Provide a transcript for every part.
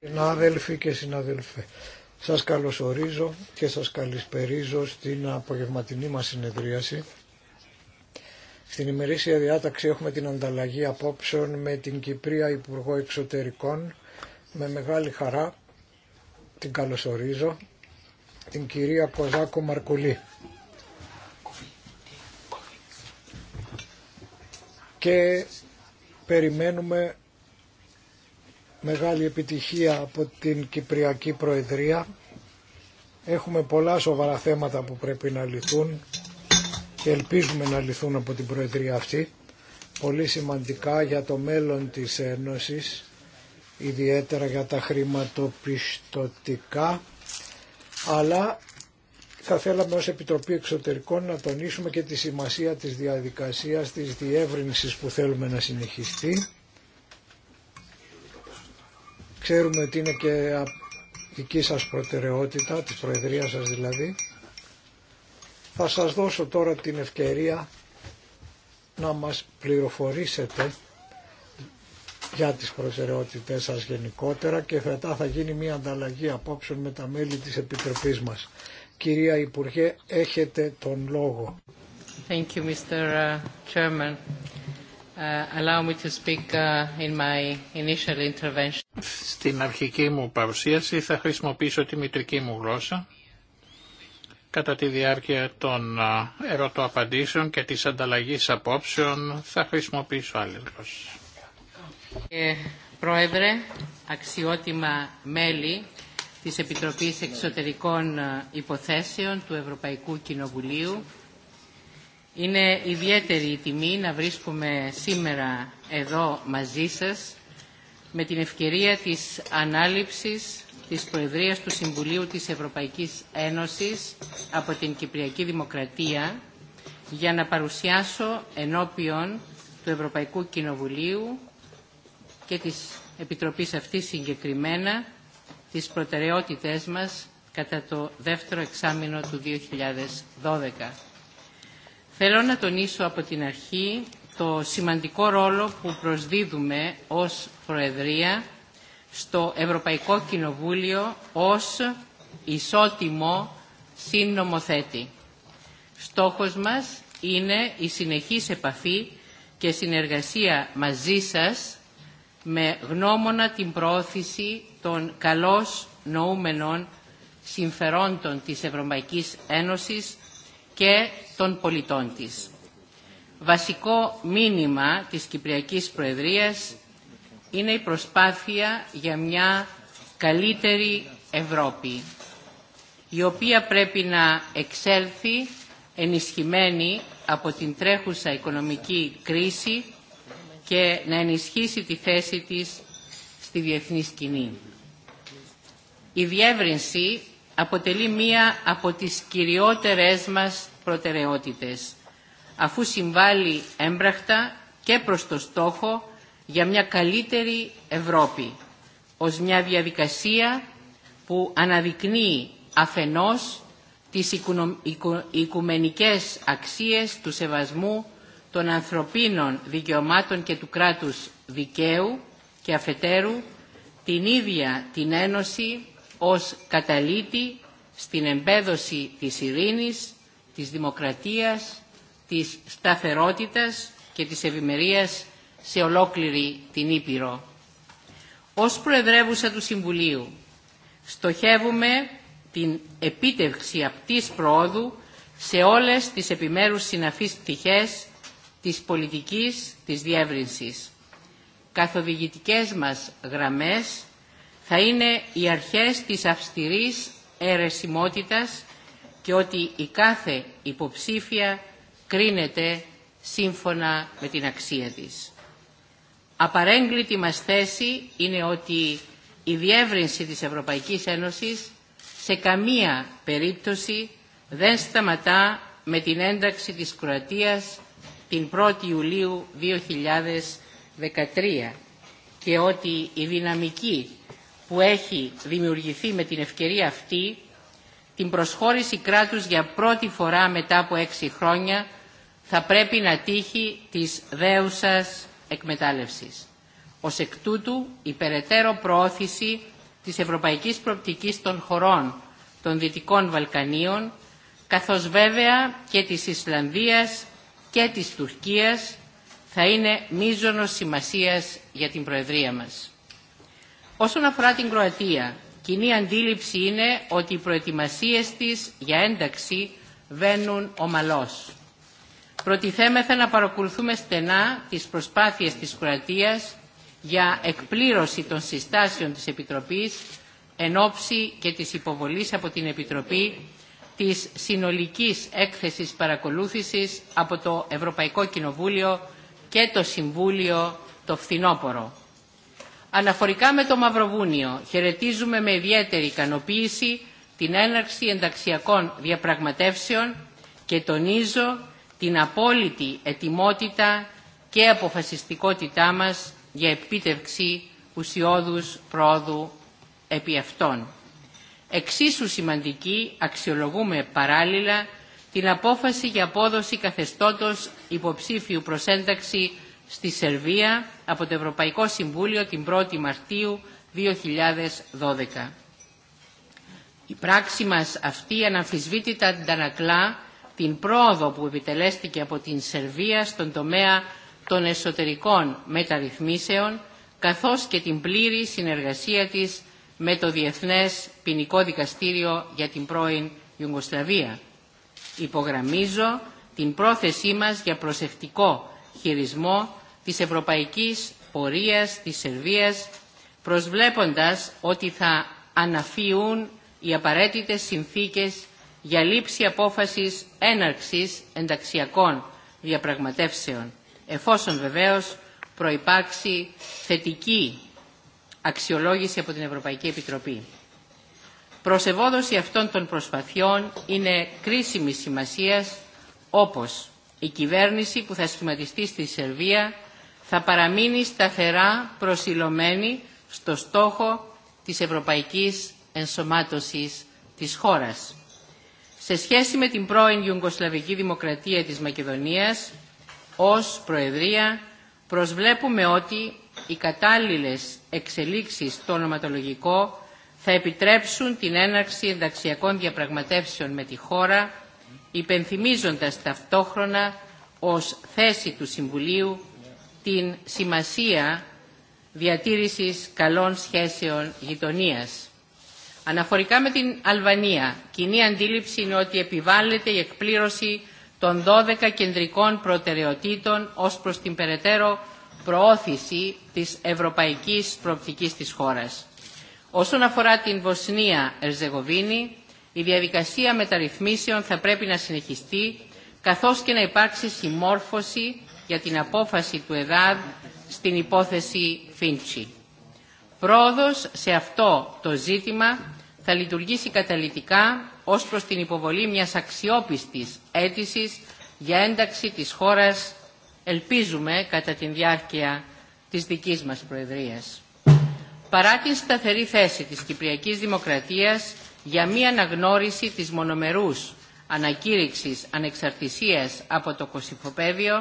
Συνάδελφοι και συναδελφέ, σας καλωσορίζω και σας καλησπερίζω στην απογευματινή μας συνεδρίαση. Στην ημερήσια διάταξη έχουμε την ανταλλαγή απόψεων με την Κυπρία Υπουργό Εξωτερικών. Με μεγάλη χαρά την καλωσορίζω, την κυρία Κοζάκο Μαρκουλή. Και περιμένουμε μεγάλη επιτυχία από την Κυπριακή Προεδρία. Έχουμε πολλά σοβαρά θέματα που πρέπει να λυθούν και ελπίζουμε να λυθούν από την Προεδρία αυτή. Πολύ σημαντικά για το μέλλον της Ένωσης, ιδιαίτερα για τα χρηματοπιστωτικά, αλλά θα θέλαμε ως Επιτροπή Εξωτερικών να τονίσουμε και τη σημασία της διαδικασίας της διεύρυνσης που θέλουμε να συνεχιστεί Ξέρουμε ότι είναι και δική σας προτεραιότητα, της Προεδρίας σας δηλαδή. Θα σας δώσω τώρα την ευκαιρία να μας πληροφορήσετε για τις προτεραιότητες σας γενικότερα και μετά θα γίνει μια ανταλλαγή απόψεων με τα μέλη της Επιτροπής μας. Κυρία Υπουργέ, έχετε τον λόγο. Thank you, Mr. Uh, Chairman. Uh, uh, Στην αρχική μου παρουσίαση θα χρησιμοποιήσω τη μητρική μου γλώσσα κατά τη διάρκεια των uh, ερωτοαπαντήσεων και της ανταλλαγής απόψεων θα χρησιμοποιήσω άλλη γλώσσα. Ε, πρόεδρε, αξιότιμα μέλη της Επιτροπής Εξωτερικών ε, Υποθέσεων του Ευρωπαϊκού Κοινοβουλίου, είναι ιδιαίτερη η τιμή να βρίσκουμε σήμερα εδώ μαζί σας με την ευκαιρία της ανάληψης της Προεδρίας του Συμβουλίου της Ευρωπαϊκής Ένωσης από την Κυπριακή Δημοκρατία για να παρουσιάσω ενώπιον του Ευρωπαϊκού Κοινοβουλίου και της Επιτροπής αυτή συγκεκριμένα τις προτεραιότητές μας κατά το δεύτερο εξάμεινο του 2012. Θέλω να τονίσω από την αρχή το σημαντικό ρόλο που προσδίδουμε ως Προεδρία στο Ευρωπαϊκό Κοινοβούλιο ως ισότιμο συνομοθέτη. Στόχος μας είναι η συνεχής επαφή και συνεργασία μαζί σας με γνώμονα την προώθηση των καλώς νοούμενων συμφερόντων της Ευρωπαϊκής Ένωσης και των πολιτών της. Βασικό μήνυμα της Κυπριακής Προεδρίας είναι η προσπάθεια για μια καλύτερη Ευρώπη, η οποία πρέπει να εξέλθει ενισχυμένη από την τρέχουσα οικονομική κρίση και να ενισχύσει τη θέση της στη διεθνή σκηνή. Η διεύρυνση αποτελεί μία από τις κυριότερες μας προτεραιότητες, αφού συμβάλλει έμπραχτα και προς το στόχο για μια καλύτερη Ευρώπη, ως μια διαδικασία που αναδεικνύει αφενός τις οικουμενικές αξίες του σεβασμού των ανθρωπίνων δικαιωμάτων και του κράτους δικαίου και αφετέρου την ίδια την Ένωση ως καταλήτη στην εμπέδωση της ειρήνης, της δημοκρατίας, της σταθερότητας και της ευημερία σε ολόκληρη την Ήπειρο. Ως Προεδρεύουσα του Συμβουλίου στοχεύουμε την επίτευξη απτής προόδου σε όλες τις επιμέρους συναφείς πτυχές της πολιτικής της διεύρυνσης. Καθοδηγητικές μας γραμμές θα είναι οι αρχές της αυστηρής αιρεσιμότητας και ότι η κάθε υποψήφια κρίνεται σύμφωνα με την αξία της. Απαρέγκλητη μας θέση είναι ότι η διεύρυνση της Ευρωπαϊκής Ένωσης σε καμία περίπτωση δεν σταματά με την ένταξη της Κροατίας την 1η Ιουλίου 2013 και ότι η δυναμική που έχει δημιουργηθεί με την ευκαιρία αυτή την προσχώρηση κράτους για πρώτη φορά μετά από έξι χρόνια θα πρέπει να τύχει της δέουσας εκμετάλλευσης. Ως εκ τούτου, η περαιτέρω προώθηση της ευρωπαϊκής προοπτικής των χωρών των Δυτικών Βαλκανίων, καθώς βέβαια και της Ισλανδίας και της Τουρκίας, θα είναι μίζωνος σημασίας για την Προεδρία μας. Όσον αφορά την Κροατία, κοινή αντίληψη είναι ότι οι προετοιμασίες της για ένταξη βαίνουν ομαλώς. Προτιθέμεθα να παρακολουθούμε στενά τις προσπάθειες της Κροατίας για εκπλήρωση των συστάσεων της Επιτροπής εν ώψη και της υποβολής από την Επιτροπή της συνολικής έκθεσης παρακολούθησης από το Ευρωπαϊκό Κοινοβούλιο και το Συμβούλιο το φθινόπωρο. Αναφορικά με το Μαυροβούνιο, χαιρετίζουμε με ιδιαίτερη ικανοποίηση την έναρξη ενταξιακών διαπραγματεύσεων και τονίζω την απόλυτη ετοιμότητα και αποφασιστικότητά μας για επίτευξη ουσιώδους πρόοδου επί αυτών. Εξίσου σημαντική αξιολογούμε παράλληλα την απόφαση για απόδοση καθεστώτος υποψήφιου προσένταξη στη Σερβία από το Ευρωπαϊκό Συμβούλιο την 1η Μαρτίου 2012. Η πράξη μας αυτή αναμφισβήτητα αντανακλά την πρόοδο που επιτελέστηκε από την Σερβία στον τομέα των εσωτερικών μεταρρυθμίσεων καθώς και την πλήρη συνεργασία της με το Διεθνές Ποινικό Δικαστήριο για την πρώην Ιουγκοσλαβία. Υπογραμμίζω την πρόθεσή μας για προσεκτικό χειρισμό της ευρωπαϊκής πορείας της Σερβίας, προσβλέποντας ότι θα αναφύουν οι απαραίτητες συνθήκες για λήψη απόφασης έναρξης ενταξιακών διαπραγματεύσεων, εφόσον βεβαίως προϋπάρξει θετική αξιολόγηση από την Ευρωπαϊκή Επιτροπή. Προσεβόδοση αυτών των προσπαθειών είναι κρίσιμη σημασίας όπως η κυβέρνηση που θα σχηματιστεί στη Σερβία θα παραμείνει σταθερά προσιλωμένη στο στόχο της ευρωπαϊκής ενσωμάτωσης της χώρας. Σε σχέση με την πρώην Ιουγκοσλαβική Δημοκρατία της Μακεδονίας, ως Προεδρία προσβλέπουμε ότι οι κατάλληλες εξελίξεις στο ονοματολογικό θα επιτρέψουν την έναρξη ενταξιακών διαπραγματεύσεων με τη χώρα, υπενθυμίζοντας ταυτόχρονα ως θέση του Συμβουλίου την σημασία διατήρησης καλών σχέσεων γειτονίας. Αναφορικά με την Αλβανία, κοινή αντίληψη είναι ότι επιβάλλεται η εκπλήρωση των 12 κεντρικών προτεραιοτήτων ως προς την περαιτέρω προώθηση της ευρωπαϊκής προοπτικής της χώρας. Όσον αφορά την Βοσνία Ερζεγοβίνη, η διαδικασία μεταρρυθμίσεων θα πρέπει να συνεχιστεί καθώς και να υπάρξει συμμόρφωση για την απόφαση του ΕΔΑΔ στην υπόθεση Φίντσι. Πρόοδος σε αυτό το ζήτημα θα λειτουργήσει καταλητικά ως προς την υποβολή μιας αξιόπιστης αίτησης για ένταξη της χώρας, ελπίζουμε, κατά την διάρκεια της δικής μας Προεδρίας. Παρά την σταθερή θέση της Κυπριακής Δημοκρατίας για μία αναγνώριση της μονομερούς ανακήρυξης ανεξαρτησίας από το Κωσυφοπαίδιο,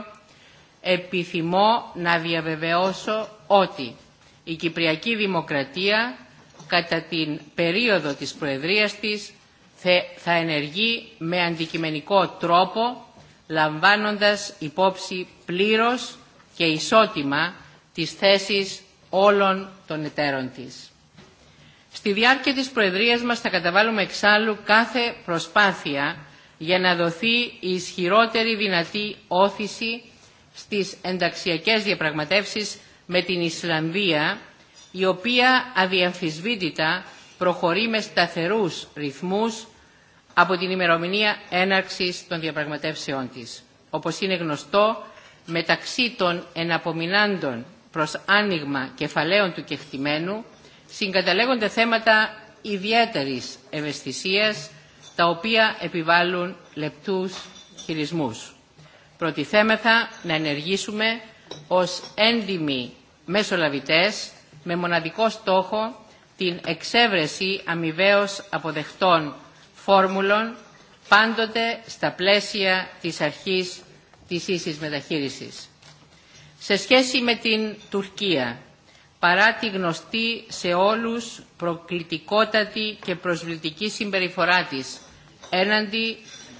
επιθυμώ να διαβεβαιώσω ότι η Κυπριακή Δημοκρατία κατά την περίοδο της Προεδρίας της θα ενεργεί με αντικειμενικό τρόπο λαμβάνοντας υπόψη πλήρως και ισότιμα τις θέσεις όλων των εταίρων της. Στη διάρκεια της Προεδρίας μας θα καταβάλουμε εξάλλου κάθε προσπάθεια για να δοθεί η ισχυρότερη δυνατή όθηση στις ενταξιακές διαπραγματεύσεις με την Ισλανδία, η οποία αδιαμφισβήτητα προχωρεί με σταθερούς ρυθμούς από την ημερομηνία έναρξης των διαπραγματεύσεών της. Όπως είναι γνωστό, μεταξύ των εναπομεινάντων προς άνοιγμα κεφαλαίων του κεκτημένου συγκαταλέγονται θέματα ιδιαίτερης ευαισθησίας, τα οποία επιβάλλουν λεπτούς χειρισμούς προτιθέμεθα να ενεργήσουμε ως έντιμοι μεσολαβητές με μοναδικό στόχο την εξέβρεση αμοιβαίως αποδεκτών φόρμουλων πάντοτε στα πλαίσια της αρχής της ίσης μεταχείρισης. Σε σχέση με την Τουρκία, παρά τη γνωστή σε όλους προκλητικότατη και προσβλητική συμπεριφορά της έναντι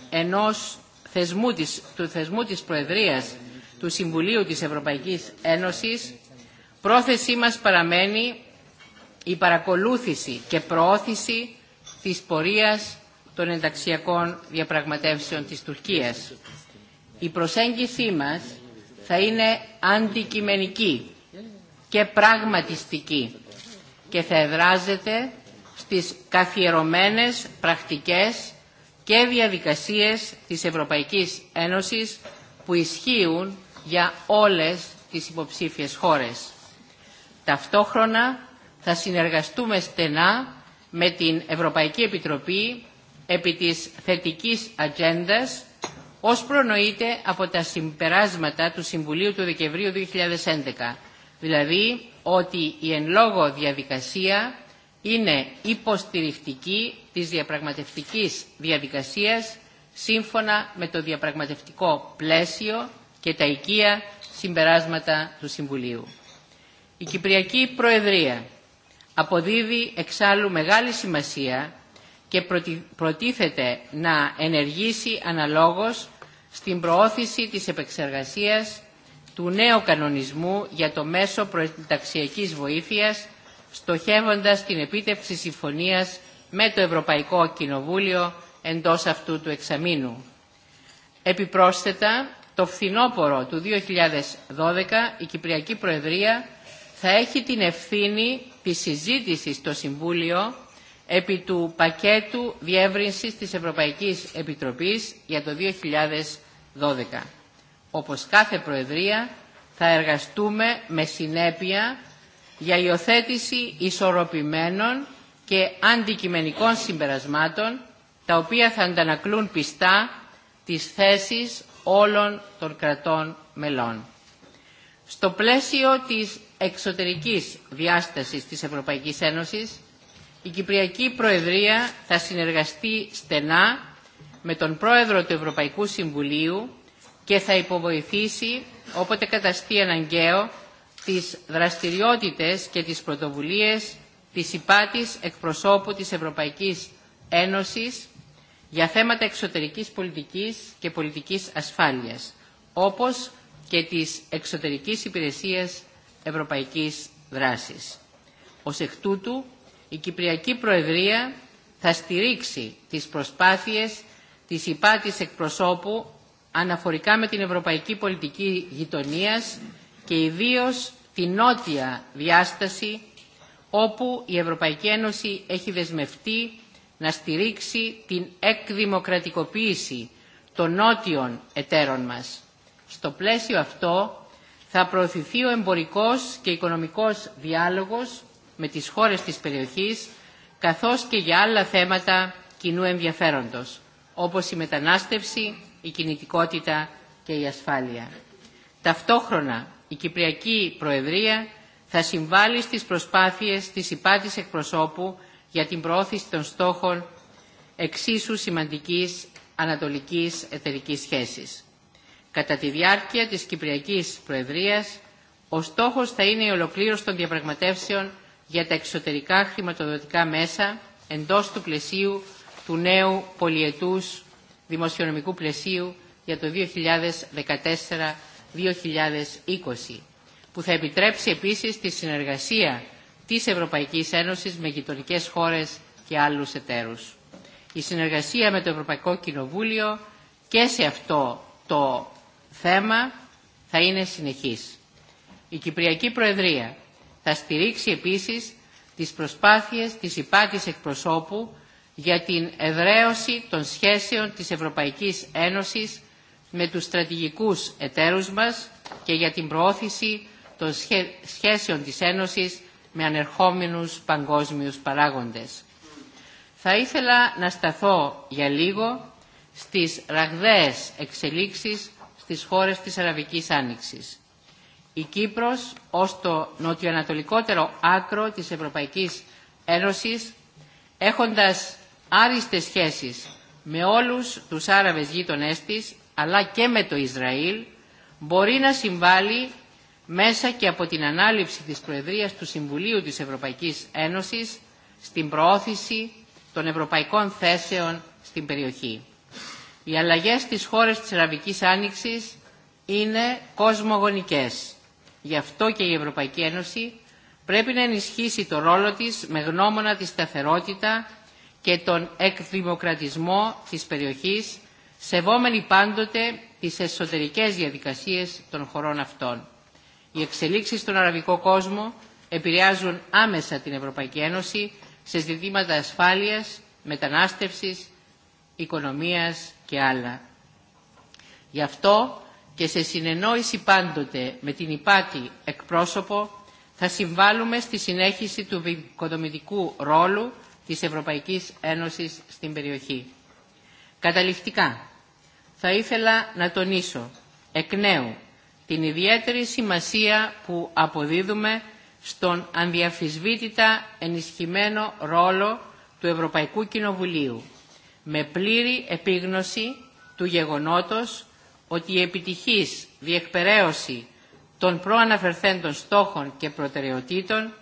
ενός θεσμού του θεσμού της Προεδρίας του Συμβουλίου της Ευρωπαϊκής Ένωσης, πρόθεσή μας παραμένει η παρακολούθηση και προώθηση της πορείας των ενταξιακών διαπραγματεύσεων της Τουρκίας. Η προσέγγιση μας θα είναι αντικειμενική και πραγματιστική και θα εδράζεται στις καθιερωμένες πρακτικές και διαδικασίες της Ευρωπαϊκής Ένωσης που ισχύουν για όλες τις υποψήφιες χώρες. Ταυτόχρονα θα συνεργαστούμε στενά με την Ευρωπαϊκή Επιτροπή επί της θετικής ατζέντα ως προνοείται από τα συμπεράσματα του Συμβουλίου του Δεκεμβρίου 2011, δηλαδή ότι η εν λόγω διαδικασία είναι υποστηρικτική της διαπραγματευτικής διαδικασίας σύμφωνα με το διαπραγματευτικό πλαίσιο και τα οικεία συμπεράσματα του Συμβουλίου. Η Κυπριακή Προεδρία αποδίδει εξάλλου μεγάλη σημασία και προτίθεται να ενεργήσει αναλόγως στην προώθηση της επεξεργασίας του νέου κανονισμού για το μέσο προεταξιακης βοήθειας στοχεύοντας την επίτευξη συμφωνίας με το Ευρωπαϊκό Κοινοβούλιο εντός αυτού του εξαμήνου. Επιπρόσθετα, το φθινόπωρο του 2012 η Κυπριακή Προεδρία θα έχει την ευθύνη της συζήτησης στο Συμβούλιο επί του πακέτου διεύρυνσης της Ευρωπαϊκής Επιτροπής για το 2012. Όπως κάθε Προεδρία θα εργαστούμε με συνέπεια για υιοθέτηση ισορροπημένων και αντικειμενικών συμπερασμάτων, τα οποία θα αντανακλούν πιστά τις θέσεις όλων των κρατών μελών. Στο πλαίσιο της εξωτερικής διάστασης της Ευρωπαϊκής Ένωσης, η Κυπριακή Προεδρία θα συνεργαστεί στενά με τον Πρόεδρο του Ευρωπαϊκού Συμβουλίου και θα υποβοηθήσει, όποτε καταστεί αναγκαίο, στις δραστηριότητες και τις πρωτοβουλίες της υπάτης εκπροσώπου της Ευρωπαϊκής Ένωσης για θέματα εξωτερικής πολιτικής και πολιτικής ασφάλειας, όπως και της εξωτερικής υπηρεσίας ευρωπαϊκής δράσης. Ως εκ τούτου, η Κυπριακή Προεδρία θα στηρίξει τις προσπάθειες της υπάτης εκπροσώπου αναφορικά με την ευρωπαϊκή πολιτική γειτονίας και ιδίως την νότια διάσταση όπου η Ευρωπαϊκή Ένωση έχει δεσμευτεί να στηρίξει την εκδημοκρατικοποίηση των νότιων εταίρων μας. Στο πλαίσιο αυτό θα προωθηθεί ο εμπορικός και οικονομικός διάλογος με τις χώρες της περιοχής καθώς και για άλλα θέματα κοινού ενδιαφέροντος όπως η μετανάστευση, η κινητικότητα και η ασφάλεια. Ταυτόχρονα η Κυπριακή Προεδρία θα συμβάλλει στις προσπάθειες της υπάτης εκπροσώπου για την προώθηση των στόχων εξίσου σημαντικής ανατολικής εταιρικής σχέσης. Κατά τη διάρκεια της Κυπριακής Προεδρίας, ο στόχος θα είναι η ολοκλήρωση των διαπραγματεύσεων για τα εξωτερικά χρηματοδοτικά μέσα εντός του πλαισίου του νέου πολιετούς δημοσιονομικού πλαισίου για το 2014 2020, που θα επιτρέψει επίσης τη συνεργασία της Ευρωπαϊκής Ένωσης με γειτονικές χώρες και άλλους εταίρους. Η συνεργασία με το Ευρωπαϊκό Κοινοβούλιο και σε αυτό το θέμα θα είναι συνεχής. Η Κυπριακή Προεδρία θα στηρίξει επίσης τις προσπάθειες της υπάτης εκπροσώπου για την εδραίωση των σχέσεων της Ευρωπαϊκής Ένωσης με τους στρατηγικούς εταίρους μας και για την προώθηση των σχέσεων της Ένωσης με ανερχόμενους παγκόσμιους παράγοντες. Θα ήθελα να σταθώ για λίγο στις ραγδαίες εξελίξεις στις χώρες της Αραβικής Άνοιξης. Η Κύπρος ως το νοτιοανατολικότερο άκρο της Ευρωπαϊκής Ένωσης έχοντας άριστες σχέσεις με όλους τους Άραβες γείτονές της αλλά και με το Ισραήλ μπορεί να συμβάλλει μέσα και από την ανάληψη της Προεδρίας του Συμβουλίου της Ευρωπαϊκής Ένωσης στην προώθηση των ευρωπαϊκών θέσεων στην περιοχή. Οι αλλαγές στις χώρες της Αραβικής Άνοιξης είναι κοσμογονικές. Γι' αυτό και η Ευρωπαϊκή Ένωση πρέπει να ενισχύσει το ρόλο της με γνώμονα τη σταθερότητα και τον εκδημοκρατισμό της περιοχής σεβόμενοι πάντοτε τις εσωτερικές διαδικασίες των χωρών αυτών. Οι εξελίξεις στον αραβικό κόσμο επηρεάζουν άμεσα την Ευρωπαϊκή Ένωση σε ζητήματα ασφάλειας, μετανάστευσης, οικονομίας και άλλα. Γι' αυτό και σε συνεννόηση πάντοτε με την υπάτη εκπρόσωπο θα συμβάλλουμε στη συνέχιση του οικοδομητικού ρόλου της Ευρωπαϊκής Ένωσης στην περιοχή. Καταληκτικά, θα ήθελα να τονίσω εκ νέου την ιδιαίτερη σημασία που αποδίδουμε στον ανδιαφυσβήτητα ενισχυμένο ρόλο του Ευρωπαϊκού Κοινοβουλίου με πλήρη επίγνωση του γεγονότος ότι η επιτυχής διεκπεραίωση των προαναφερθέντων στόχων και προτεραιοτήτων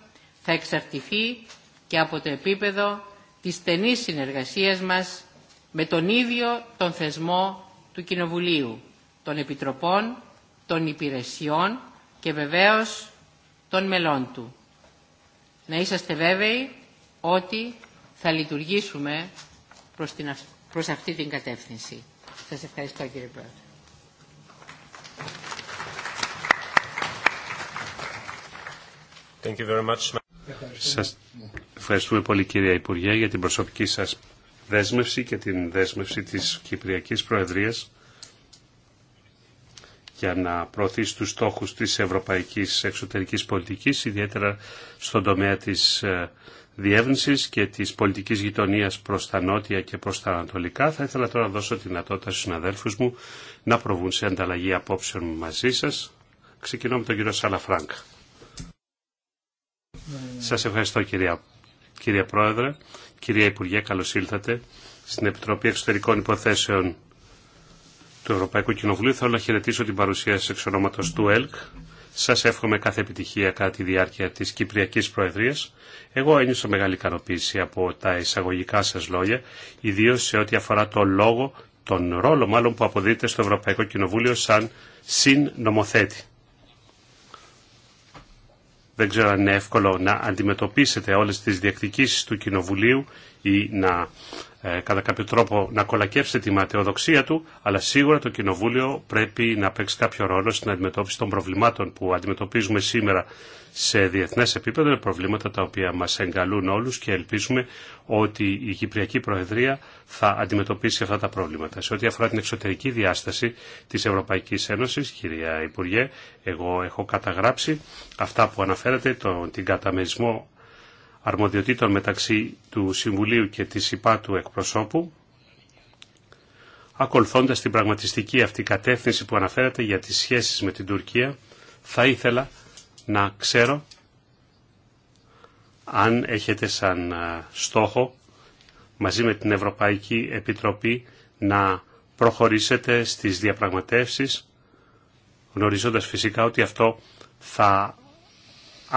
θα εξαρτηθεί και από το επίπεδο της στενής συνεργασίας μας με τον ίδιο τον θεσμό του Κοινοβουλίου, των Επιτροπών, των Υπηρεσιών και βεβαίως των μελών του. Να είσαστε βέβαιοι ότι θα λειτουργήσουμε προς, την, προς αυτή την κατεύθυνση. Σας ευχαριστώ κύριε Πρόεδρε. Thank Σας ευχαριστούμε πολύ κύριε Υπουργέ για την προσωπική σας δέσμευση και την δέσμευση της Κυπριακής Προεδρίας για να προωθήσει τους στόχους της ευρωπαϊκής εξωτερικής πολιτικής, ιδιαίτερα στον τομέα της ε, διεύνησης και της πολιτικής γειτονίας προς τα νότια και προς τα ανατολικά. Θα ήθελα τώρα να δώσω τη δυνατότητα στους συναδέλφους μου να προβούν σε ανταλλαγή απόψεων μαζί σας. Ξεκινώ με τον κύριο Σαλαφράγκα. Ναι, ναι, ναι. Σας ευχαριστώ κυρία, κυρία Πρόεδρε. Κυρία Υπουργέ, καλώ ήλθατε στην Επιτροπή Εξωτερικών Υποθέσεων του Ευρωπαϊκού Κοινοβουλίου. Θέλω να χαιρετήσω την παρουσία σας εξ ονόματο του ΕΛΚ. Σα εύχομαι κάθε επιτυχία κατά τη διάρκεια της Κυπριακής Προεδρίας. Εγώ ένιωσα μεγάλη ικανοποίηση από τα εισαγωγικά σας λόγια, ιδίως σε ό,τι αφορά το λόγο, τον ρόλο μάλλον που αποδίδεται στο Ευρωπαϊκό Κοινοβούλιο σαν συννομοθέτη. Δεν ξέρω αν είναι εύκολο να αντιμετωπίσετε όλες τις διεκδικήσεις του Κοινοβουλίου ή να ε, κατά κάποιο τρόπο να κολακεύσει τη ματαιοδοξία του, αλλά σίγουρα το Κοινοβούλιο πρέπει να παίξει κάποιο ρόλο στην αντιμετώπιση των προβλημάτων που αντιμετωπίζουμε σήμερα σε διεθνές επίπεδο, προβλήματα τα οποία μας εγκαλούν όλους και ελπίζουμε ότι η Κυπριακή Προεδρία θα αντιμετωπίσει αυτά τα προβλήματα. Σε ό,τι αφορά την εξωτερική διάσταση της Ευρωπαϊκής Ένωσης, κυρία Υπουργέ, εγώ έχω καταγράψει αυτά που αναφέρατε, τον, την καταμερισμό αρμοδιοτήτων μεταξύ του Συμβουλίου και της ΥΠΑ του εκπροσώπου, ακολουθώντας την πραγματιστική αυτή κατεύθυνση που αναφέρατε για τις σχέσεις με την Τουρκία, θα ήθελα να ξέρω αν έχετε σαν στόχο μαζί με την Ευρωπαϊκή Επιτροπή να προχωρήσετε στις διαπραγματεύσεις γνωρίζοντας φυσικά ότι αυτό θα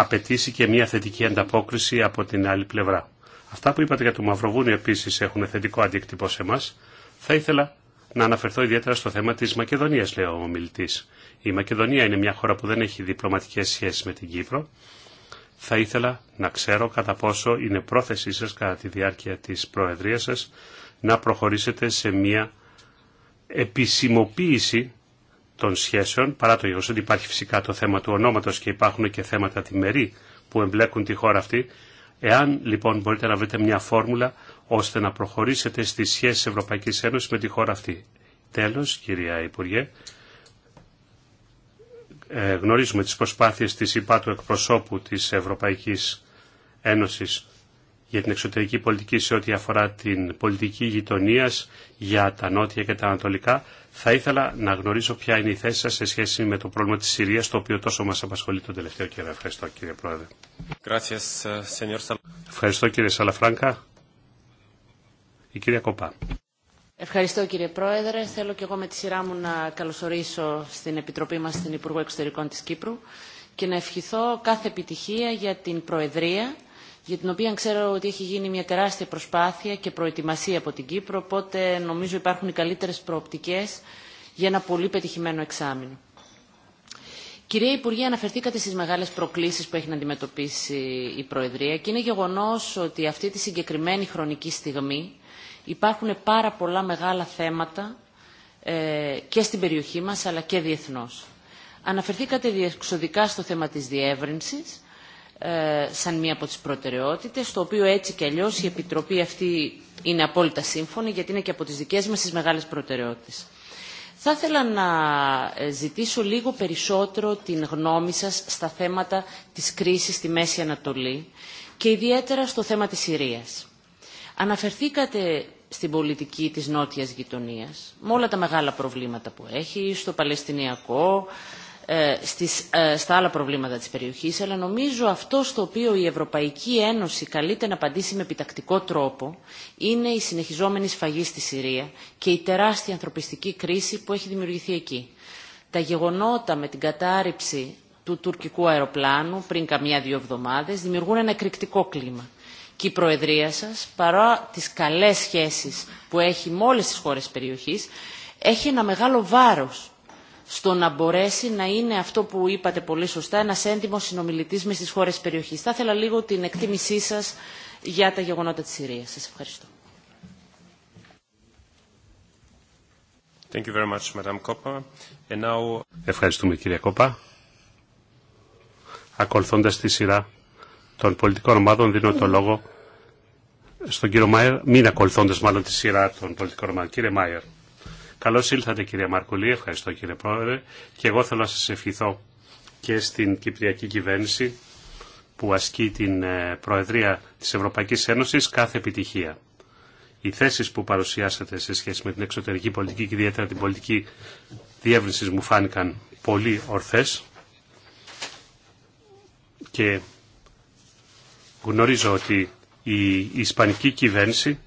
απαιτήσει και μια θετική ανταπόκριση από την άλλη πλευρά. Αυτά που είπατε για το Μαυροβούνιο επίσης έχουν θετικό αντίκτυπο σε εμά. Θα ήθελα να αναφερθώ ιδιαίτερα στο θέμα της Μακεδονίας, λέει ο Η Μακεδονία είναι μια χώρα που δεν έχει διπλωματικές σχέσεις με την Κύπρο. Θα ήθελα να ξέρω κατά πόσο είναι πρόθεσή σα κατά τη διάρκεια τη Προεδρία σα να προχωρήσετε σε μια επισημοποίηση των σχέσεων, παρά το γεγονό ότι υπάρχει φυσικά το θέμα του ονόματος και υπάρχουν και θέματα τιμερή που εμπλέκουν τη χώρα αυτή. Εάν λοιπόν μπορείτε να βρείτε μια φόρμουλα ώστε να προχωρήσετε στι σχέσει Ευρωπαϊκής Ένωσης με τη χώρα αυτή. Τέλος, κυρία Υπουργέ, ε, γνωρίζουμε τις προσπάθειες της ΥΠΑ του εκπροσώπου της Ευρωπαϊκής Ένωσης για την εξωτερική πολιτική σε ό,τι αφορά την πολιτική γειτονία για τα νότια και τα ανατολικά. Θα ήθελα να γνωρίσω ποια είναι η θέση σας σε σχέση με το πρόβλημα της Συρίας, το οποίο τόσο μας απασχολεί τον τελευταίο καιρό. Ευχαριστώ κύριε Πρόεδρε. Ευχαριστώ κύριε Σαλαφράγκα. Η κυρία Κοπά. Ευχαριστώ κύριε Πρόεδρε. Θέλω και εγώ με τη σειρά μου να καλωσορίσω στην Επιτροπή μας την Υπουργό Εξωτερικών της Κύπρου και να ευχηθώ κάθε επιτυχία για την Προεδρία για την οποία ξέρω ότι έχει γίνει μια τεράστια προσπάθεια και προετοιμασία από την Κύπρο, οπότε νομίζω υπάρχουν οι καλύτερες προοπτικές για ένα πολύ πετυχημένο εξάμεινο. Κυρία Υπουργέ, αναφερθήκατε στις μεγάλες προκλήσεις που έχει να αντιμετωπίσει η Προεδρία και είναι γεγονός ότι αυτή τη συγκεκριμένη χρονική στιγμή υπάρχουν πάρα πολλά μεγάλα θέματα ε, και στην περιοχή μας αλλά και διεθνώς. Αναφερθήκατε διεξοδικά στο θέμα της διεύρυνσης ε, σαν μία από τις προτεραιότητες, το οποίο έτσι και αλλιώς η Επιτροπή αυτή είναι απόλυτα σύμφωνη, γιατί είναι και από τις δικές μας τις μεγάλες προτεραιότητες. Θα ήθελα να ε, ζητήσω λίγο περισσότερο την γνώμη σας στα θέματα της κρίσης στη Μέση Ανατολή και ιδιαίτερα στο θέμα της Συρίας. Αναφερθήκατε στην πολιτική της νότιας γειτονίας, με όλα τα μεγάλα προβλήματα που έχει, στο Παλαιστινιακό, ε, ε, στα άλλα προβλήματα της περιοχής, αλλά νομίζω αυτό στο οποίο η Ευρωπαϊκή Ένωση καλείται να απαντήσει με επιτακτικό τρόπο είναι η συνεχιζόμενη σφαγή στη Συρία και η τεράστια ανθρωπιστική κρίση που έχει δημιουργηθεί εκεί. Τα γεγονότα με την κατάρριψη του τουρκικού αεροπλάνου πριν καμιά-δύο εβδομάδες δημιουργούν ένα εκρηκτικό κλίμα. Και η Προεδρία σας, παρά τις καλές σχέσεις που έχει με όλες τις χώρες περιοχής, έχει ένα μεγάλο βάρος στο να μπορέσει να είναι αυτό που είπατε πολύ σωστά, ένας έντιμος συνομιλητής με στις χώρες περιοχής. Θα ήθελα λίγο την εκτίμησή σας για τα γεγονότα της Συρίας. Σας ευχαριστώ. Ευχαριστούμε κύριε Κόπα. Ακολουθώντας τη σειρά των πολιτικών ομάδων δίνω το λόγο στον κύριο Μάιερ, μην ακολουθώντας μάλλον τη σειρά των πολιτικών ομάδων. Κύριε Μάιερ. Καλώ ήλθατε κυρία Μαρκουλή, ευχαριστώ κύριε Πρόεδρε και εγώ θέλω να σας ευχηθώ και στην Κυπριακή Κυβέρνηση που ασκεί την ε, Προεδρία της Ευρωπαϊκής Ένωσης κάθε επιτυχία. Οι θέσεις που παρουσιάσατε σε σχέση με την εξωτερική πολιτική και ιδιαίτερα την πολιτική διεύρυνση μου φάνηκαν πολύ ορθές και γνωρίζω ότι η Ισπανική κυβέρνηση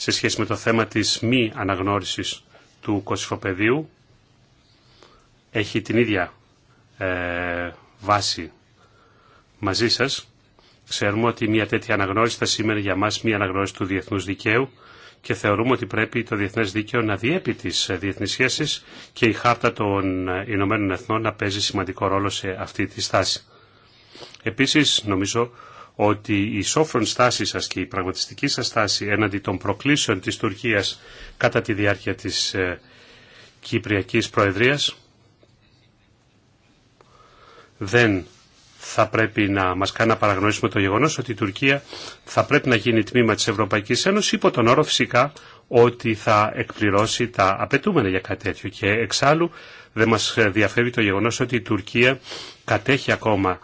σε σχέση με το θέμα της μη αναγνώρισης του κοσυφοπεδίου έχει την ίδια ε, βάση μαζί σας. Ξέρουμε ότι μια τέτοια αναγνώριση θα σήμαινε για μας μια αναγνώριση του διεθνούς δικαίου και θεωρούμε ότι πρέπει το διεθνές δίκαιο να διέπει τις ε, διεθνείς σχέσεις και η χάρτα των ε, Ηνωμένων Εθνών να παίζει σημαντικό ρόλο σε αυτή τη στάση. Επίσης, νομίζω ότι η σόφρον στάση σας και η πραγματιστική σας στάση έναντι των προκλήσεων της Τουρκίας κατά τη διάρκεια της ε, Κυπριακής Προεδρίας δεν θα πρέπει να μας κάνει να παραγνωρίσουμε το γεγονός ότι η Τουρκία θα πρέπει να γίνει τμήμα της Ευρωπαϊκής Ένωσης υπό τον όρο φυσικά ότι θα εκπληρώσει τα απαιτούμενα για κάτι τέτοιο. Και εξάλλου δεν μας διαφεύγει το γεγονός ότι η Τουρκία κατέχει ακόμα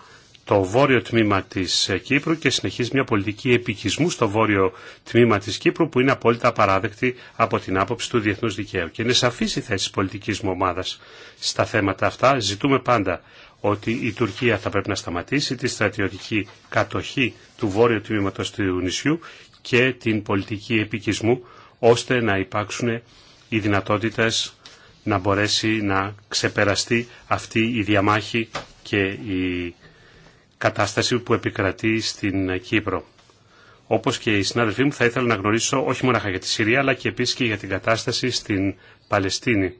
το βόρειο τμήμα της ε, Κύπρου και συνεχίζει μια πολιτική επικισμού στο βόρειο τμήμα της Κύπρου που είναι απόλυτα απαράδεκτη από την άποψη του διεθνούς δικαίου. Και είναι σαφής η θέση της πολιτικής μου ομάδας στα θέματα αυτά. Ζητούμε πάντα ότι η Τουρκία θα πρέπει να σταματήσει τη στρατιωτική κατοχή του βόρειου τμήματος του νησιού και την πολιτική επικισμού ώστε να υπάρξουν οι δυνατότητες να μπορέσει να ξεπεραστεί αυτή η διαμάχη και η κατάσταση που επικρατεί στην Κύπρο. Όπως και οι συνάδελφοί μου θα ήθελα να γνωρίσω όχι μόνο για τη Συρία αλλά και επίσης και για την κατάσταση στην Παλαιστίνη.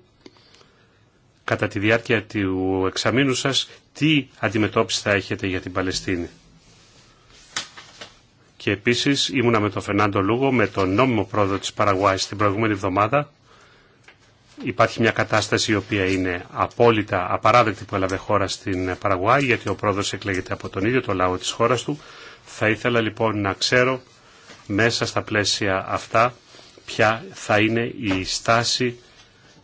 Κατά τη διάρκεια του εξαμήνου σας, τι αντιμετώπιση θα έχετε για την Παλαιστίνη. Και επίσης ήμουνα με τον Φερνάντο Λούγο, με τον νόμιμο πρόεδρο τη Παραγουάης την προηγούμενη εβδομάδα υπάρχει μια κατάσταση η οποία είναι απόλυτα απαράδεκτη που έλαβε χώρα στην Παραγουάη γιατί ο πρόεδρος εκλέγεται από τον ίδιο το λαό της χώρας του. Θα ήθελα λοιπόν να ξέρω μέσα στα πλαίσια αυτά ποια θα είναι η στάση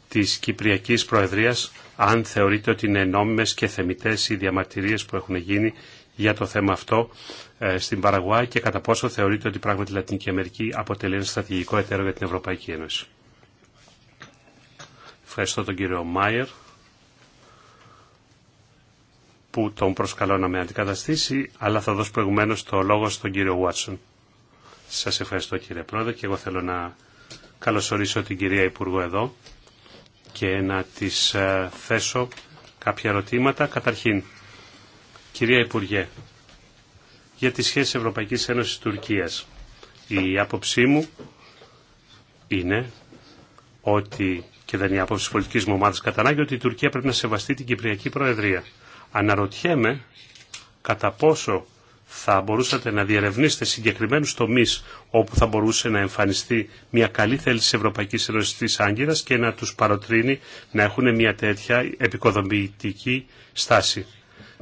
της Κυπριακής Προεδρίας αν θεωρείτε ότι είναι νόμιμες και θεμητές οι διαμαρτυρίες που έχουν γίνει για το θέμα αυτό ε, στην Παραγουάη και κατά πόσο θεωρείτε ότι πράγματι η Λατινική Αμερική αποτελεί ένα στρατηγικό εταίρο για την Ευρωπαϊκή Ένωση. Ευχαριστώ τον κύριο Μάιερ που τον προσκαλώ να με αντικαταστήσει, αλλά θα δώσω προηγουμένως το λόγο στον κύριο Βάτσον. Σας ευχαριστώ κύριε Πρόεδρε και εγώ θέλω να καλωσορίσω την κυρία Υπουργό εδώ και να της ε, θέσω κάποια ερωτήματα. Καταρχήν, κυρία Υπουργέ, για τις σχέσεις Ευρωπαϊκής Ένωσης Τουρκίας. Η άποψή μου είναι ότι και δεν είναι η άποψη τη πολιτική μου ομάδα κατά ανάγκη, ότι η Τουρκία πρέπει να σεβαστεί την Κυπριακή Προεδρία. Αναρωτιέμαι κατά πόσο θα μπορούσατε να διερευνήσετε συγκεκριμένου τομεί όπου θα μπορούσε να εμφανιστεί μια καλή θέληση τη Ευρωπαϊκή Ένωση τη Άγκυρα και να του παροτρύνει να έχουν μια τέτοια επικοδομητική στάση.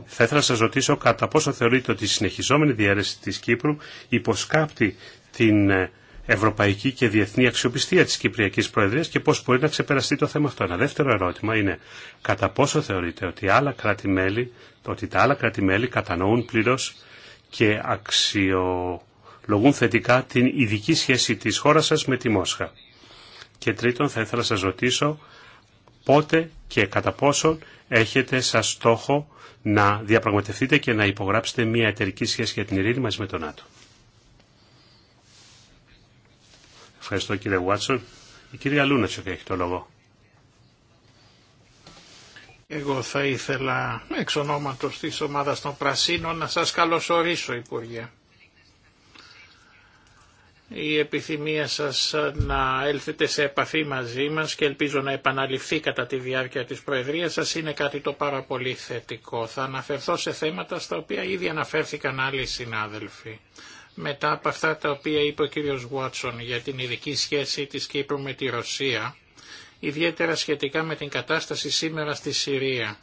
Θα ήθελα να σα ρωτήσω κατά πόσο θεωρείτε ότι η συνεχιζόμενη διαίρεση τη Κύπρου υποσκάπτει την ε, ευρωπαϊκή και διεθνή αξιοπιστία της Κυπριακής Προεδρίας και πώς μπορεί να ξεπεραστεί το θέμα αυτό. Ένα δεύτερο ερώτημα είναι κατά πόσο θεωρείτε ότι, άλλα ότι τα άλλα κράτη-μέλη κατανοούν πλήρως και αξιολογούν θετικά την ειδική σχέση της χώρας σας με τη Μόσχα. Και τρίτον θα ήθελα να σας ρωτήσω πότε και κατά πόσο έχετε σαν στόχο να διαπραγματευτείτε και να υπογράψετε μια εταιρική σχέση για την ειρήνη μαζί με τον ΝΑΤΟ. Ευχαριστώ κύριε Βουάτσον. Η κυρία Λούνατσοκ έχει το λόγο. Εγώ θα ήθελα εξ ονόματος της ομάδας των Πρασίνων να σας καλωσορίσω Υπουργέ. Η επιθυμία σας να έλθετε σε επαφή μαζί μας και ελπίζω να επαναληφθεί κατά τη διάρκεια της Προεδρίας σας είναι κάτι το πάρα πολύ θετικό. Θα αναφερθώ σε θέματα στα οποία ήδη αναφέρθηκαν άλλοι συνάδελφοι μετά από αυτά τα οποία είπε ο κύριος Βουάτσον για την ειδική σχέση της Κύπρου με τη Ρωσία, ιδιαίτερα σχετικά με την κατάσταση σήμερα στη Συρία.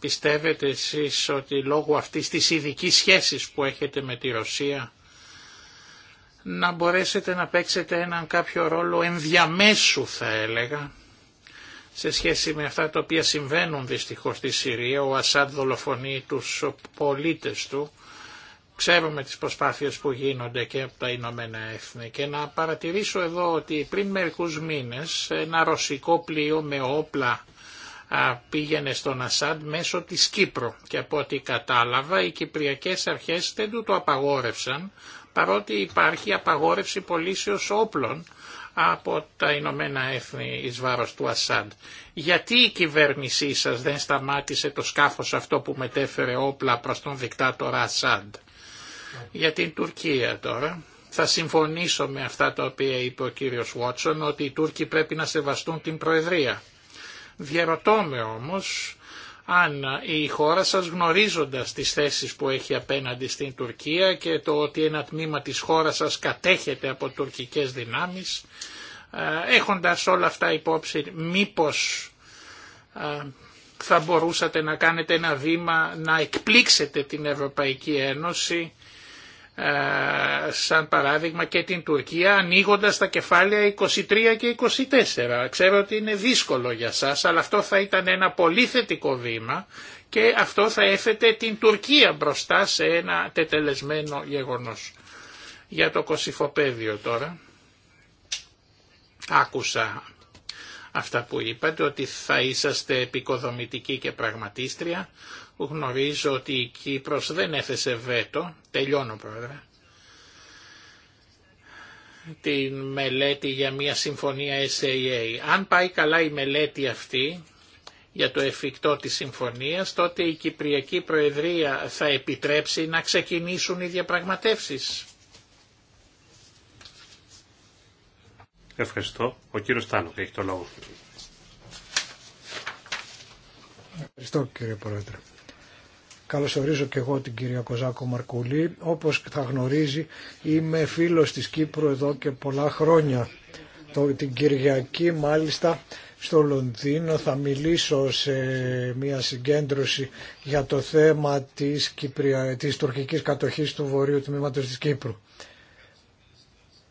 Πιστεύετε εσείς ότι λόγω αυτής της ειδική σχέσης που έχετε με τη Ρωσία να μπορέσετε να παίξετε έναν κάποιο ρόλο ενδιαμέσου θα έλεγα σε σχέση με αυτά τα οποία συμβαίνουν δυστυχώς στη Συρία, ο Ασάντ δολοφονεί τους πολίτες του, Ξέρουμε τις προσπάθειες που γίνονται και από τα Ηνωμένα Έθνη και να παρατηρήσω εδώ ότι πριν μερικούς μήνες ένα ρωσικό πλοίο με όπλα πήγαινε στον Ασάντ μέσω της Κύπρου και από ό,τι κατάλαβα οι κυπριακές αρχές δεν του το απαγόρευσαν παρότι υπάρχει απαγόρευση πωλήσεως όπλων από τα Ηνωμένα Έθνη εις βάρος του Ασάντ. Γιατί η κυβέρνησή σας δεν σταμάτησε το σκάφος αυτό που μετέφερε όπλα προς τον δικτάτορα Ασάντ. Για την Τουρκία τώρα. Θα συμφωνήσω με αυτά τα οποία είπε ο κύριος Βότσον ότι οι Τούρκοι πρέπει να σεβαστούν την Προεδρία. Διαρωτώ όμως αν η χώρα σας γνωρίζοντας τις θέσεις που έχει απέναντι στην Τουρκία και το ότι ένα τμήμα της χώρας σας κατέχεται από τουρκικές δυνάμεις, ε, έχοντας όλα αυτά υπόψη, μήπως ε, θα μπορούσατε να κάνετε ένα βήμα να εκπλήξετε την Ευρωπαϊκή Ένωση ε, σαν παράδειγμα και την Τουρκία ανοίγοντας τα κεφάλαια 23 και 24. Ξέρω ότι είναι δύσκολο για σας αλλά αυτό θα ήταν ένα πολύ θετικό βήμα και αυτό θα έφετε την Τουρκία μπροστά σε ένα τετελεσμένο γεγονός. Για το κοσυφοπέδιο τώρα. Άκουσα αυτά που είπατε ότι θα είσαστε επικοδομητικοί και πραγματίστρια. Γνωρίζω ότι η Κύπρος δεν έθεσε βέτο, τελειώνω πρόεδρε, την μελέτη για μια συμφωνία SAA. Αν πάει καλά η μελέτη αυτή για το εφικτό της συμφωνίας, τότε η Κυπριακή Προεδρία θα επιτρέψει να ξεκινήσουν οι διαπραγματεύσεις. Ευχαριστώ. Ο κύριος Τάνοκ έχει το λόγο. Ευχαριστώ κύριε Πρόεδρε. Καλωσορίζω και εγώ την κυρία Κοζάκο Μαρκουλή. Όπως θα γνωρίζει είμαι φίλος της Κύπρου εδώ και πολλά χρόνια. Το, την Κυριακή μάλιστα στο Λονδίνο θα μιλήσω σε μια συγκέντρωση για το θέμα της, Κυπρια... της τουρκικής κατοχής του βορείου τμήματος της Κύπρου.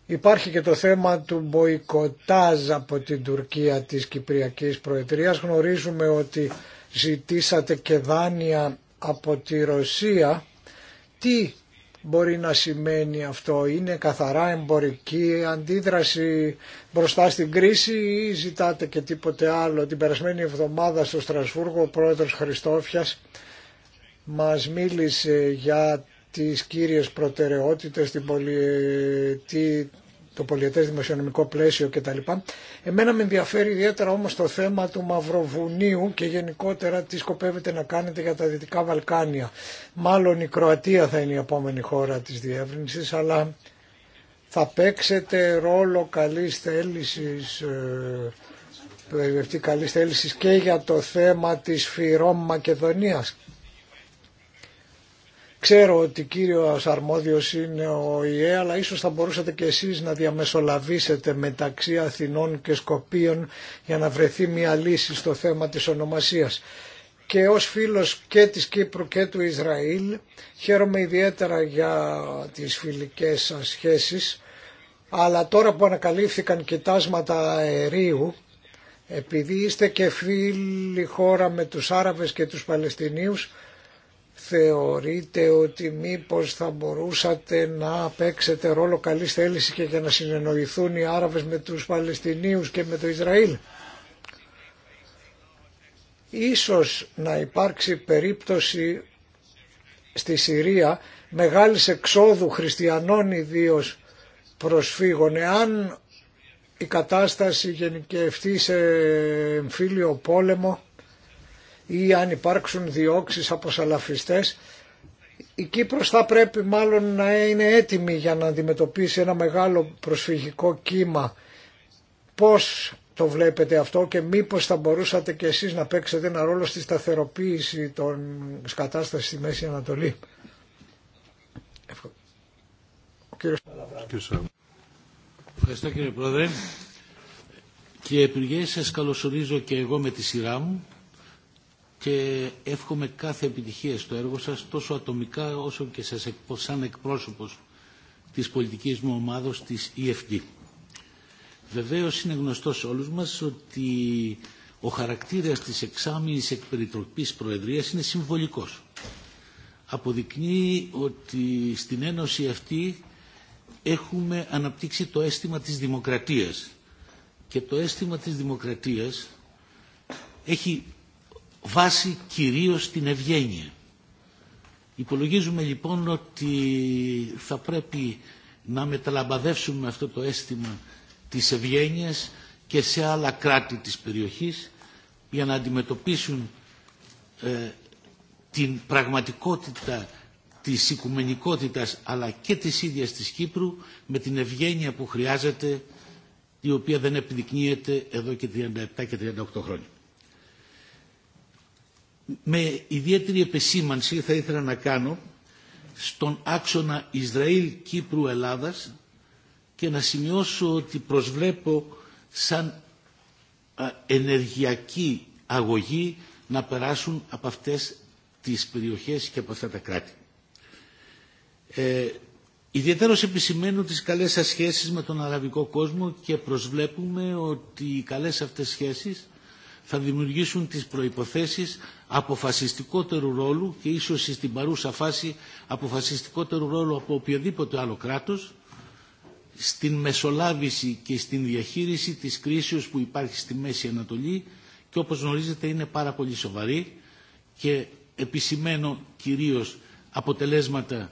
Υπάρχει και το θέμα του μποϊκοτάζ από την Τουρκία της Κυπριακής Προεδρίας. Γνωρίζουμε ότι ζητήσατε και δάνεια από τη Ρωσία τι μπορεί να σημαίνει αυτό. Είναι καθαρά εμπορική αντίδραση μπροστά στην κρίση ή ζητάτε και τίποτε άλλο. Την περασμένη εβδομάδα στο Στρασβούργο ο πρόεδρος Χριστόφιας μας μίλησε για τις κύριες προτεραιότητες την πολιτική το πολιετές δημοσιονομικό πλαίσιο κτλ. Εμένα με ενδιαφέρει ιδιαίτερα όμως το θέμα του Μαυροβουνίου και γενικότερα τι σκοπεύετε να κάνετε για τα Δυτικά Βαλκάνια. Μάλλον η Κροατία θα είναι η επόμενη χώρα της διεύρυνσης, αλλά θα παίξετε ρόλο καλής θέλησης ε, ε καλής και για το θέμα της Φυρών Μακεδονίας Ξέρω ότι κύριο αρμόδιος είναι ο ΙΕ, αλλά ίσως θα μπορούσατε και εσείς να διαμεσολαβήσετε μεταξύ Αθηνών και Σκοπίων για να βρεθεί μια λύση στο θέμα της ονομασίας. Και ως φίλος και της Κύπρου και του Ισραήλ χαίρομαι ιδιαίτερα για τις φιλικές σας σχέσεις, αλλά τώρα που ανακαλύφθηκαν κοιτάσματα αερίου, επειδή είστε και φίλοι χώρα με τους Άραβες και τους Παλαιστινίους, θεωρείτε ότι μήπως θα μπορούσατε να παίξετε ρόλο καλή θέληση και για να συνεννοηθούν οι Άραβες με τους Παλαιστινίους και με το Ισραήλ. Ίσως να υπάρξει περίπτωση στη Συρία μεγάλης εξόδου χριστιανών ιδίω προσφύγων. Εάν η κατάσταση γενικευτεί σε εμφύλιο πόλεμο ή αν υπάρξουν διώξεις από σαλαφιστές η Κύπρος θα πρέπει μάλλον να είναι έτοιμη για να αντιμετωπίσει ένα μεγάλο προσφυγικό κύμα. Πώς το βλέπετε αυτό και μήπως θα μπορούσατε και εσείς να παίξετε ένα ρόλο στη σταθεροποίηση των κατάστασης στη Μέση Ανατολή. Ευχαριστώ κύριε Πρόεδρε. Κύριε Υπουργέ, σας καλωσορίζω και εγώ με τη σειρά μου και εύχομαι κάθε επιτυχία στο έργο σας τόσο ατομικά όσο και σας, σαν εκπρόσωπος της πολιτικής μου ομάδος της EFD. Βεβαίως είναι γνωστό σε όλους μας ότι ο χαρακτήρας της εξάμεινης εκπεριτροπής προεδρίας είναι συμβολικός. Αποδεικνύει ότι στην Ένωση αυτή έχουμε αναπτύξει το αίσθημα της δημοκρατίας και το αίσθημα της δημοκρατίας έχει βάσει κυρίως την ευγένεια. Υπολογίζουμε λοιπόν ότι θα πρέπει να μεταλαμπαδεύσουμε αυτό το αίσθημα της ευγένεια και σε άλλα κράτη της περιοχής για να αντιμετωπίσουν ε, την πραγματικότητα της οικουμενικότητας αλλά και της ίδιας της Κύπρου με την ευγένεια που χρειάζεται η οποία δεν επιδεικνύεται εδώ και 37 και 38 χρόνια με ιδιαίτερη επεσήμανση θα ήθελα να κάνω στον άξονα Ισραήλ-Κύπρου-Ελλάδας και να σημειώσω ότι προσβλέπω σαν ενεργειακή αγωγή να περάσουν από αυτές τις περιοχές και από αυτά τα κράτη. Ε, Ιδιαίτερως επισημαίνω τις καλές σας σχέσεις με τον αραβικό κόσμο και προσβλέπουμε ότι οι καλές αυτές σχέσεις θα δημιουργήσουν τις προϋποθέσεις αποφασιστικότερου ρόλου και ίσως στην παρούσα φάση αποφασιστικότερου ρόλου από οποιοδήποτε άλλο κράτος στην μεσολάβηση και στην διαχείριση της κρίσεως που υπάρχει στη Μέση Ανατολή και όπως γνωρίζετε είναι πάρα πολύ σοβαρή και επισημένο κυρίως αποτελέσματα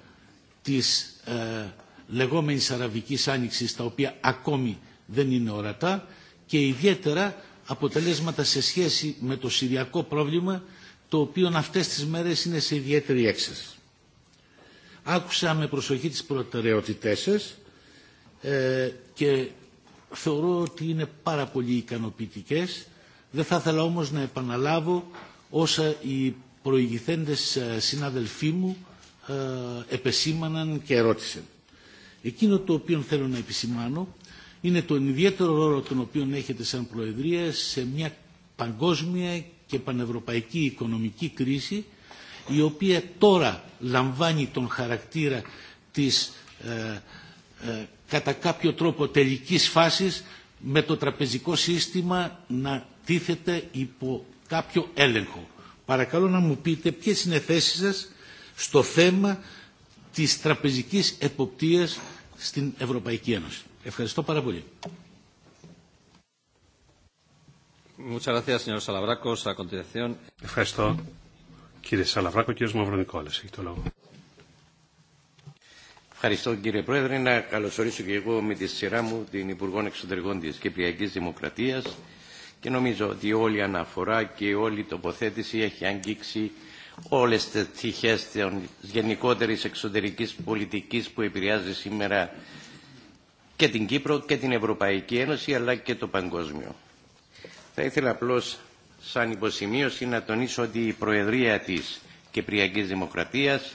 της ε, λεγόμενης Αραβικής Άνοιξης τα οποία ακόμη δεν είναι ορατά και ιδιαίτερα αποτελέσματα σε σχέση με το Συριακό πρόβλημα το οποίο αυτές τις μέρες είναι σε ιδιαίτερη έξαση. Άκουσα με προσοχή τις προτεραιότητές σας ε, και θεωρώ ότι είναι πάρα πολύ ικανοποιητικές. Δεν θα ήθελα όμως να επαναλάβω όσα οι προηγηθέντες ε, συναδελφοί μου ε, επεσήμαναν και ερώτησαν. Εκείνο το οποίο θέλω να επισημάνω είναι τον ιδιαίτερο ρόλο τον οποίο έχετε σαν Προεδρία σε μια παγκόσμια και πανευρωπαϊκή οικονομική κρίση η οποία τώρα λαμβάνει τον χαρακτήρα της ε, ε, κατά κάποιο τρόπο τελικής φάσης με το τραπεζικό σύστημα να τίθεται υπό κάποιο έλεγχο. Παρακαλώ να μου πείτε ποιες είναι θέσεις σας στο θέμα της τραπεζικής εποπτείας στην Ευρωπαϊκή Ένωση. Ευχαριστώ πάρα πολύ. Ευχαριστώ. Κύριε Σαλαβράκο, κύριο Μαυρονικόλα, έχει το λόγο. Ευχαριστώ κύριε Πρόεδρε. Να καλωσορίσω και εγώ με τη σειρά μου την Υπουργό Εξωτερικών τη Κυπριακή Δημοκρατία, και νομίζω ότι όλη η αναφορά και όλη η τοποθέτηση έχει αγγίξει όλε τι τυχές τη γενικότερη εξωτερική πολιτική που επηρεάζει σήμερα και την Κύπρο και την Ευρωπαϊκή Ένωση αλλά και το παγκόσμιο. Θα ήθελα απλώς σαν υποσημείωση να τονίσω ότι η Προεδρία της Κυπριακής Δημοκρατίας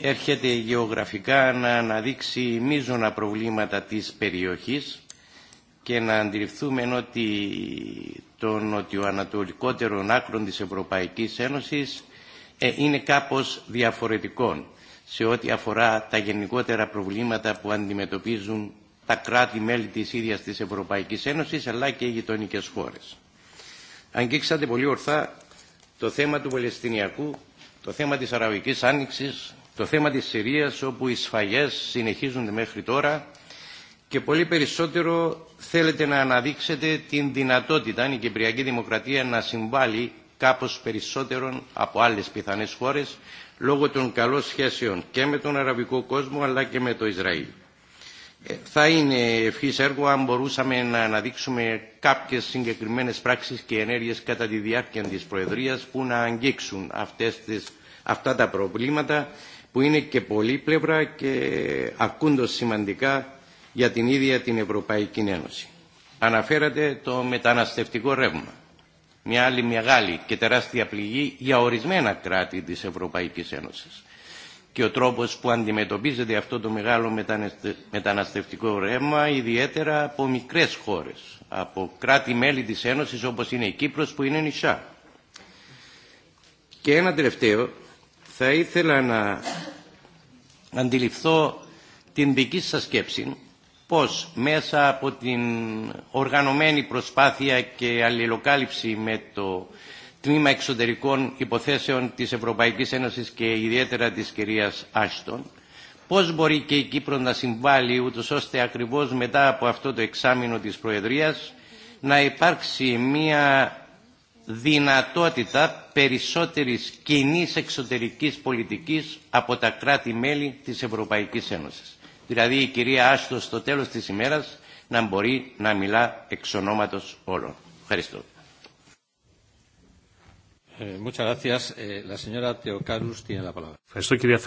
έρχεται γεωγραφικά να αναδείξει μείζωνα προβλήματα της περιοχής και να αντιληφθούμε ότι το νοτιοανατολικότερο άκρο της Ευρωπαϊκής Ένωσης ε, είναι κάπως διαφορετικό σε ό,τι αφορά τα γενικότερα προβλήματα που αντιμετωπίζουν τα κράτη-μέλη της ίδιας της Ευρωπαϊκής Ένωσης αλλά και οι γειτονικέ χώρες. Αγγίξατε πολύ ορθά το θέμα του Παλαιστινιακού, το θέμα της Αραβικής Άνοιξης, το θέμα της Συρίας όπου οι σφαγές συνεχίζονται μέχρι τώρα και πολύ περισσότερο θέλετε να αναδείξετε την δυνατότητα η Κυπριακή Δημοκρατία να συμβάλλει κάπως περισσότερον από άλλες πιθανές χώρες λόγω των καλών σχέσεων και με τον αραβικό κόσμο αλλά και με το Ισραήλ. Θα είναι ευχή έργο αν μπορούσαμε να αναδείξουμε κάποιε συγκεκριμένε πράξει και ενέργειε κατά τη διάρκεια τη Προεδρία που να αγγίξουν αυτές τις, αυτά τα προβλήματα που είναι και πολύπλευρα και ακούντο σημαντικά για την ίδια την Ευρωπαϊκή Ένωση. Αναφέρατε το μεταναστευτικό ρεύμα. Μια άλλη μεγάλη και τεράστια πληγή για ορισμένα κράτη της Ευρωπαϊκής Ένωσης και ο τρόπος που αντιμετωπίζεται αυτό το μεγάλο μεταναστευτικό ρεύμα, ιδιαίτερα από μικρές χώρες, από κράτη-μέλη της Ένωσης όπως είναι η Κύπρος που είναι νησιά. Και ένα τελευταίο, θα ήθελα να αντιληφθώ την δική σας σκέψη πώς μέσα από την οργανωμένη προσπάθεια και αλληλοκάλυψη με το τμήμα εξωτερικών υποθέσεων της Ευρωπαϊκής Ένωσης και ιδιαίτερα της κυρίας Άστον, πώς μπορεί και η Κύπρο να συμβάλλει ούτως ώστε ακριβώς μετά από αυτό το εξάμεινο της Προεδρίας να υπάρξει μια δυνατότητα περισσότερης κοινή εξωτερικής πολιτικής από τα κράτη-μέλη της Ευρωπαϊκής Ένωσης. Δηλαδή η κυρία Άστο στο τέλος της ημέρας να μπορεί να μιλά εξ όλων. Ευχαριστώ. Eh, eh, Ευχαριστώ κυρία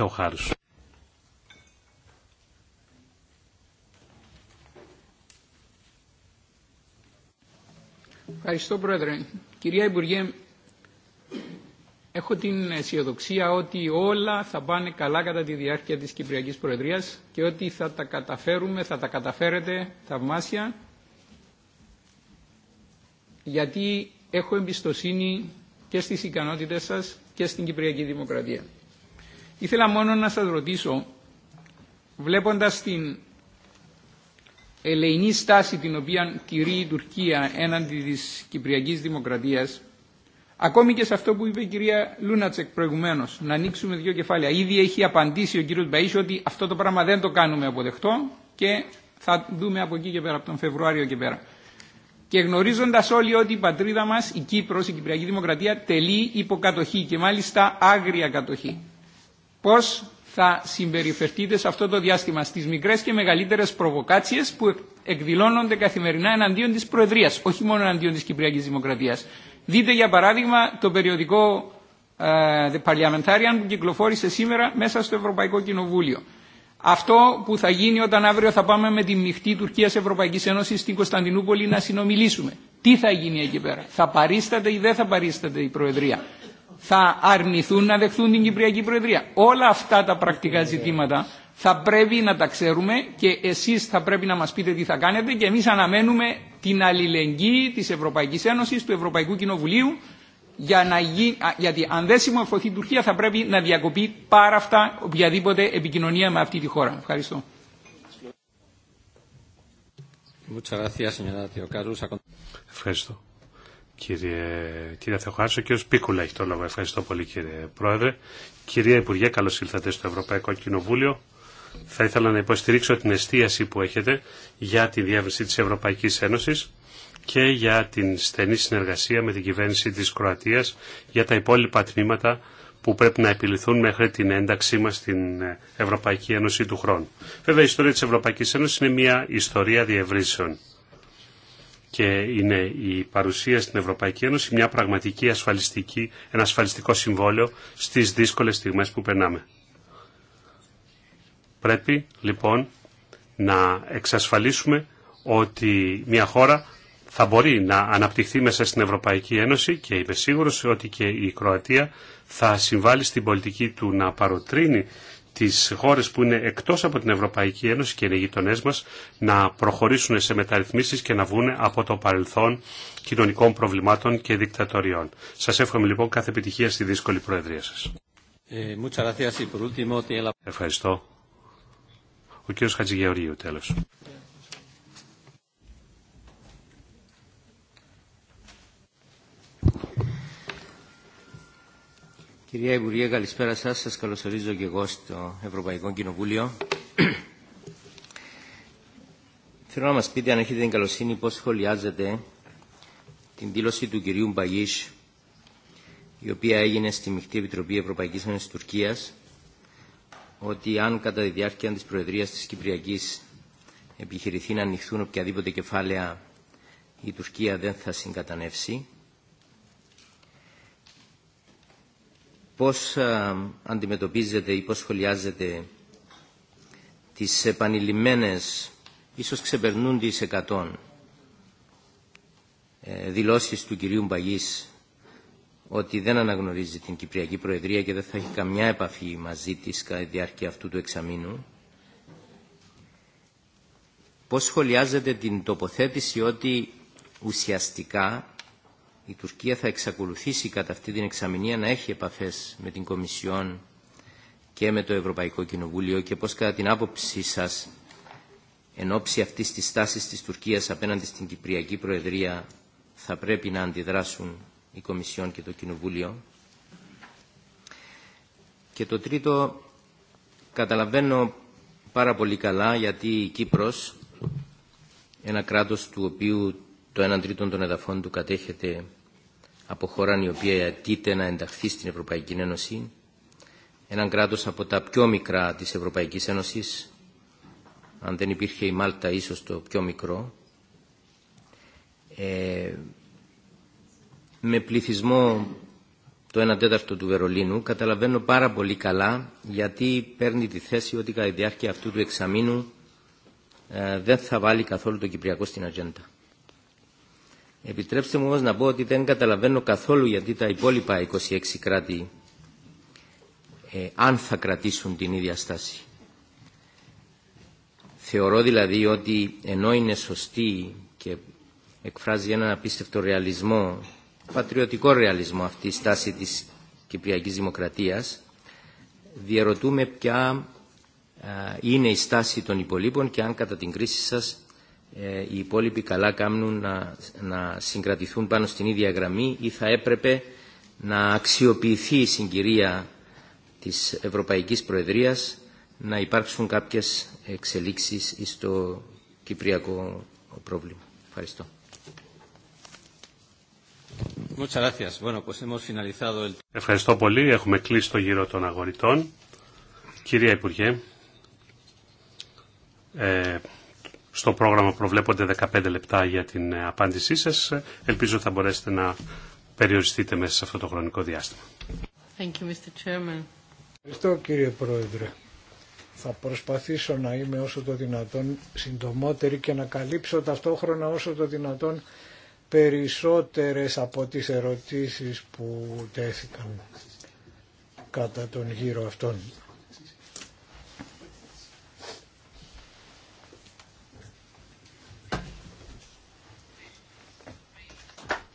Ευχαριστώ πρόεδρε. Κυρία Υπουργέ, έχω την αισιοδοξία ότι όλα θα πάνε καλά κατά τη διάρκεια της Κυπριακής Προεδρίας και ότι θα τα καταφέρουμε, θα τα καταφέρετε θαυμάσια γιατί έχω εμπιστοσύνη και στις ικανότητες σας και στην Κυπριακή Δημοκρατία. Ήθελα μόνο να σας ρωτήσω, βλέποντας την ελεηνή στάση την οποία τηρεί η Τουρκία έναντι της Κυπριακής Δημοκρατίας, ακόμη και σε αυτό που είπε η κυρία Λούνατσεκ προηγουμένως, να ανοίξουμε δύο κεφάλαια. Ήδη έχει απαντήσει ο κύριος Μπαΐς ότι αυτό το πράγμα δεν το κάνουμε αποδεκτό και θα δούμε από εκεί και πέρα, από τον Φεβρουάριο και πέρα και γνωρίζοντας όλοι ότι η πατρίδα μας, η Κύπρος, η Κυπριακή Δημοκρατία, τελεί υποκατοχή και μάλιστα άγρια κατοχή. Πώς θα συμπεριφερθείτε σε αυτό το διάστημα στις μικρές και μεγαλύτερες προβοκάτσιες που εκδηλώνονται καθημερινά εναντίον της Προεδρίας, όχι μόνο εναντίον της Κυπριακής Δημοκρατίας. Δείτε για παράδειγμα το περιοδικό ε, The Parliamentarian που κυκλοφόρησε σήμερα μέσα στο Ευρωπαϊκό Κοινοβούλιο αυτό που θα γίνει όταν αύριο θα πάμε με τη μειχτή Τουρκία Ευρωπαϊκή Ένωση στην Κωνσταντινούπολη να συνομιλήσουμε. Τι θα γίνει εκεί πέρα. Θα παρίσταται ή δεν θα παρίσταται η Προεδρία. Θα αρνηθούν να δεχθούν την Κυπριακή Προεδρία. Όλα αυτά τα πρακτικά ζητήματα θα πρέπει να τα ξέρουμε και εσείς θα πρέπει να μας πείτε τι θα κάνετε και εμείς αναμένουμε την αλληλεγγύη της Ευρωπαϊκής Ένωσης, του Ευρωπαϊκού Κοινοβουλίου για να γι... γιατί αν δεν συμμορφωθεί η Τουρκία θα πρέπει να διακοπεί πάρα αυτά οποιαδήποτε επικοινωνία με αυτή τη χώρα. Ευχαριστώ. Ευχαριστώ. Κύριε, κύριε Θεοχάρης, ο κύριος Πίκουλα έχει το λόγο. Ευχαριστώ πολύ κύριε Πρόεδρε. Κυρία Υπουργέ, καλώς ήλθατε στο Ευρωπαϊκό Κοινοβούλιο. Θα ήθελα να υποστηρίξω την εστίαση που έχετε για τη διεύρυνση της Ευρωπαϊκής Ένωσης και για την στενή συνεργασία με την κυβέρνηση της Κροατίας για τα υπόλοιπα τμήματα που πρέπει να επιληθούν μέχρι την ένταξή μας στην ε, Ευρωπαϊκή Ένωση του χρόνου. Βέβαια η ιστορία της Ευρωπαϊκής Ένωσης είναι μια ιστορία διευρύσεων και είναι η παρουσία στην Ευρωπαϊκή Ένωση μια πραγματική ασφαλιστική, ένα ασφαλιστικό συμβόλαιο στις δύσκολες στιγμές που περνάμε. Πρέπει λοιπόν να εξασφαλίσουμε ότι μια χώρα θα μπορεί να αναπτυχθεί μέσα στην Ευρωπαϊκή Ένωση και είμαι σίγουρος ότι και η Κροατία θα συμβάλλει στην πολιτική του να παροτρύνει τις χώρες που είναι εκτός από την Ευρωπαϊκή Ένωση και είναι οι γειτονές μας να προχωρήσουν σε μεταρρυθμίσεις και να βγουν από το παρελθόν κοινωνικών προβλημάτων και δικτατοριών. Σας εύχομαι λοιπόν κάθε επιτυχία στη δύσκολη Προεδρία σας. Ε, Ευχαριστώ. Ο κ. Χατζηγεωργίου τέλος. Κυρία Υπουργέ, καλησπέρα σας. σα καλωσορίζω και εγώ στο Ευρωπαϊκό Κοινοβούλιο. Θέλω να μα πείτε αν έχετε την καλοσύνη πώς σχολιάζετε την δήλωση του κυρίου Μπαγίς η οποία έγινε στη Μιχτή Επιτροπή Ευρωπαϊκής Ένωση Τουρκίας ότι αν κατά τη διάρκεια της Προεδρία τη Κυπριακής επιχειρηθεί να ανοιχθούν οποιαδήποτε κεφάλαια η Τουρκία δεν θα συγκατανεύσει πώς ε, αντιμετωπίζετε ή πώς σχολιάζετε τις επανειλημμένες, ίσως ξεπερνούν τις 100 ε, δηλώσεις του κυρίου Μπαγής ότι δεν αναγνωρίζει την Κυπριακή Προεδρία και δεν θα έχει καμιά επαφή μαζί της κατά τη διάρκεια αυτού του εξαμήνου. Πώς σχολιάζετε την τοποθέτηση ότι ουσιαστικά η Τουρκία θα εξακολουθήσει κατά αυτή την εξαμηνία να έχει επαφές με την Κομισιόν και με το Ευρωπαϊκό Κοινοβούλιο και πώς κατά την άποψή σας εν ώψη αυτής της στάσης της Τουρκίας απέναντι στην Κυπριακή Προεδρία θα πρέπει να αντιδράσουν η Κομισιόν και το Κοινοβούλιο. Και το τρίτο, καταλαβαίνω πάρα πολύ καλά γιατί η Κύπρος, ένα κράτος του οποίου το 1 τρίτο των εδαφών του κατέχεται από χώρα η οποία αιτείται να ενταχθεί στην Ευρωπαϊκή Ένωση, έναν κράτος από τα πιο μικρά της Ευρωπαϊκής Ένωσης, αν δεν υπήρχε η Μάλτα ίσως το πιο μικρό, ε, με πληθυσμό το 1 τέταρτο του Βερολίνου, καταλαβαίνω πάρα πολύ καλά γιατί παίρνει τη θέση ότι κατά τη διάρκεια αυτού του εξαμήνου ε, δεν θα βάλει καθόλου το Κυπριακό στην ατζέντα. Επιτρέψτε μου όμως να πω ότι δεν καταλαβαίνω καθόλου γιατί τα υπόλοιπα 26 κράτη ε, αν θα κρατήσουν την ίδια στάση. Θεωρώ δηλαδή ότι ενώ είναι σωστή και εκφράζει έναν απίστευτο ρεαλισμό, πατριωτικό ρεαλισμό αυτή η στάση της Κυπριακής Δημοκρατίας, διαρωτούμε ποια ε, είναι η στάση των υπολείπων και αν κατά την κρίση σας ε, οι υπόλοιποι καλά κάνουν να, να συγκρατηθούν πάνω στην ίδια γραμμή ή θα έπρεπε να αξιοποιηθεί η συγκυρία της Ευρωπαϊκής Προεδρίας να υπάρξουν κάποιες εξελίξεις στο κυπριακό πρόβλημα. Ευχαριστώ. Ευχαριστώ πολύ. Έχουμε κλείσει το γύρο των αγορητών. Κυρία Υπουργέ, ε, στο πρόγραμμα προβλέπονται 15 λεπτά για την ε, απάντησή σας. Ελπίζω θα μπορέσετε να περιοριστείτε μέσα σε αυτό το χρονικό διάστημα. Thank you, Mr. Chairman. Ευχαριστώ κύριε Πρόεδρε. Θα προσπαθήσω να είμαι όσο το δυνατόν συντομότερη και να καλύψω ταυτόχρονα όσο το δυνατόν περισσότερες από τις ερωτήσεις που τέθηκαν κατά τον γύρο αυτών.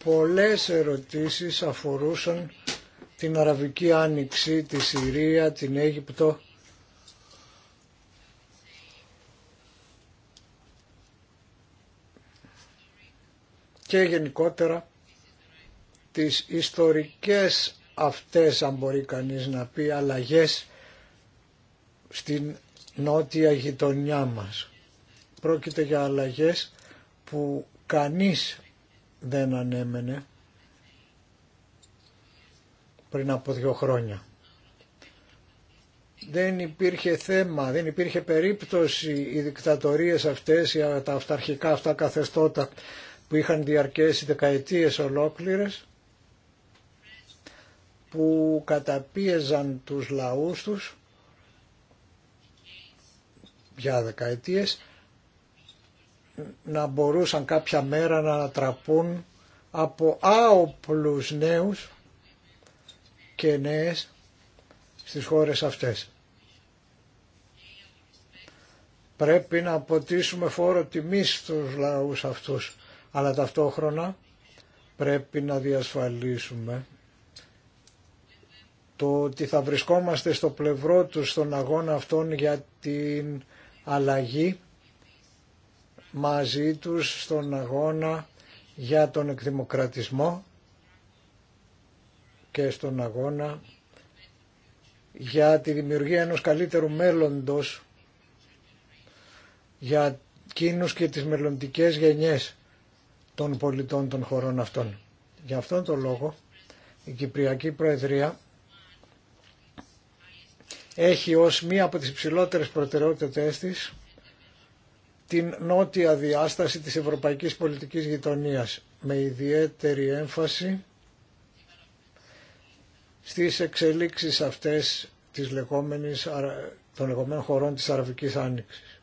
πολλές ερωτήσεις αφορούσαν την Αραβική Άνοιξη, τη Συρία, την Αίγυπτο. και γενικότερα τις ιστορικές αυτές, αν μπορεί κανείς να πει, αλλαγές στην νότια γειτονιά μας. Πρόκειται για αλλαγές που κανείς δεν ανέμενε πριν από δύο χρόνια. Δεν υπήρχε θέμα, δεν υπήρχε περίπτωση οι δικτατορίες αυτές, τα αυταρχικά αυτά καθεστώτα που είχαν διαρκέσει δεκαετίες ολόκληρες, που καταπίεζαν τους λαούς τους για δεκαετίες να μπορούσαν κάποια μέρα να ανατραπούν από άοπλους νέους και νέες στις χώρες αυτές. Πρέπει να αποτίσουμε φόρο τιμής στους λαούς αυτούς, αλλά ταυτόχρονα πρέπει να διασφαλίσουμε το ότι θα βρισκόμαστε στο πλευρό τους στον αγώνα αυτών για την αλλαγή μαζί τους στον αγώνα για τον εκδημοκρατισμό και στον αγώνα για τη δημιουργία ενός καλύτερου μέλλοντος για κίνους και τις μελλοντικέ γενιές των πολιτών των χωρών αυτών. Γι' αυτόν τον λόγο η Κυπριακή Προεδρία έχει ως μία από τις υψηλότερες προτεραιότητες της την νότια διάσταση της ευρωπαϊκής πολιτικής γειτονίας με ιδιαίτερη έμφαση στις εξελίξεις αυτές της λεγόμενης, των λεγόμενων χωρών της Αραβικής Άνοιξης.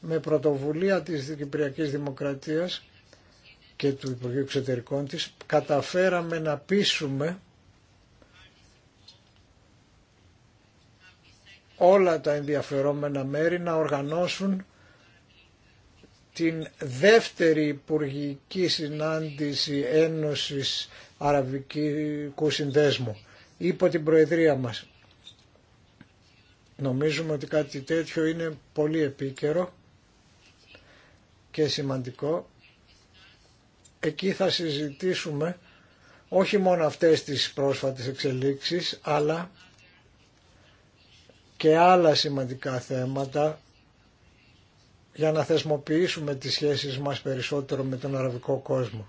Με πρωτοβουλία της Κυπριακής Δημοκρατίας και του Υπουργείου Εξωτερικών της καταφέραμε να πείσουμε όλα τα ενδιαφερόμενα μέρη να οργανώσουν την δεύτερη υπουργική συνάντηση Ένωσης Αραβικού Συνδέσμου υπό την Προεδρία μας. Νομίζουμε ότι κάτι τέτοιο είναι πολύ επίκαιρο και σημαντικό. Εκεί θα συζητήσουμε όχι μόνο αυτές τις πρόσφατες εξελίξεις, αλλά και άλλα σημαντικά θέματα για να θεσμοποιήσουμε τις σχέσεις μας περισσότερο με τον αραβικό κόσμο.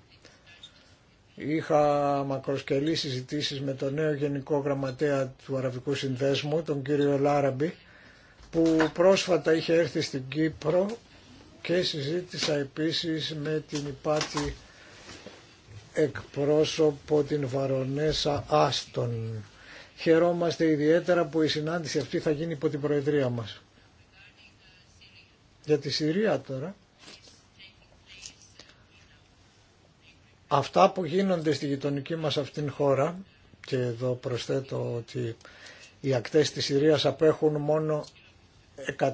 Είχα μακροσκελή συζητήσεις με τον νέο Γενικό Γραμματέα του Αραβικού Συνδέσμου, τον κύριο Λάραμπη, που πρόσφατα είχε έρθει στην Κύπρο και συζήτησα επίσης με την υπάτη εκπρόσωπο την Βαρονέσα Άστον. Χαιρόμαστε ιδιαίτερα που η συνάντηση αυτή θα γίνει υπό την Προεδρία μας. Για τη Συρία τώρα. Αυτά που γίνονται στη γειτονική μας αυτήν χώρα, και εδώ προσθέτω ότι οι ακτές της Συρίας απέχουν μόνο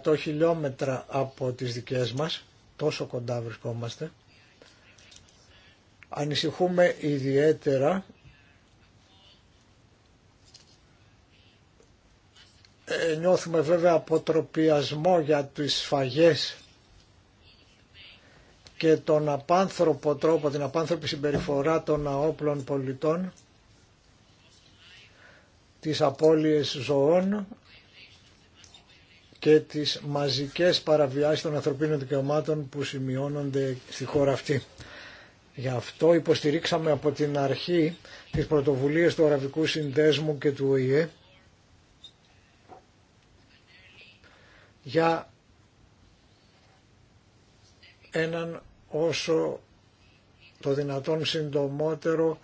100 χιλιόμετρα από τις δικές μας, τόσο κοντά βρισκόμαστε, ανησυχούμε ιδιαίτερα νιώθουμε βέβαια αποτροπιασμό για τις σφαγές και τον απάνθρωπο τρόπο, την απάνθρωπη συμπεριφορά των αόπλων πολιτών, τις απώλειες ζωών και τις μαζικές παραβιάσεις των ανθρωπίνων δικαιωμάτων που σημειώνονται στη χώρα αυτή. Γι' αυτό υποστηρίξαμε από την αρχή τις πρωτοβουλίες του Αραβικού Συνδέσμου και του ΟΗΕ για έναν όσο το δυνατόν συντομότερο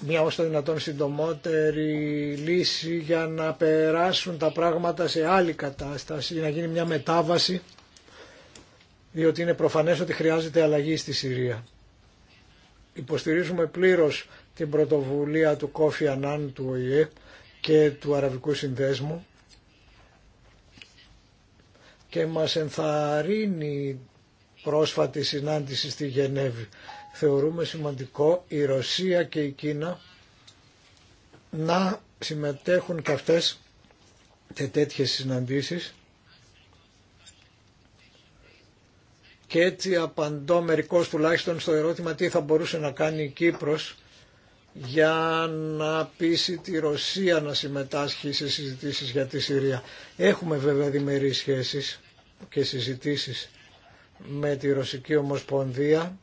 μια όσο το δυνατόν συντομότερη λύση για να περάσουν τα πράγματα σε άλλη κατάσταση, για να γίνει μια μετάβαση, διότι είναι προφανές ότι χρειάζεται αλλαγή στη Συρία. Υποστηρίζουμε πλήρως την πρωτοβουλία του Κόφι του ΟΗΕ και του Αραβικού Συνδέσμου και μας ενθαρρύνει πρόσφατη συνάντηση στη Γενέβη. Θεωρούμε σημαντικό η Ρωσία και η Κίνα να συμμετέχουν και αυτές σε τέτοιες συναντήσεις και έτσι απαντώ μερικώς τουλάχιστον στο ερώτημα τι θα μπορούσε να κάνει η Κύπρος για να πείσει τη Ρωσία να συμμετάσχει σε συζητήσεις για τη Συρία. Έχουμε βέβαια διμερείς σχέσεις και συζητήσεις με τη Ρωσική Ομοσπονδία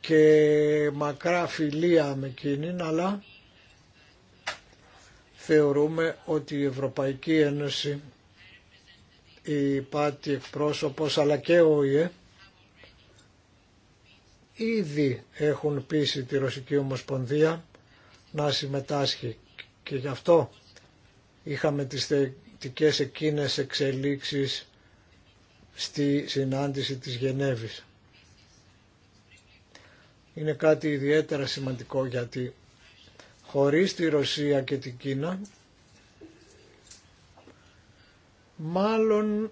και μακρά φιλία με εκείνην, αλλά θεωρούμε ότι η Ευρωπαϊκή Ένωση, η Πάτη εκπρόσωπος, αλλά και ο ΙΕ, ήδη έχουν πείσει τη Ρωσική Ομοσπονδία να συμμετάσχει και γι' αυτό είχαμε τις θετικές εκείνες εξελίξεις στη συνάντηση της Γενέβης. Είναι κάτι ιδιαίτερα σημαντικό γιατί χωρίς τη Ρωσία και την Κίνα μάλλον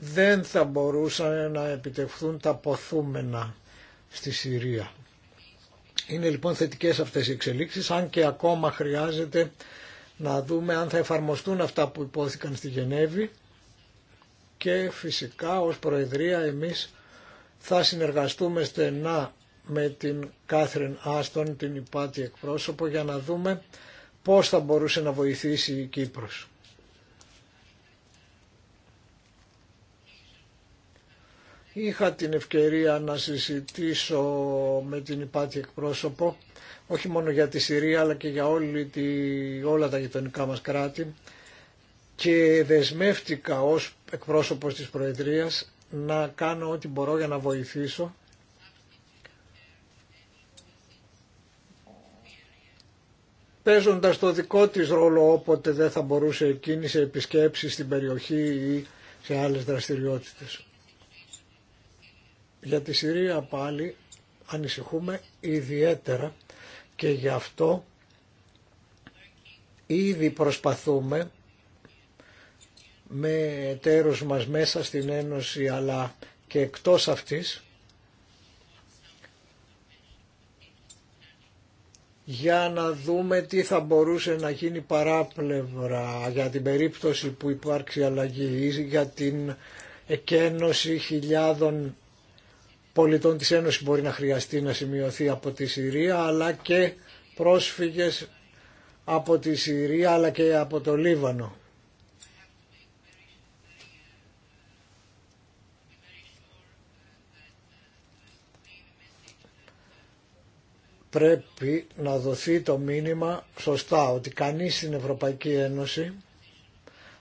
δεν θα μπορούσαν να επιτευχθούν τα ποθούμενα στη Συρία. Είναι λοιπόν θετικές αυτές οι εξελίξεις, αν και ακόμα χρειάζεται να δούμε αν θα εφαρμοστούν αυτά που υπόθηκαν στη Γενέβη και φυσικά ως Προεδρία εμείς θα συνεργαστούμε στενά με την Κάθριν Άστον, την υπάτη εκπρόσωπο, για να δούμε πώς θα μπορούσε να βοηθήσει η Κύπρος. Είχα την ευκαιρία να συζητήσω με την υπάτη εκπρόσωπο, όχι μόνο για τη Συρία αλλά και για όλη τη, όλα τα γειτονικά μας κράτη και δεσμεύτηκα ως εκπρόσωπος της Προεδρίας να κάνω ό,τι μπορώ για να βοηθήσω παίζοντας το δικό της ρόλο όποτε δεν θα μπορούσε εκείνη σε επισκέψεις στην περιοχή ή σε άλλες δραστηριότητες. Για τη Συρία πάλι ανησυχούμε ιδιαίτερα και γι' αυτό ήδη προσπαθούμε με τέρους μας μέσα στην Ένωση αλλά και εκτός αυτής για να δούμε τι θα μπορούσε να γίνει παράπλευρα για την περίπτωση που υπάρξει αλλαγή ή για την εκένωση χιλιάδων πολιτών της Ένωσης μπορεί να χρειαστεί να σημειωθεί από τη Συρία αλλά και πρόσφυγες από τη Συρία αλλά και από το Λίβανο. Πρέπει να δοθεί το μήνυμα σωστά ότι κανείς στην Ευρωπαϊκή Ένωση,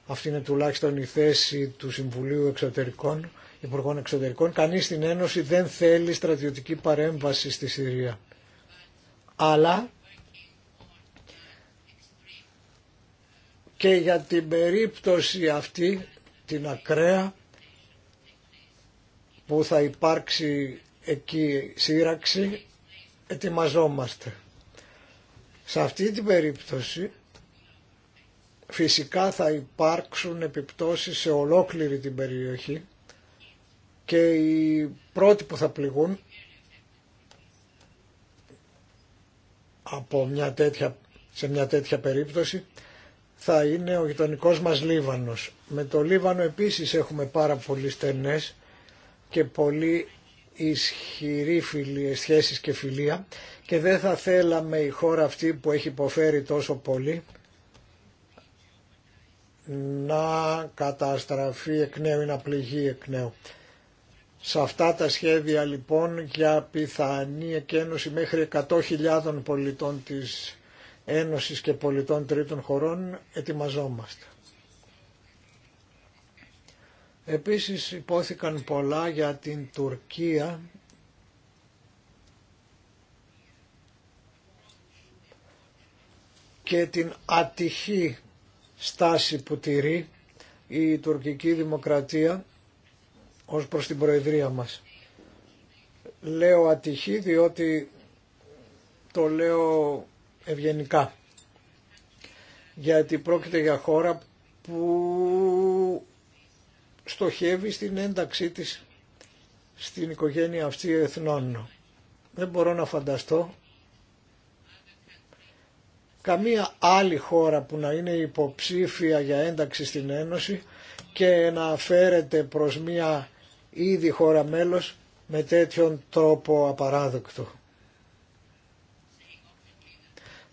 αυτή είναι τουλάχιστον η θέση του Συμβουλίου Εξωτερικών, Υπουργών Εξωτερικών, κανείς στην Ένωση δεν θέλει στρατιωτική παρέμβαση στη Συρία. Αλλά και για την περίπτωση αυτή, την ακραία, που θα υπάρξει εκεί σύραξη, ετοιμαζόμαστε. Σε αυτή την περίπτωση φυσικά θα υπάρξουν επιπτώσεις σε ολόκληρη την περιοχή και οι πρώτοι που θα πληγούν από μια τέτοια, σε μια τέτοια περίπτωση θα είναι ο γειτονικό μας Λίβανος. Με το Λίβανο επίσης έχουμε πάρα πολύ στενές και πολύ ισχυρή φιλία, σχέσεις και φιλία και δεν θα θέλαμε η χώρα αυτή που έχει υποφέρει τόσο πολύ να καταστραφεί εκ νέου ή να πληγεί εκ νέου. Σε αυτά τα σχέδια λοιπόν για πιθανή εκένωση μέχρι 100.000 πολιτών της Ένωσης και πολιτών τρίτων χωρών ετοιμαζόμαστε. Επίσης υπόθηκαν πολλά για την Τουρκία και την ατυχή στάση που τηρεί η τουρκική δημοκρατία ως προς την Προεδρία μας. Λέω ατυχή διότι το λέω ευγενικά. Γιατί πρόκειται για χώρα που στοχεύει στην ένταξή της στην οικογένεια αυτή εθνών. Δεν μπορώ να φανταστώ καμία άλλη χώρα που να είναι υποψήφια για ένταξη στην Ένωση και να φέρεται προς μια ήδη χώρα μέλος με τέτοιον τρόπο απαράδεκτο.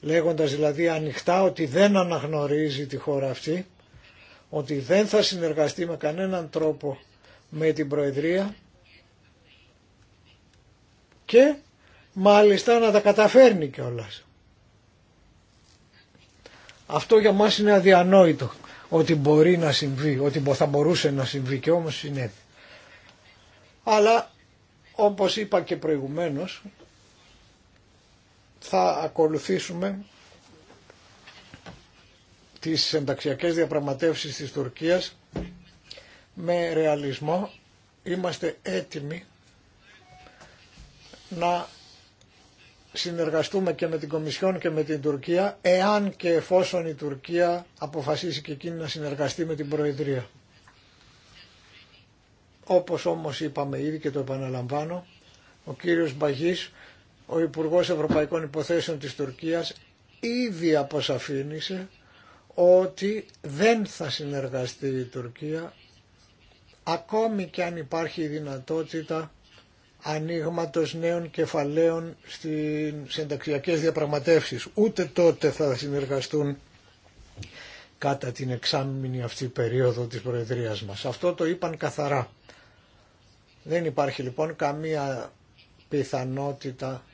Λέγοντας δηλαδή ανοιχτά ότι δεν αναγνωρίζει τη χώρα αυτή, ότι δεν θα συνεργαστεί με κανέναν τρόπο με την Προεδρία και μάλιστα να τα καταφέρνει κιόλα. Αυτό για μας είναι αδιανόητο ότι μπορεί να συμβεί, ότι θα μπορούσε να συμβεί και όμως συνέβη αλλά όπως είπα και προηγουμένως θα ακολουθήσουμε τις ενταξιακές διαπραγματεύσεις της Τουρκίας με ρεαλισμό είμαστε έτοιμοι να συνεργαστούμε και με την Κομισιόν και με την Τουρκία εάν και εφόσον η Τουρκία αποφασίσει και εκείνη να συνεργαστεί με την Προεδρία. Όπως όμως είπαμε ήδη και το επαναλαμβάνω, ο κύριος Μπαγής, ο Υπουργός Ευρωπαϊκών Υποθέσεων της Τουρκίας, ήδη αποσαφήνισε ότι δεν θα συνεργαστεί η Τουρκία ακόμη και αν υπάρχει η δυνατότητα ανοίγματο νέων κεφαλαίων στις συνταξιακές διαπραγματεύσεις. Ούτε τότε θα συνεργαστούν κατά την εξάμηνη αυτή περίοδο της Προεδρίας μας. Αυτό το είπαν καθαρά. Δεν υπάρχει λοιπόν καμία πιθανότητα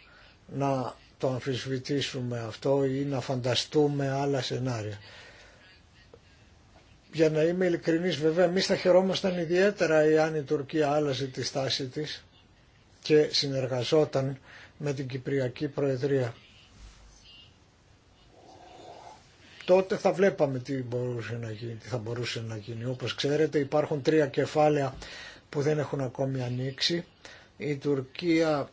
να το αμφισβητήσουμε αυτό ή να φανταστούμε άλλα σενάρια. Για να είμαι ειλικρινής βέβαια εμείς θα χαιρόμασταν ιδιαίτερα εάν η Τουρκία άλλαζε τη στάση της και συνεργαζόταν με την Κυπριακή Προεδρία. Τότε θα βλέπαμε τι, μπορούσε θα μπορούσε να γίνει. Όπως ξέρετε υπάρχουν τρία κεφάλαια που δεν έχουν ακόμη ανοίξει. Η Τουρκία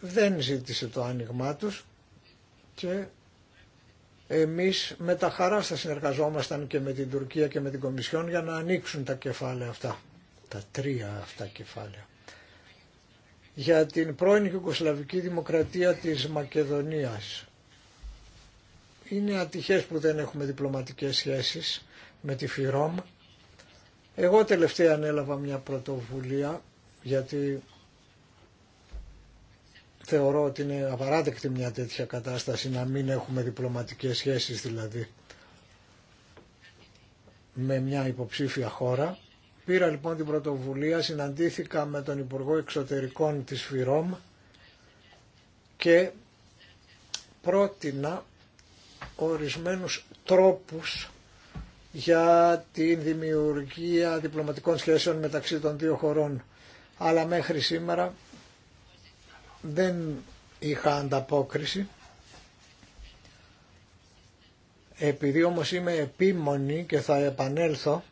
δεν ζήτησε το άνοιγμά τους και εμείς με τα χαρά θα συνεργαζόμασταν και με την Τουρκία και με την Κομισιόν για να ανοίξουν τα κεφάλαια αυτά, τα τρία αυτά κεφάλαια. Για την πρώην Ιουγκοσλαβική Δημοκρατία της Μακεδονίας. Είναι ατυχές που δεν έχουμε διπλωματικές σχέσεις με τη ΦΥΡΟΜ εγώ τελευταία ανέλαβα μια πρωτοβουλία γιατί θεωρώ ότι είναι απαράδεκτη μια τέτοια κατάσταση να μην έχουμε διπλωματικές σχέσεις δηλαδή με μια υποψήφια χώρα. Πήρα λοιπόν την πρωτοβουλία, συναντήθηκα με τον Υπουργό Εξωτερικών της ΦΥΡΟΜ και πρότεινα ορισμένους τρόπους για την δημιουργία διπλωματικών σχέσεων μεταξύ των δύο χωρών. Αλλά μέχρι σήμερα δεν είχα ανταπόκριση. Επειδή όμως είμαι επίμονη και θα επανέλθω,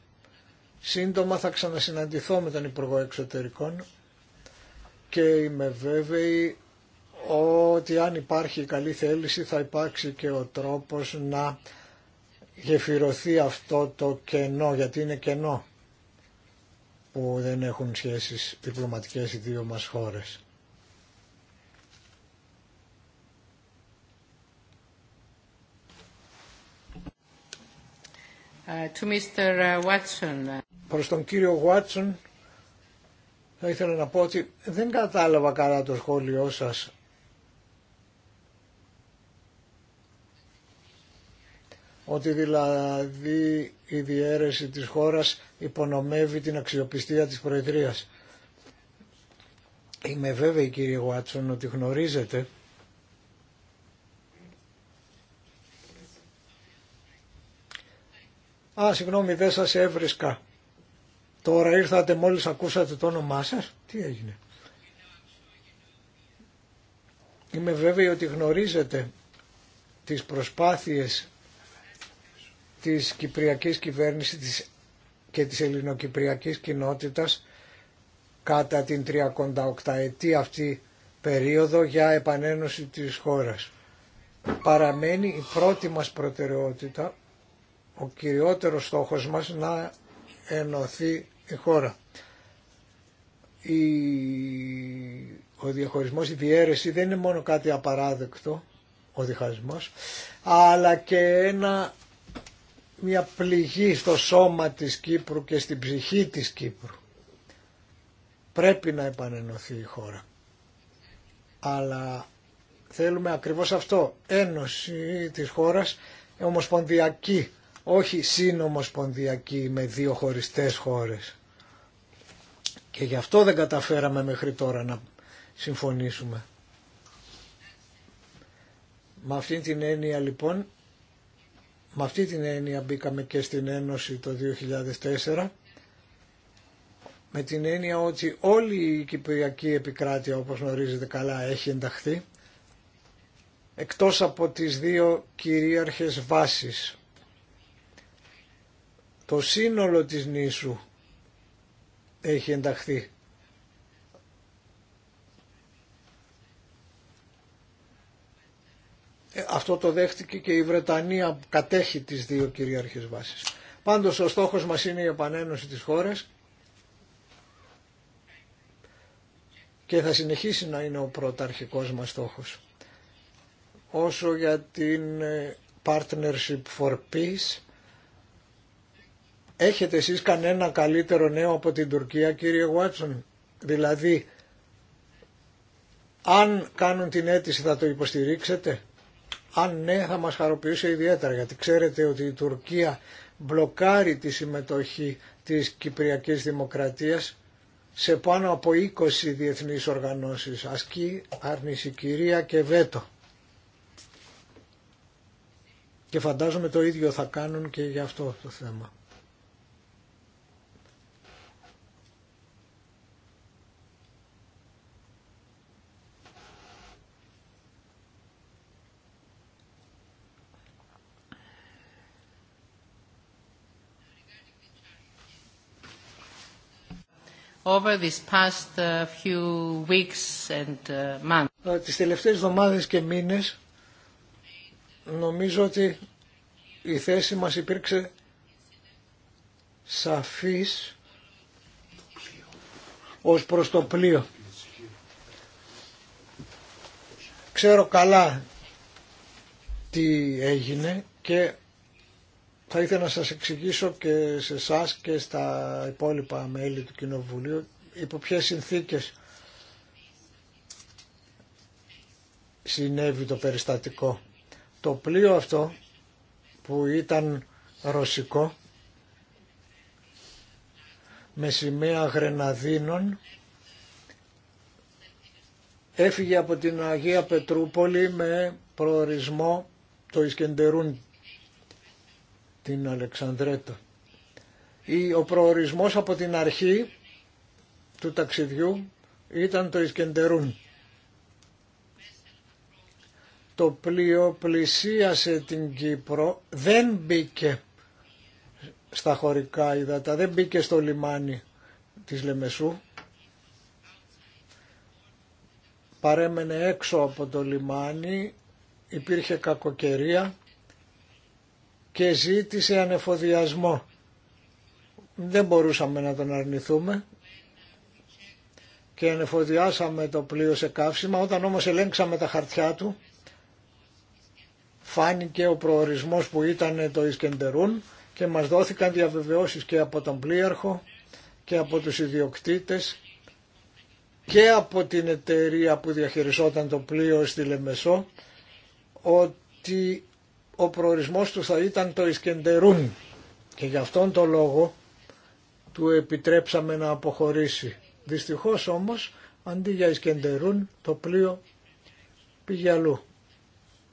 σύντομα θα ξανασυναντηθώ με τον Υπουργό Εξωτερικών και είμαι βέβαιη ότι αν υπάρχει καλή θέληση θα υπάρξει και ο τρόπος να γεφυρωθεί αυτό το κενό, γιατί είναι κενό που δεν έχουν σχέσεις διπλωματικές οι δύο μας χώρες. Uh, to Mr. Uh, Watson. Προς τον κύριο Watson θα ήθελα να πω ότι δεν κατάλαβα καλά το σχόλιο σας ότι δηλαδή η διέρεση της χώρας υπονομεύει την αξιοπιστία της Προεδρίας. Είμαι βέβαιη κύριε Γουάτσον ότι γνωρίζετε Α, συγγνώμη, δεν σας έβρισκα. Τώρα ήρθατε μόλις ακούσατε το όνομά σας. Τι έγινε. Είμαι βέβαιη ότι γνωρίζετε τις προσπάθειες της Κυπριακής κυβέρνησης και της ελληνοκυπριακής κοινότητας κατά την 38 ετή αυτή περίοδο για επανένωση της χώρας. Παραμένει η πρώτη μας προτεραιότητα, ο κυριότερος στόχος μας να ενωθεί η χώρα. Η... Ο διαχωρισμός, η διέρεση δεν είναι μόνο κάτι απαράδεκτο, ο διχασμός, αλλά και ένα μια πληγή στο σώμα της Κύπρου και στην ψυχή της Κύπρου. Πρέπει να επανενωθεί η χώρα. Αλλά θέλουμε ακριβώς αυτό, ένωση της χώρας ομοσπονδιακή, όχι συνομοσπονδιακή με δύο χωριστές χώρες. Και γι' αυτό δεν καταφέραμε μέχρι τώρα να συμφωνήσουμε. Με αυτή την έννοια λοιπόν με αυτή την έννοια μπήκαμε και στην Ένωση το 2004 με την έννοια ότι όλη η Κυπριακή επικράτεια όπως γνωρίζετε καλά έχει ενταχθεί εκτός από τις δύο κυρίαρχες βάσεις. Το σύνολο της νήσου έχει ενταχθεί Αυτό το δέχτηκε και η Βρετανία κατέχει τις δύο κυρίαρχες βάσεις. Πάντως ο στόχος μας είναι η επανένωση της χώρας και θα συνεχίσει να είναι ο πρωταρχικός μας στόχος. Όσο για την ε, Partnership for Peace, έχετε εσείς κανένα καλύτερο νέο από την Τουρκία κύριε Βάτσον. Δηλαδή, αν κάνουν την αίτηση θα το υποστηρίξετε. Αν ναι θα μας χαροποιούσε ιδιαίτερα γιατί ξέρετε ότι η Τουρκία μπλοκάρει τη συμμετοχή της Κυπριακής Δημοκρατίας σε πάνω από 20 διεθνείς οργανώσεις, ασκή, άρνηση κυρία και βέτο. Και φαντάζομαι το ίδιο θα κάνουν και για αυτό το θέμα. over these past uh, few weeks and uh, months. Ε, τις τελευταίες εβδομάδες και μήνες νομίζω ότι η θέση μας υπήρξε σαφής ως προς το πλοίο. Ξέρω καλά τι έγινε και θα ήθελα να σας εξηγήσω και σε εσά και στα υπόλοιπα μέλη του Κοινοβουλίου υπό ποιε συνθήκες συνέβη το περιστατικό. Το πλοίο αυτό που ήταν ρωσικό με σημαία Γρεναδίνων έφυγε από την Αγία Πετρούπολη με προορισμό το Ισκεντερούν την Αλεξανδρέτα. Ο προορισμός από την αρχή του ταξιδιού ήταν το Ισκεντερούν. Το πλοίο πλησίασε την Κύπρο, δεν μπήκε στα χωρικά ύδατα, δεν μπήκε στο λιμάνι της Λεμεσού. Παρέμενε έξω από το λιμάνι, υπήρχε κακοκαιρία και ζήτησε ανεφοδιασμό. Δεν μπορούσαμε να τον αρνηθούμε και ανεφοδιάσαμε το πλοίο σε καύσιμα. Όταν όμως ελέγξαμε τα χαρτιά του, φάνηκε ο προορισμός που ήταν το Ισκεντερούν και μας δόθηκαν διαβεβαιώσεις και από τον πλοίαρχο και από τους ιδιοκτήτες και από την εταιρεία που διαχειριζόταν το πλοίο στη Λεμεσό ότι ο προορισμός του θα ήταν το Ισκεντερούν και γι' αυτόν τον λόγο του επιτρέψαμε να αποχωρήσει. Δυστυχώς όμως αντί για Ισκεντερούν το πλοίο πήγε αλλού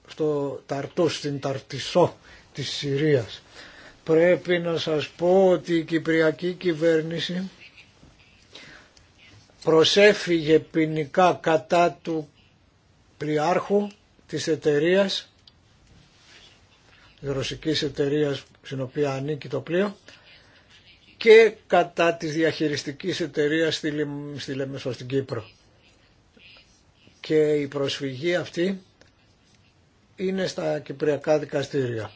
στο Ταρτού, στην Ταρτισό της Συρίας. Πρέπει να σας πω ότι η Κυπριακή κυβέρνηση προσέφυγε ποινικά κατά του πλοιάρχου της εταιρείας ρωσικής εταιρείας στην οποία ανήκει το πλοίο και κατά της διαχειριστικής εταιρείας στη, στη Λεμεσό, στην Κύπρο. Και η προσφυγή αυτή είναι στα κυπριακά δικαστήρια.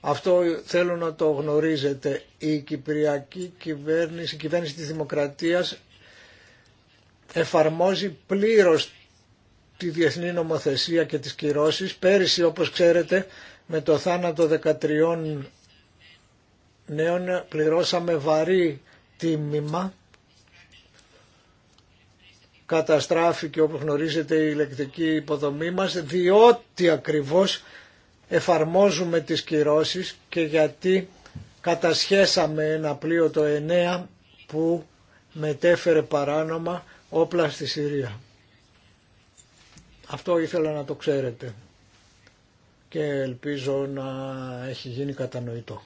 Αυτό θέλω να το γνωρίζετε. Η κυπριακή κυβέρνηση, η κυβέρνηση της Δημοκρατίας εφαρμόζει πλήρως τη διεθνή νομοθεσία και τις κυρώσεις. Πέρυσι, όπως ξέρετε, με το θάνατο 13 νέων πληρώσαμε βαρύ τίμημα. Καταστράφηκε όπως γνωρίζετε η ηλεκτρική υποδομή μας διότι ακριβώς εφαρμόζουμε τις κυρώσεις και γιατί κατασχέσαμε ένα πλοίο το 9 που μετέφερε παράνομα όπλα στη Συρία. Αυτό ήθελα να το ξέρετε και ελπίζω να έχει γίνει κατανοητό.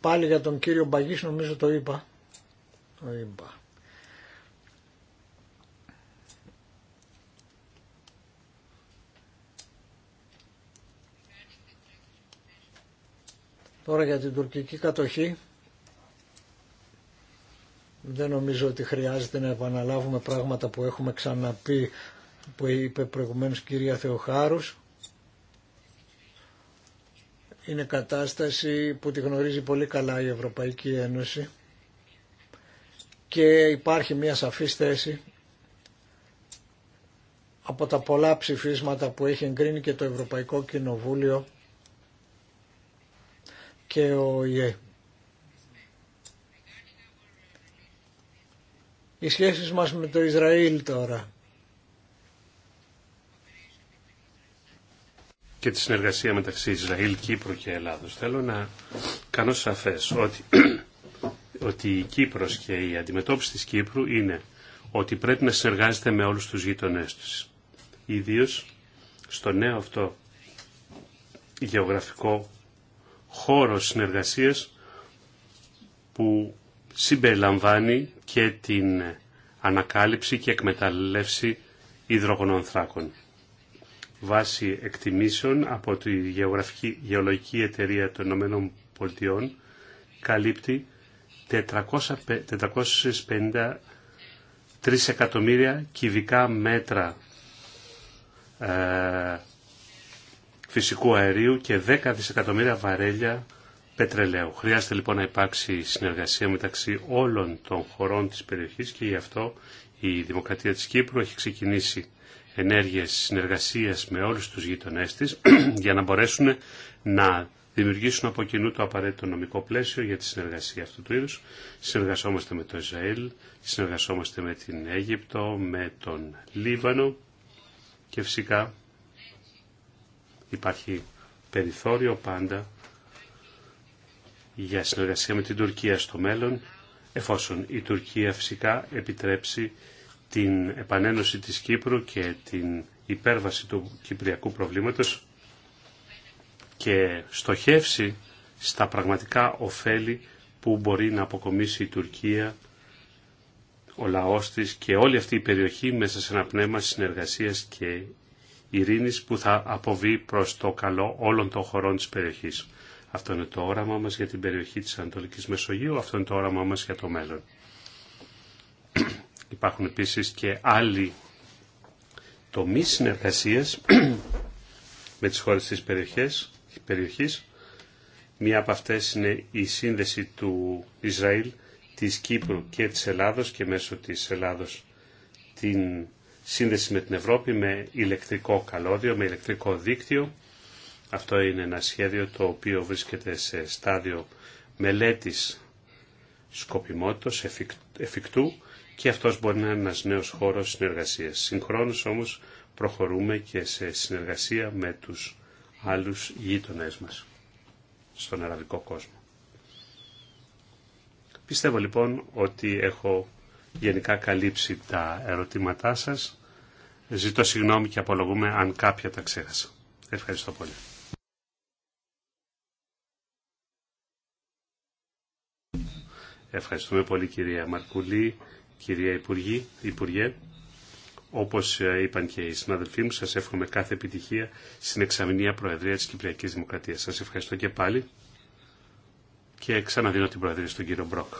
Πάλι για τον κύριο Μπαγής νομίζω το είπα. Το είπα. Τώρα για την τουρκική κατοχή. Δεν νομίζω ότι χρειάζεται να επαναλάβουμε πράγματα που έχουμε ξαναπεί, που είπε προηγουμένως κυρία Θεοχάρους. Είναι κατάσταση που τη γνωρίζει πολύ καλά η Ευρωπαϊκή Ένωση και υπάρχει μια σαφής θέση από τα πολλά ψηφίσματα που έχει εγκρίνει και το Ευρωπαϊκό Κοινοβούλιο και ο ΙΕ. Οι σχέσεις μας με το Ισραήλ τώρα. και τη συνεργασία μεταξύ Ισραήλ, Κύπρου και Ελλάδος. Θέλω να κάνω σαφές ότι, ότι η Κύπρος και η αντιμετώπιση της Κύπρου είναι ότι πρέπει να συνεργάζεται με όλους τους γείτονές της. Ιδίως στο νέο αυτό γεωγραφικό χώρο συνεργασίας που συμπεριλαμβάνει και την ανακάλυψη και εκμεταλλεύση θράκων. Βάσει εκτιμήσεων από τη Γεωγραφική, Γεωλογική Εταιρεία των Ηνωμένων Πολιτειών καλύπτει 453 εκατομμύρια κυβικά μέτρα ε, φυσικού αερίου και 10 δισεκατομμύρια βαρέλια πετρελαίου. Χρειάζεται λοιπόν να υπάρξει συνεργασία μεταξύ όλων των χωρών της περιοχής και γι' αυτό η Δημοκρατία της Κύπρου έχει ξεκινήσει ενέργειες συνεργασίας με όλους τους γείτονές της για να μπορέσουν να δημιουργήσουν από κοινού το απαραίτητο νομικό πλαίσιο για τη συνεργασία αυτού του είδους. Συνεργασόμαστε με το Ισραήλ, συνεργασόμαστε με την Αίγυπτο, με τον Λίβανο και φυσικά υπάρχει περιθώριο πάντα για συνεργασία με την Τουρκία στο μέλλον, εφόσον η Τουρκία φυσικά επιτρέψει την επανένωση της Κύπρου και την υπέρβαση του κυπριακού προβλήματος και στοχεύσει στα πραγματικά ωφέλη που μπορεί να αποκομίσει η Τουρκία, ο λαός της και όλη αυτή η περιοχή μέσα σε ένα πνεύμα συνεργασίας και ειρήνης που θα αποβεί προς το καλό όλων των χωρών της περιοχής. Αυτό είναι το όραμά μας για την περιοχή της Ανατολικής Μεσογείου, αυτό είναι το όραμά μας για το μέλλον. Υπάρχουν επίσης και άλλοι τομείς συνεργασίας με τις χώρες της περιοχής, περιοχής. Μία από αυτές είναι η σύνδεση του Ισραήλ, της Κύπρου και της Ελλάδος και μέσω της Ελλάδος την σύνδεση με την Ευρώπη με ηλεκτρικό καλώδιο, με ηλεκτρικό δίκτυο αυτό είναι ένα σχέδιο το οποίο βρίσκεται σε στάδιο μελέτης σκοπιμότητας, εφικτού και αυτός μπορεί να είναι ένας νέος χώρος συνεργασίας. Συγχρόνως όμως προχωρούμε και σε συνεργασία με τους άλλους γείτονές μας στον αραβικό κόσμο. Πιστεύω λοιπόν ότι έχω γενικά καλύψει τα ερωτήματά σας. Ζητώ συγγνώμη και απολογούμε αν κάποια τα ξέχασα. Ευχαριστώ πολύ. Ευχαριστούμε πολύ κυρία Μαρκουλή, κυρία Υπουργή, Υπουργέ. Όπως ε, είπαν και οι συναδελφοί μου, σας εύχομαι κάθε επιτυχία στην εξαμηνία Προεδρία της Κυπριακής Δημοκρατίας. Σας ευχαριστώ και πάλι και ξαναδίνω την Προεδρία στον κύριο Μπρόκ.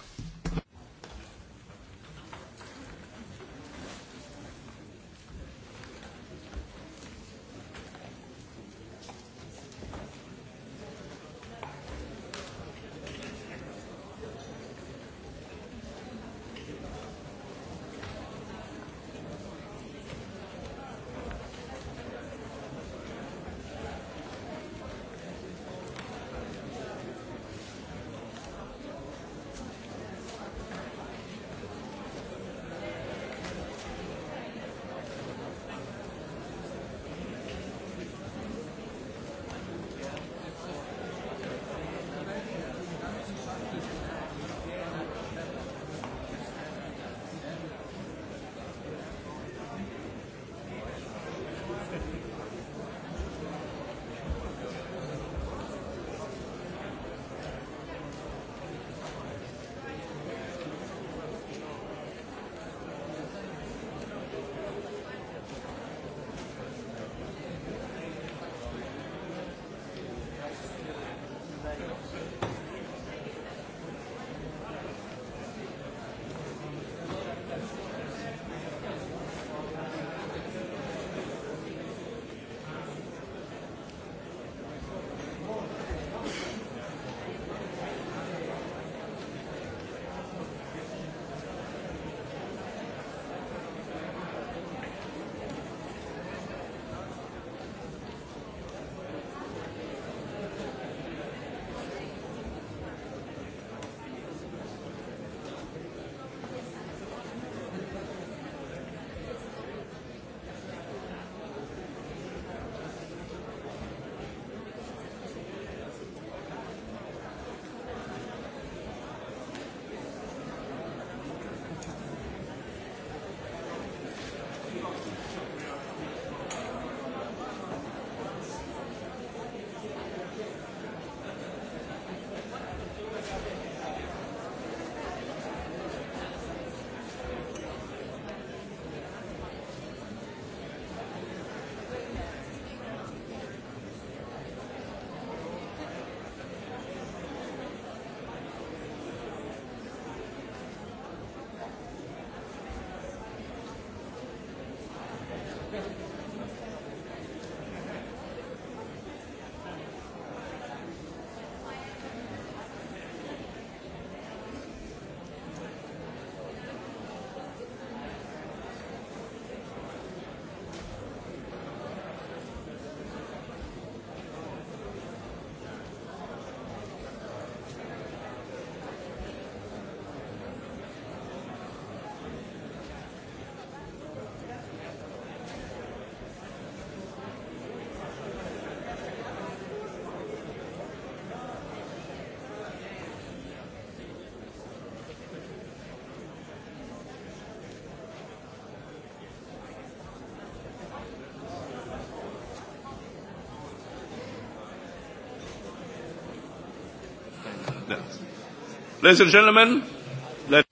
Ευχαριστώ.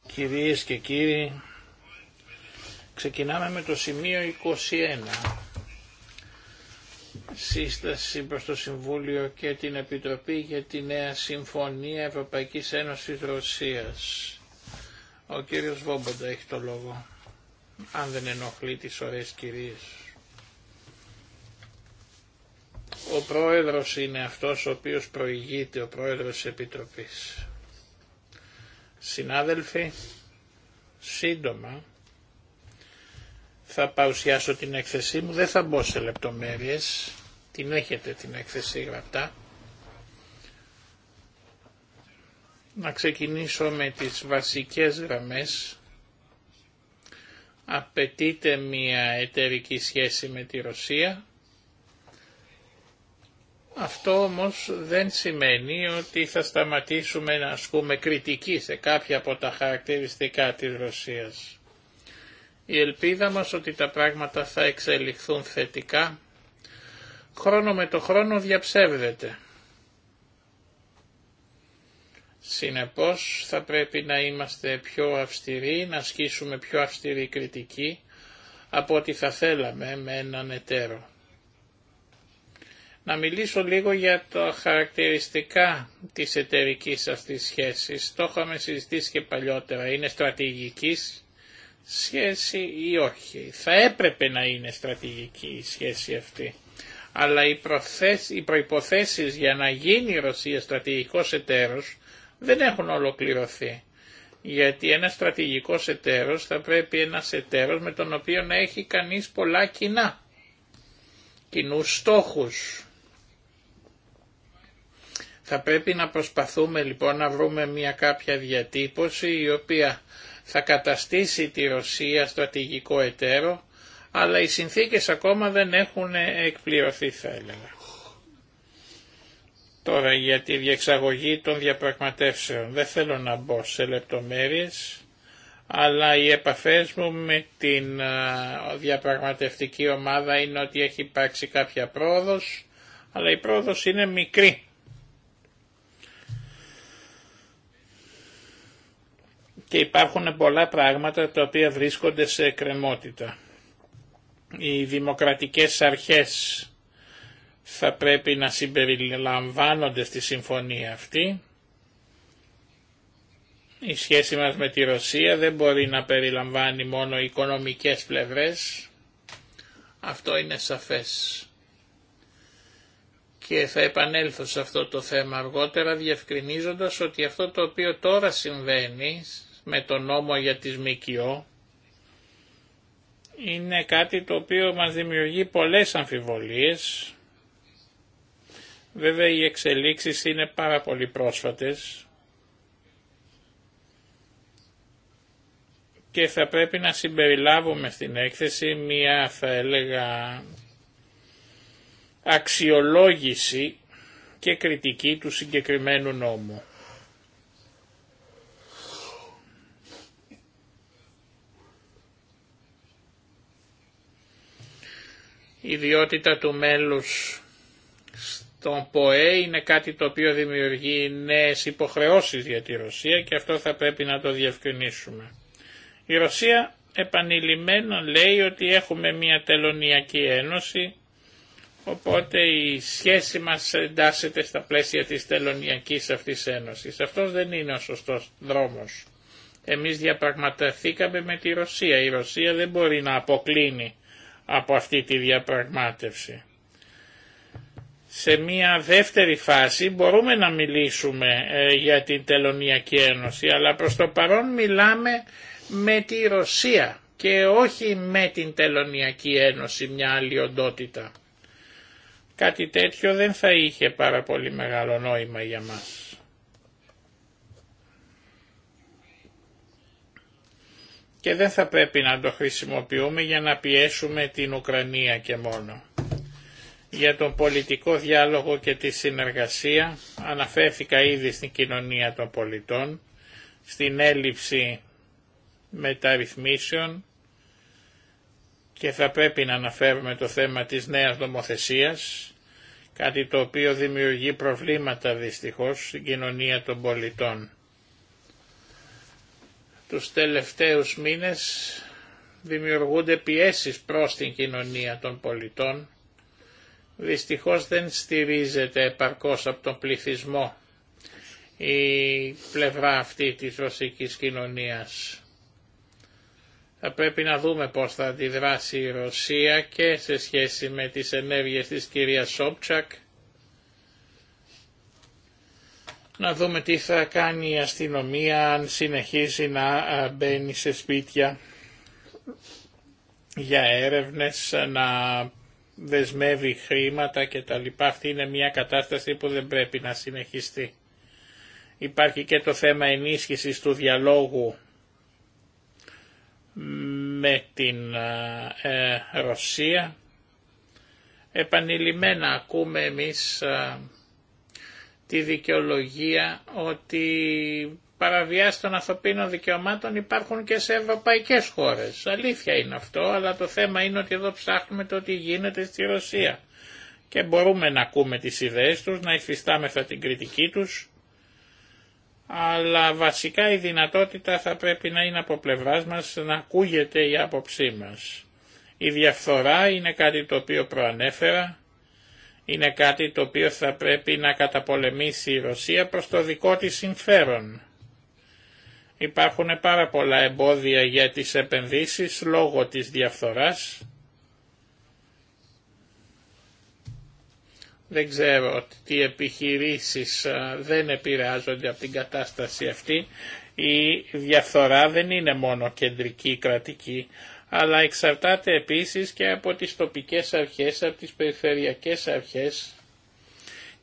Κυρίες και κύριοι, ξεκινάμε με το σημείο 21. Σύσταση προς το Συμβούλιο και την Επιτροπή για τη νέα Συμφωνία Ευρωπαϊκής Ένωσης Ρωσίας. Ο κύριος Βόμποντα έχει το λόγο, αν δεν ενοχλεί τις ωραίε κυρίες. Ο πρόεδρος είναι αυτός ο οποίος προηγείται, ο πρόεδρος της Επιτροπής. Συνάδελφοι, σύντομα θα παρουσιάσω την έκθεσή μου, δεν θα μπω σε λεπτομέρειες, την έχετε την έκθεση γραπτά. Να ξεκινήσω με τις βασικές γραμμές. Απαιτείται μια εταιρική σχέση με τη Ρωσία, αυτό όμως δεν σημαίνει ότι θα σταματήσουμε να ασκούμε κριτική σε κάποια από τα χαρακτηριστικά της Ρωσίας. Η ελπίδα μας ότι τα πράγματα θα εξελιχθούν θετικά, χρόνο με το χρόνο διαψεύδεται. Συνεπώς θα πρέπει να είμαστε πιο αυστηροί, να ασκήσουμε πιο αυστηρή κριτική από ό,τι θα θέλαμε με έναν εταίρο. Να μιλήσω λίγο για τα χαρακτηριστικά της εταιρικής αυτής σχέσης. Το είχαμε συζητήσει και παλιότερα. Είναι στρατηγική σχέση ή όχι. Θα έπρεπε να είναι στρατηγική η σχέση αυτή. Αλλά οι, οι προϋποθέσεις για να γίνει η Ρωσία στρατηγικός εταίρος δεν έχουν ολοκληρωθεί. Γιατί ένα στρατηγικός εταίρος θα πρέπει ένας εταίρος με τον οποίο να έχει κανείς πολλά κοινά, κοινούς στόχους, θα πρέπει να προσπαθούμε λοιπόν να βρούμε μια κάποια διατύπωση η οποία θα καταστήσει τη Ρωσία στρατηγικό εταίρο, αλλά οι συνθήκες ακόμα δεν έχουν εκπληρωθεί θα έλεγα. Τώρα για τη διεξαγωγή των διαπραγματεύσεων. Δεν θέλω να μπω σε λεπτομέρειες, αλλά οι επαφές μου με την διαπραγματευτική ομάδα είναι ότι έχει υπάρξει κάποια πρόοδος, αλλά η πρόοδος είναι μικρή και υπάρχουν πολλά πράγματα τα οποία βρίσκονται σε εκκρεμότητα. Οι δημοκρατικές αρχές θα πρέπει να συμπεριλαμβάνονται στη συμφωνία αυτή. Η σχέση μας με τη Ρωσία δεν μπορεί να περιλαμβάνει μόνο οικονομικές πλευρές. Αυτό είναι σαφές. Και θα επανέλθω σε αυτό το θέμα αργότερα διευκρινίζοντας ότι αυτό το οποίο τώρα συμβαίνει με τον νόμο για τις ΜΚΟ είναι κάτι το οποίο μας δημιουργεί πολλές αμφιβολίες. Βέβαια οι εξελίξεις είναι πάρα πολύ πρόσφατες και θα πρέπει να συμπεριλάβουμε στην έκθεση μία θα έλεγα αξιολόγηση και κριτική του συγκεκριμένου νόμου. Η ιδιότητα του μέλους στον ΠΟΕ είναι κάτι το οποίο δημιουργεί νέες υποχρεώσεις για τη Ρωσία και αυτό θα πρέπει να το διευκρινίσουμε. Η Ρωσία επανειλημμένα λέει ότι έχουμε μια τελωνιακή ένωση οπότε η σχέση μας εντάσσεται στα πλαίσια της τελωνιακής αυτής ένωσης. Αυτός δεν είναι ο σωστός δρόμος. Εμείς διαπραγματευθήκαμε με τη Ρωσία. Η Ρωσία δεν μπορεί να αποκλίνει από αυτή τη διαπραγμάτευση. Σε μια δεύτερη φάση μπορούμε να μιλήσουμε ε, για την Τελωνιακή Ένωση, αλλά προς το παρόν μιλάμε με τη Ρωσία και όχι με την Τελωνιακή Ένωση, μια άλλη οντότητα. Κάτι τέτοιο δεν θα είχε πάρα πολύ μεγάλο νόημα για μας. και δεν θα πρέπει να το χρησιμοποιούμε για να πιέσουμε την Ουκρανία και μόνο. Για τον πολιτικό διάλογο και τη συνεργασία αναφέρθηκα ήδη στην κοινωνία των πολιτών, στην έλλειψη μεταρρυθμίσεων και θα πρέπει να αναφέρουμε το θέμα της νέας νομοθεσίας, κάτι το οποίο δημιουργεί προβλήματα δυστυχώς στην κοινωνία των πολιτών. Τους τελευταίους μήνες δημιουργούνται πιέσεις προς την κοινωνία των πολιτών. Δυστυχώς δεν στηρίζεται επαρκώς από τον πληθυσμό η πλευρά αυτή της ρωσικής κοινωνίας. Θα πρέπει να δούμε πώς θα αντιδράσει η Ρωσία και σε σχέση με τις ενέργειες της κυρίας Σόπτσακ να δούμε τι θα κάνει η αστυνομία αν συνεχίζει να μπαίνει σε σπίτια για έρευνες, να δεσμεύει χρήματα κτλ. Αυτή είναι μια κατάσταση που δεν πρέπει να συνεχιστεί. Υπάρχει και το θέμα ενίσχυσης του διαλόγου με την ε, Ρωσία. Επανειλημμένα ακούμε εμείς τη δικαιολογία ότι παραβιάσει των ανθρωπίνων δικαιωμάτων υπάρχουν και σε ευρωπαϊκές χώρες. Αλήθεια είναι αυτό, αλλά το θέμα είναι ότι εδώ ψάχνουμε το τι γίνεται στη Ρωσία. Και μπορούμε να ακούμε τις ιδέες τους, να υφιστάμεθα την κριτική τους, αλλά βασικά η δυνατότητα θα πρέπει να είναι από πλευρά μας να ακούγεται η άποψή μας. Η διαφθορά είναι κάτι το οποίο προανέφερα, είναι κάτι το οποίο θα πρέπει να καταπολεμήσει η Ρωσία προς το δικό της συμφέρον. Υπάρχουν πάρα πολλά εμπόδια για τις επενδύσεις λόγω της διαφθοράς. Δεν ξέρω ότι οι επιχειρήσεις δεν επηρεάζονται από την κατάσταση αυτή. Η διαφθορά δεν είναι μόνο κεντρική κρατική, αλλά εξαρτάται επίσης και από τις τοπικές αρχές, από τις περιφερειακές αρχές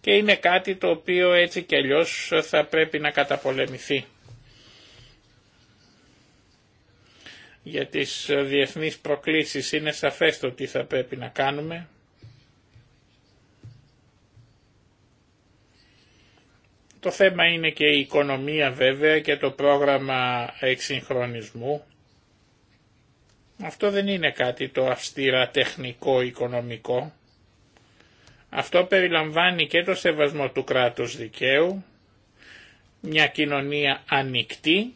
και είναι κάτι το οποίο έτσι και αλλιώ θα πρέπει να καταπολεμηθεί. Για τις διεθνείς προκλήσεις είναι σαφές το τι θα πρέπει να κάνουμε. Το θέμα είναι και η οικονομία βέβαια και το πρόγραμμα εξυγχρονισμού. Αυτό δεν είναι κάτι το αυστήρα τεχνικό οικονομικό. Αυτό περιλαμβάνει και το σεβασμό του κράτους δικαίου, μια κοινωνία ανοιχτή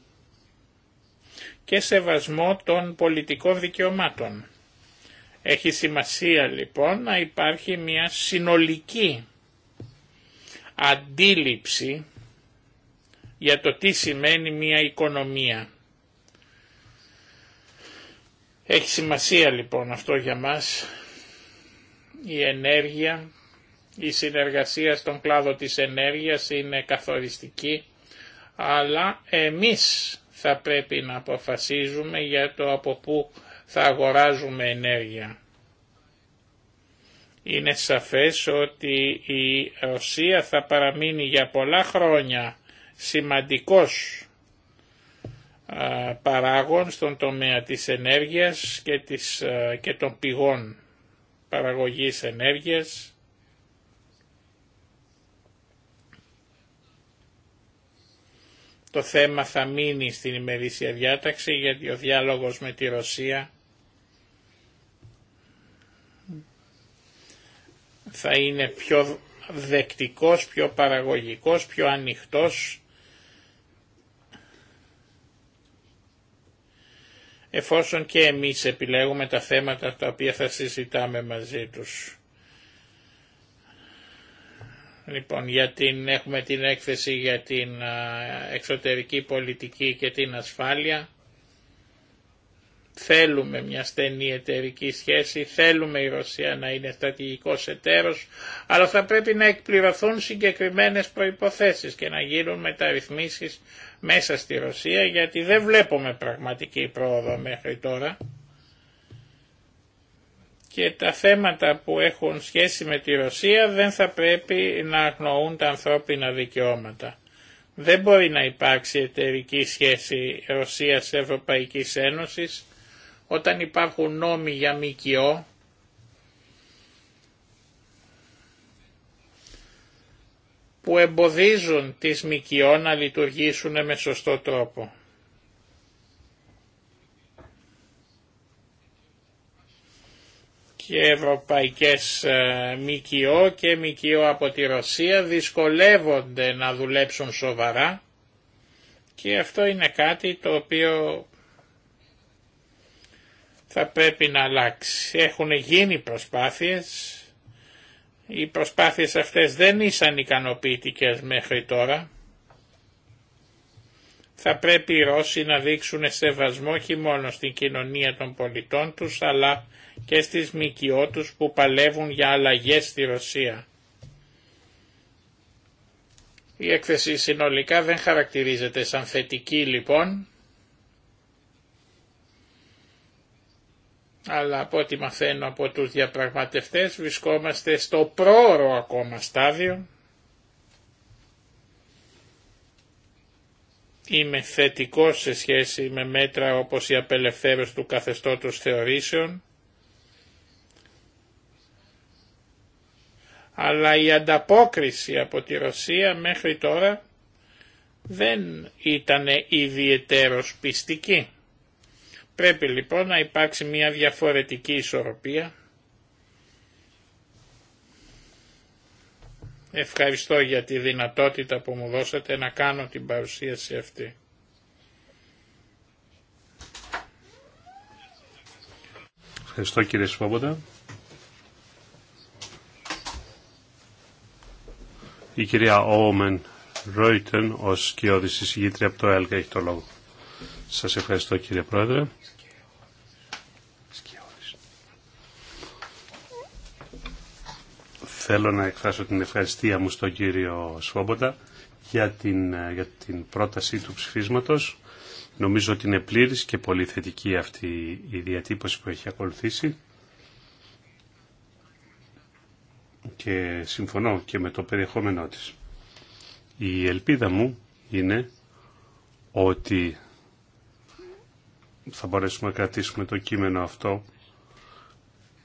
και σεβασμό των πολιτικών δικαιωμάτων. Έχει σημασία λοιπόν να υπάρχει μια συνολική αντίληψη για το τι σημαίνει μια οικονομία έχει σημασία λοιπόν αυτό για μας η ενέργεια, η συνεργασία στον κλάδο της ενέργειας είναι καθοριστική, αλλά εμείς θα πρέπει να αποφασίζουμε για το από πού θα αγοράζουμε ενέργεια. Είναι σαφές ότι η Ρωσία θα παραμείνει για πολλά χρόνια σημαντικός παράγων στον τομέα της ενέργειας και, της, και των πηγών παραγωγής ενέργειας. Το θέμα θα μείνει στην ημερήσια διάταξη γιατί ο διάλογος με τη Ρωσία θα είναι πιο δεκτικός, πιο παραγωγικός, πιο ανοιχτός εφόσον και εμείς επιλέγουμε τα θέματα τα οποία θα συζητάμε μαζί τους. Λοιπόν, για την, έχουμε την έκθεση για την εξωτερική πολιτική και την ασφάλεια. Θέλουμε μια στενή εταιρική σχέση, θέλουμε η Ρωσία να είναι στρατηγικός εταίρος, αλλά θα πρέπει να εκπληρωθούν συγκεκριμένες προϋποθέσεις και να γίνουν μεταρρυθμίσεις μέσα στη Ρωσία, γιατί δεν βλέπουμε πραγματική πρόοδο μέχρι τώρα. Και τα θέματα που έχουν σχέση με τη Ρωσία δεν θα πρέπει να αγνοούν τα ανθρώπινα δικαιώματα. Δεν μπορεί να υπάρξει εταιρική σχέση Ρωσίας-Ευρωπαϊκής Ένωσης όταν υπάρχουν νόμοι για ΜΚΟ, που εμποδίζουν τις ΜΚΟ να λειτουργήσουν με σωστό τρόπο. και ευρωπαϊκές ε, ΜΚΟ και ΜΚΟ από τη Ρωσία δυσκολεύονται να δουλέψουν σοβαρά και αυτό είναι κάτι το οποίο θα πρέπει να αλλάξει. Έχουν γίνει προσπάθειες, οι προσπάθειες αυτές δεν ήσαν ικανοποιητικές μέχρι τώρα. Θα πρέπει οι Ρώσοι να δείξουν σεβασμό όχι μόνο στην κοινωνία των πολιτών τους, αλλά και στις ΜΚΟ τους που παλεύουν για αλλαγές στη Ρωσία. Η έκθεση συνολικά δεν χαρακτηρίζεται σαν θετική λοιπόν, αλλά από ό,τι μαθαίνω από τους διαπραγματευτές βρισκόμαστε στο πρόωρο ακόμα στάδιο. Είμαι θετικός σε σχέση με μέτρα όπως η απελευθέρωση του καθεστώτος θεωρήσεων, αλλά η ανταπόκριση από τη Ρωσία μέχρι τώρα δεν ήταν ιδιαιτέρως πιστική. Πρέπει λοιπόν να υπάρξει μια διαφορετική ισορροπία. Ευχαριστώ για τη δυνατότητα που μου δώσατε να κάνω την παρουσίαση αυτή. Ευχαριστώ κύριε Σφόμποντα. Η κυρία Όμεν Ρόιτεν ως κοιόδηση συγγήτρια από το ΕΛΚΑ έχει το λόγο. Σας ευχαριστώ κύριε Πρόεδρε. Θέλω να εκφράσω την ευχαριστία μου στον κύριο Σφόμποτα για την, για την πρόταση του ψηφίσματος. Νομίζω ότι είναι πλήρης και πολύ θετική αυτή η διατύπωση που έχει ακολουθήσει. Και συμφωνώ και με το περιεχόμενό της. Η ελπίδα μου είναι ότι θα μπορέσουμε να κρατήσουμε το κείμενο αυτό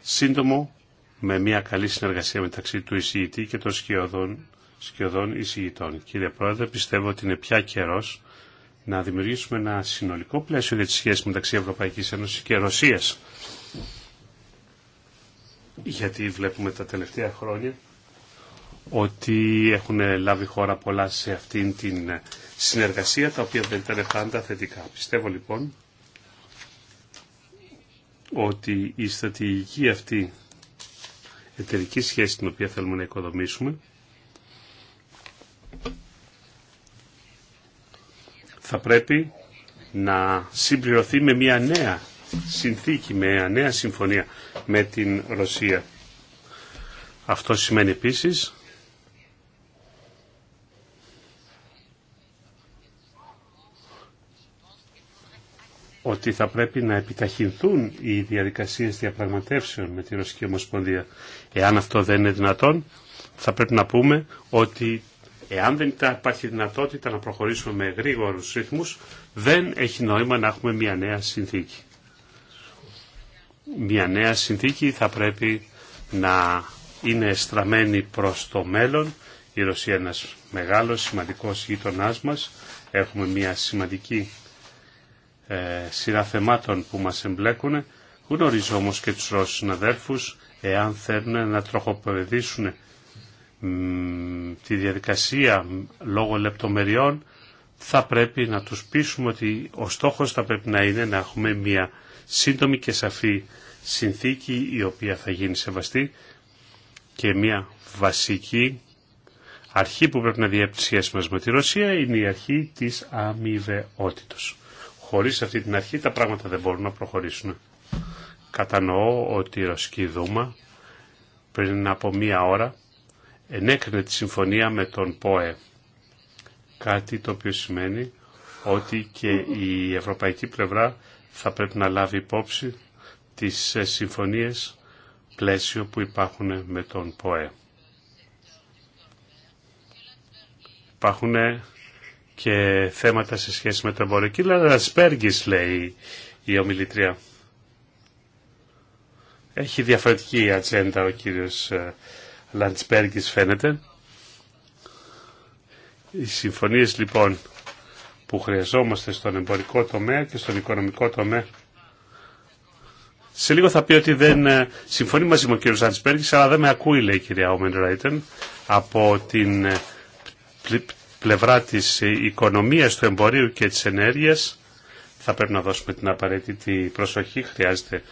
σύντομο με μια καλή συνεργασία μεταξύ του εισηγητή και των σκιωδών, σκιωδών εισηγητών. Κύριε Πρόεδρε, πιστεύω ότι είναι πια καιρός να δημιουργήσουμε ένα συνολικό πλαίσιο για τις σχέσεις μεταξύ Ευρωπαϊκής Ένωσης και Ρωσίας. Γιατί βλέπουμε τα τελευταία χρόνια ότι έχουν λάβει χώρα πολλά σε αυτήν την συνεργασία, τα οποία δεν ήταν πάντα θετικά. Πιστεύω λοιπόν ότι η στρατηγική αυτή εταιρική σχέση την οποία θέλουμε να οικοδομήσουμε θα πρέπει να συμπληρωθεί με μια νέα συνθήκη, με μια νέα συμφωνία με την Ρωσία. Αυτό σημαίνει επίσης ότι θα πρέπει να επιταχυνθούν οι διαδικασίες διαπραγματεύσεων με τη Ρωσική Ομοσπονδία. Εάν αυτό δεν είναι δυνατόν, θα πρέπει να πούμε ότι εάν δεν υπάρχει δυνατότητα να προχωρήσουμε με γρήγορους ρυθμούς, δεν έχει νόημα να έχουμε μια νέα συνθήκη. Μια νέα συνθήκη θα πρέπει να είναι στραμμένη προς το μέλλον. Η Ρωσία είναι ένας μεγάλος, σημαντικός γείτονάς μας. Έχουμε μια σημαντική ε, σειρά θεμάτων που μας εμπλέκουν. Γνωρίζω όμως και τους Ρώσους συναδέλφους, εάν θέλουν να τροχοπεδίσουν τη διαδικασία λόγω λεπτομεριών, θα πρέπει να τους πείσουμε ότι ο στόχος θα πρέπει να είναι να έχουμε μια σύντομη και σαφή συνθήκη η οποία θα γίνει σεβαστή και μια βασική αρχή που πρέπει να διέπτει σχέση μας με τη Ρωσία είναι η αρχή της αμοιβαιότητος. Χωρίς αυτή την αρχή τα πράγματα δεν μπορούν να προχωρήσουν. Κατανοώ ότι η Ρωσική Δούμα πριν από μία ώρα ενέκρινε τη συμφωνία με τον ΠΟΕ. Κάτι το οποίο σημαίνει ότι και η ευρωπαϊκή πλευρά θα πρέπει να λάβει υπόψη τις ε, συμφωνίες πλαίσιο που υπάρχουν με τον ΠΟΕ. Υπάρχουν ε, και θέματα σε σχέση με το τα Κύριε Ασπέργης λέει η ομιλητρία. Έχει διαφορετική ατζέντα ο κύριος ε, Λαντσπέργκης, φαίνεται. Οι συμφωνίες λοιπόν που χρειαζόμαστε στον εμπορικό τομέα και στον οικονομικό τομέα σε λίγο θα πει ότι δεν ε, συμφωνεί μαζί μου ο κύριος Λαντσπέργκης, αλλά δεν με ακούει λέει η κυρία Όμεν Ράιτεν από την ε, πλευρά της οικονομίας, του εμπορίου και της ενέργειας θα πρέπει να δώσουμε την απαραίτητη προσοχή. Χρειάζεται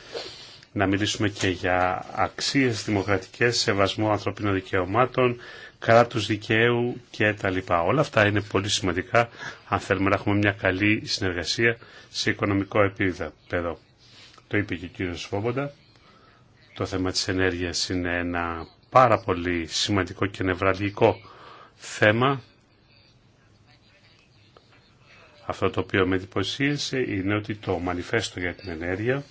να μιλήσουμε και για αξίες δημοκρατικές, σεβασμό ανθρωπίνων δικαιωμάτων, κράτους δικαίου και τα λοιπά. Όλα αυτά είναι πολύ σημαντικά αν θέλουμε να έχουμε μια καλή συνεργασία σε οικονομικό επίπεδο. Το είπε και ο κύριος Σφόμποντα. Το θέμα της ενέργειας είναι ένα πάρα πολύ σημαντικό και νευραλγικό θέμα αυτό το οποίο με εντυπωσίασε είναι ότι το μανιφέστο για την ενέργεια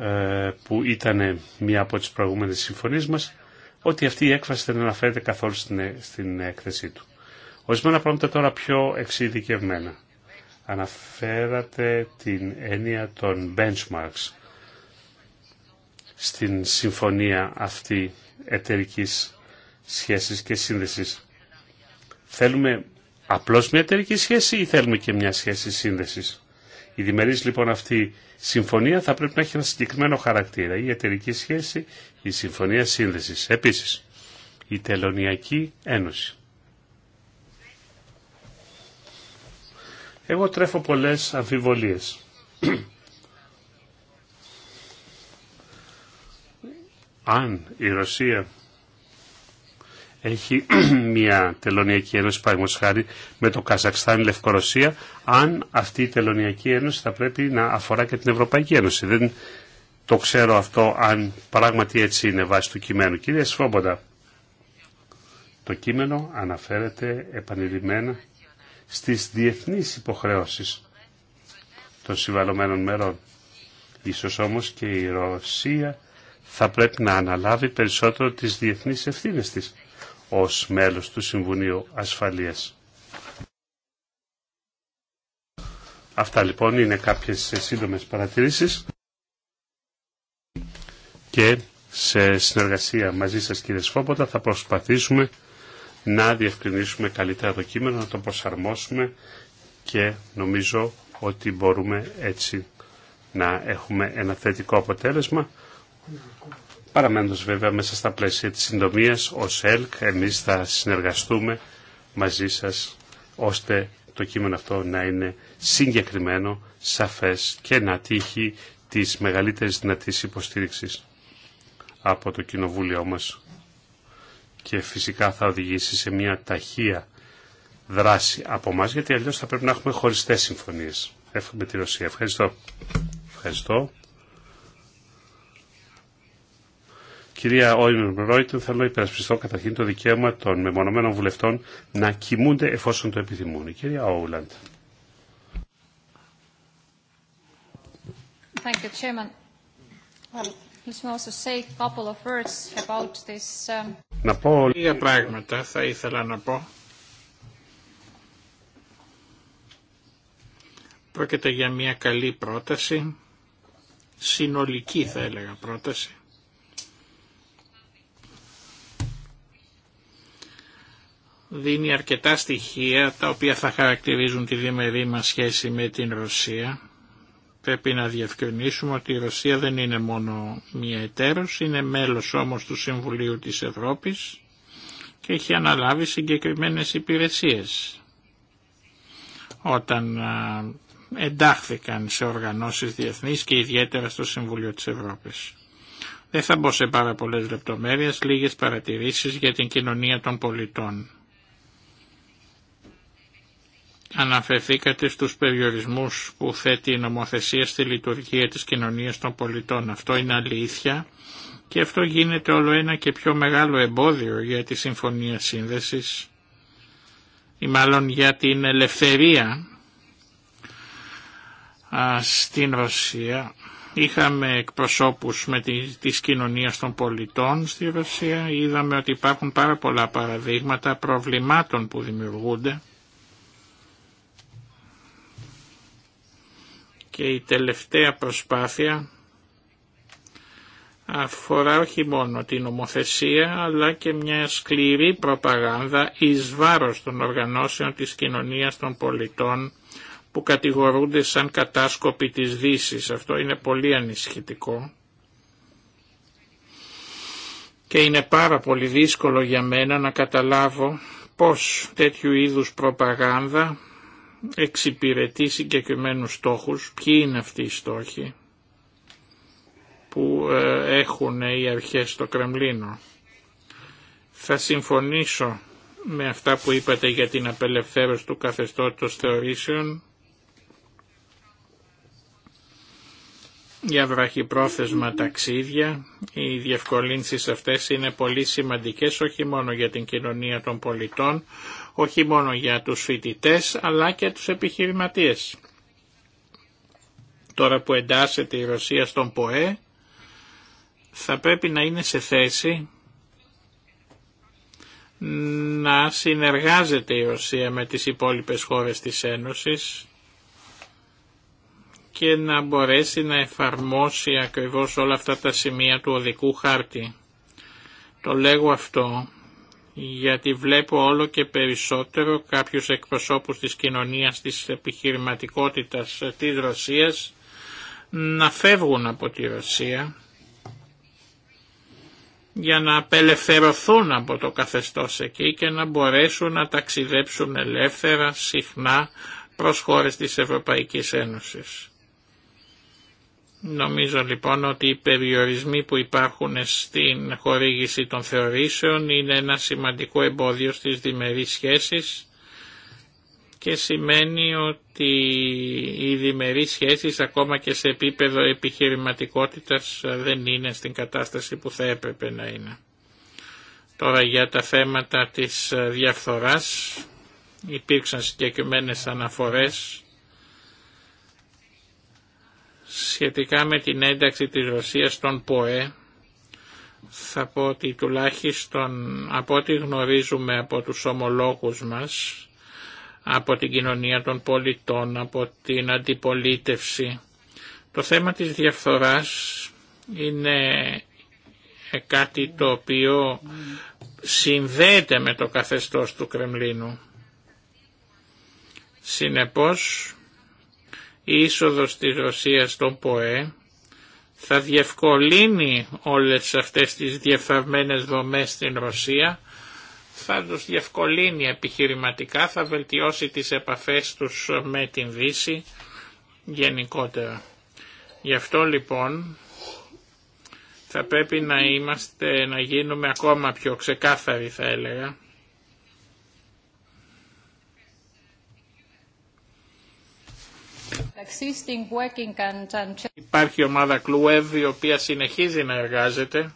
ε, που ήταν μία από τις προηγούμενες συμφωνίες μας, ότι αυτή η έκφραση δεν αναφέρεται καθόλου στην, ε, στην έκθεσή του. Ορισμένα πράγματα τώρα πιο εξειδικευμένα. Αναφέρατε την έννοια των benchmarks στην συμφωνία αυτή εταιρικής σχέσης και σύνδεσης. Θέλουμε απλώς μια εταιρική σχέση ή θέλουμε και μια σχέση σύνδεσης. Η διμερής λοιπόν αυτή συμφωνία θα πρέπει να έχει ένα συγκεκριμένο χαρακτήρα. Η εταιρική σχέση, η συμφωνία σύνδεσης. Επίσης, η τελωνιακή ένωση. Εγώ τρέφω πολλές αμφιβολίες. Αν η Ρωσία έχει μια τελωνιακή ένωση, παραδείγματος με το Καζακστάν, η Λευκορωσία, αν αυτή η τελωνιακή ένωση θα πρέπει να αφορά και την Ευρωπαϊκή Ένωση. Δεν το ξέρω αυτό αν πράγματι έτσι είναι βάσει του κειμένου. Κύριε Σφόμποντα, το κείμενο αναφέρεται επανειλημμένα στις διεθνείς υποχρεώσεις των συμβαλωμένων μερών. Ίσως όμως και η Ρωσία θα πρέπει να αναλάβει περισσότερο τις διεθνείς ευθύνες της ως μέλος του Συμβουλίου Ασφαλείας. Αυτά λοιπόν είναι κάποιες σύντομες παρατηρήσεις και σε συνεργασία μαζί σας κύριε Σφόποτα θα προσπαθήσουμε να διευκρινίσουμε καλύτερα το κείμενο, να το προσαρμόσουμε και νομίζω ότι μπορούμε έτσι να έχουμε ένα θετικό αποτέλεσμα παραμένοντας βέβαια μέσα στα πλαίσια της συντομίας ως ΕΛΚ εμείς θα συνεργαστούμε μαζί σας ώστε το κείμενο αυτό να είναι συγκεκριμένο, σαφές και να τύχει της μεγαλύτερης δυνατής υποστήριξης από το Κοινοβούλιο μας και φυσικά θα οδηγήσει σε μια ταχεία δράση από εμά, γιατί αλλιώς θα πρέπει να έχουμε χωριστές συμφωνίες με τη Ρωσία. Ευχαριστώ. Κυρία Όιμερ Ρόιτεν, θέλω να υπερασπιστώ καταρχήν το δικαίωμα των μεμονωμένων βουλευτών να κοιμούνται εφόσον το επιθυμούν. κυρία Όουλαντ. Να πω λίγα πράγματα θα ήθελα να πω. Πρόκειται για μια καλή πρόταση, συνολική θα έλεγα πρόταση. δίνει αρκετά στοιχεία τα οποία θα χαρακτηρίζουν τη διμερή μας σχέση με την Ρωσία. Πρέπει να διευκρινίσουμε ότι η Ρωσία δεν είναι μόνο μία εταίρος, είναι μέλος όμως του Συμβουλίου της Ευρώπης και έχει αναλάβει συγκεκριμένες υπηρεσίες. Όταν εντάχθηκαν σε οργανώσεις διεθνείς και ιδιαίτερα στο Συμβουλίο της Ευρώπης. Δεν θα μπω σε πάρα πολλές λεπτομέρειες, λίγες παρατηρήσεις για την κοινωνία των πολιτών. Αναφερθήκατε στους περιορισμούς που θέτει η νομοθεσία στη λειτουργία της κοινωνίας των πολιτών. Αυτό είναι αλήθεια και αυτό γίνεται όλο ένα και πιο μεγάλο εμπόδιο για τη Συμφωνία Σύνδεσης ή μάλλον για την ελευθερία στην Ρωσία. Είχαμε εκπροσώπους με τη, της κοινωνίας των πολιτών στη Ρωσία, είδαμε ότι υπάρχουν πάρα πολλά παραδείγματα προβλημάτων που δημιουργούνται Και η τελευταία προσπάθεια αφορά όχι μόνο την ομοθεσία αλλά και μια σκληρή προπαγάνδα εις βάρος των οργανώσεων της κοινωνίας των πολιτών που κατηγορούνται σαν κατάσκοποι της δύση. Αυτό είναι πολύ ανησυχητικό και είναι πάρα πολύ δύσκολο για μένα να καταλάβω πως τέτοιου είδους προπαγάνδα εξυπηρετεί συγκεκριμένου στόχους. Ποιοι είναι αυτοί οι στόχοι που ε, έχουν οι αρχές στο Κρεμλίνο. Θα συμφωνήσω με αυτά που είπατε για την απελευθέρωση του καθεστώτος θεωρήσεων για βραχυπρόθεσμα ταξίδια. Οι διευκολύνσεις αυτές είναι πολύ σημαντικές όχι μόνο για την κοινωνία των πολιτών, όχι μόνο για τους φοιτητέ, αλλά και τους επιχειρηματίες. Τώρα που εντάσσεται η Ρωσία στον ΠΟΕ θα πρέπει να είναι σε θέση να συνεργάζεται η Ρωσία με τις υπόλοιπες χώρες της Ένωσης και να μπορέσει να εφαρμόσει ακριβώς όλα αυτά τα σημεία του οδικού χάρτη. Το λέγω αυτό γιατί βλέπω όλο και περισσότερο κάποιους εκπροσώπους της κοινωνίας της επιχειρηματικότητας της Ρωσίας να φεύγουν από τη Ρωσία για να απελευθερωθούν από το καθεστώς εκεί και να μπορέσουν να ταξιδέψουν ελεύθερα συχνά προς χώρες της Ευρωπαϊκής Ένωσης. Νομίζω λοιπόν ότι οι περιορισμοί που υπάρχουν στην χορήγηση των θεωρήσεων είναι ένα σημαντικό εμπόδιο στις διμερείς σχέσεις και σημαίνει ότι οι διμερείς σχέσεις ακόμα και σε επίπεδο επιχειρηματικότητας δεν είναι στην κατάσταση που θα έπρεπε να είναι. Τώρα για τα θέματα της διαφθοράς υπήρξαν συγκεκριμένες αναφορές Σχετικά με την ένταξη της Ρωσίας στον ΠΟΕ, θα πω ότι τουλάχιστον από ό,τι γνωρίζουμε από τους ομολόγους μας, από την κοινωνία των πολιτών, από την αντιπολίτευση, το θέμα της διαφθοράς είναι κάτι το οποίο συνδέεται με το καθεστώς του Κρεμλίνου. Συνεπώς, η είσοδος της Ρωσίας στον ΠΟΕ θα διευκολύνει όλες αυτές τις διεφαρμένες δομές στην Ρωσία, θα τους διευκολύνει επιχειρηματικά, θα βελτιώσει τις επαφές τους με την Δύση γενικότερα. Γι' αυτό λοιπόν θα πρέπει να είμαστε, να γίνουμε ακόμα πιο ξεκάθαροι θα έλεγα Υπάρχει ομάδα Κλουεύ η οποία συνεχίζει να εργάζεται.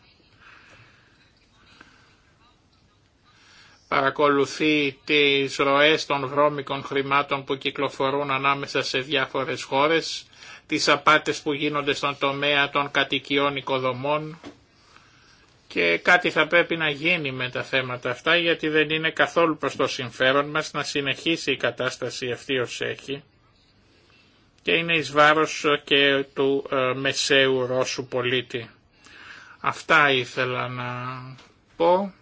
Παρακολουθεί τις ροές των βρώμικων χρημάτων που κυκλοφορούν ανάμεσα σε διάφορες χώρες, τις απάτες που γίνονται στον τομέα των κατοικιών οικοδομών και κάτι θα πρέπει να γίνει με τα θέματα αυτά γιατί δεν είναι καθόλου προς το συμφέρον μας να συνεχίσει η κατάσταση αυτή ως έχει και είναι εις βάρος ε, και του ε, μεσαίου Ρώσου πολίτη. Αυτά ήθελα να πω.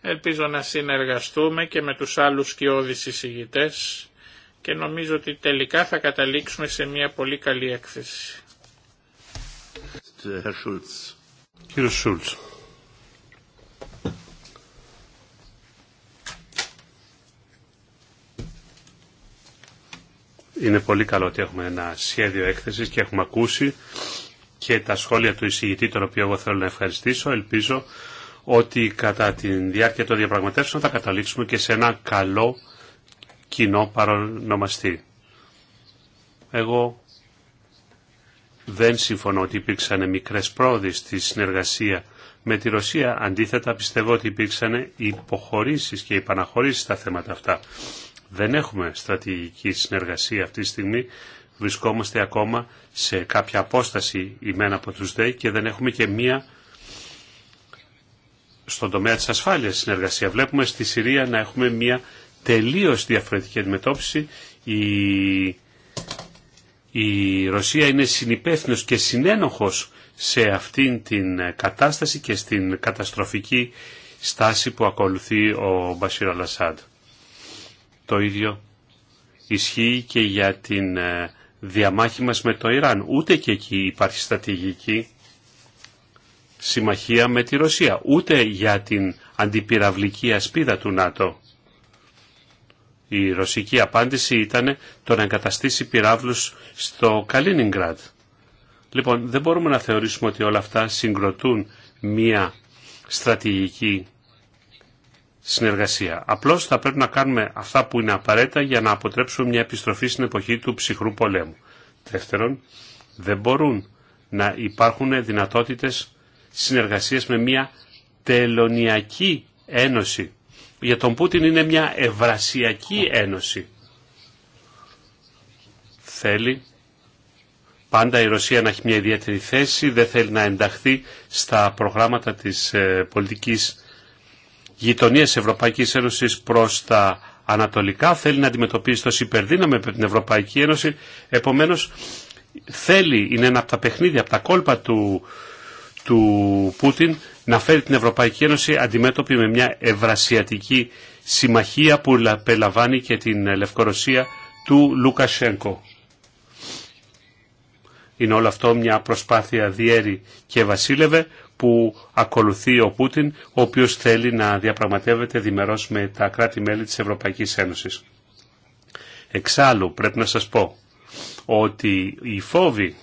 Ελπίζω να συνεργαστούμε και με τους άλλους σκιώδεις εισηγητές και νομίζω ότι τελικά θα καταλήξουμε σε μια πολύ καλή έκθεση. Κύριε Σούλτς. Είναι πολύ καλό ότι έχουμε ένα σχέδιο έκθεσης και έχουμε ακούσει και τα σχόλια του εισηγητή, τον οποίο εγώ θέλω να ευχαριστήσω. Ελπίζω ότι κατά τη διάρκεια των διαπραγματεύσεων θα καταλήξουμε και σε ένα καλό κοινό παρονομαστή. Εγώ δεν συμφωνώ ότι υπήρξαν μικρές πρόοδες στη συνεργασία με τη Ρωσία. Αντίθετα πιστεύω ότι υπήρξαν υποχωρήσεις και υπαναχωρήσεις στα θέματα αυτά. Δεν έχουμε στρατηγική συνεργασία αυτή τη στιγμή. Βρισκόμαστε ακόμα σε κάποια απόσταση ημένα από τους ΔΕΗ και δεν έχουμε και μία στον τομέα της ασφάλειας συνεργασία. Βλέπουμε στη Συρία να έχουμε μία τελείως διαφορετική αντιμετώπιση. Η, η Ρωσία είναι συνυπεύθυνος και συνένοχος σε αυτήν την κατάσταση και στην καταστροφική στάση που ακολουθεί ο Μπασίρα Λασάντ. Το ίδιο ισχύει και για την ε, διαμάχη μας με το Ιράν. Ούτε και εκεί υπάρχει στρατηγική συμμαχία με τη Ρωσία, ούτε για την αντιπυραυλική ασπίδα του ΝΑΤΟ. Η ρωσική απάντηση ήταν το να εγκαταστήσει πυράβλους στο Καλίνιγκραντ. Λοιπόν, δεν μπορούμε να θεωρήσουμε ότι όλα αυτά συγκροτούν μία στρατηγική συνεργασία. Απλώς θα πρέπει να κάνουμε αυτά που είναι απαραίτητα για να αποτρέψουμε μια επιστροφή στην εποχή του ψυχρού πολέμου. Δεύτερον, δεν μπορούν να υπάρχουν δυνατότητες συνεργασίας με μια τελωνιακή ένωση. Για τον Πούτιν είναι μια ευρασιακή ένωση. Θέλει πάντα η Ρωσία να έχει μια ιδιαίτερη θέση, δεν θέλει να ενταχθεί στα προγράμματα της ε, πολιτικής γειτονίες Ευρωπαϊκής Ένωσης προς τα ανατολικά, θέλει να αντιμετωπίσει το υπερδύναμη με την Ευρωπαϊκή Ένωση, επομένως θέλει, είναι ένα από τα παιχνίδια, από τα κόλπα του, του Πούτιν, να φέρει την Ευρωπαϊκή Ένωση αντιμέτωπη με μια ευρασιατική συμμαχία που περιλαμβάνει και την Λευκορωσία του Λουκασένκο. Είναι όλο αυτό μια προσπάθεια διέρη και βασίλευε που ακολουθεί ο Πούτιν, ο οποίος θέλει να διαπραγματεύεται διμερώς με τα κράτη-μέλη της Ευρωπαϊκής Ένωσης. Εξάλλου πρέπει να σας πω ότι οι φόβοι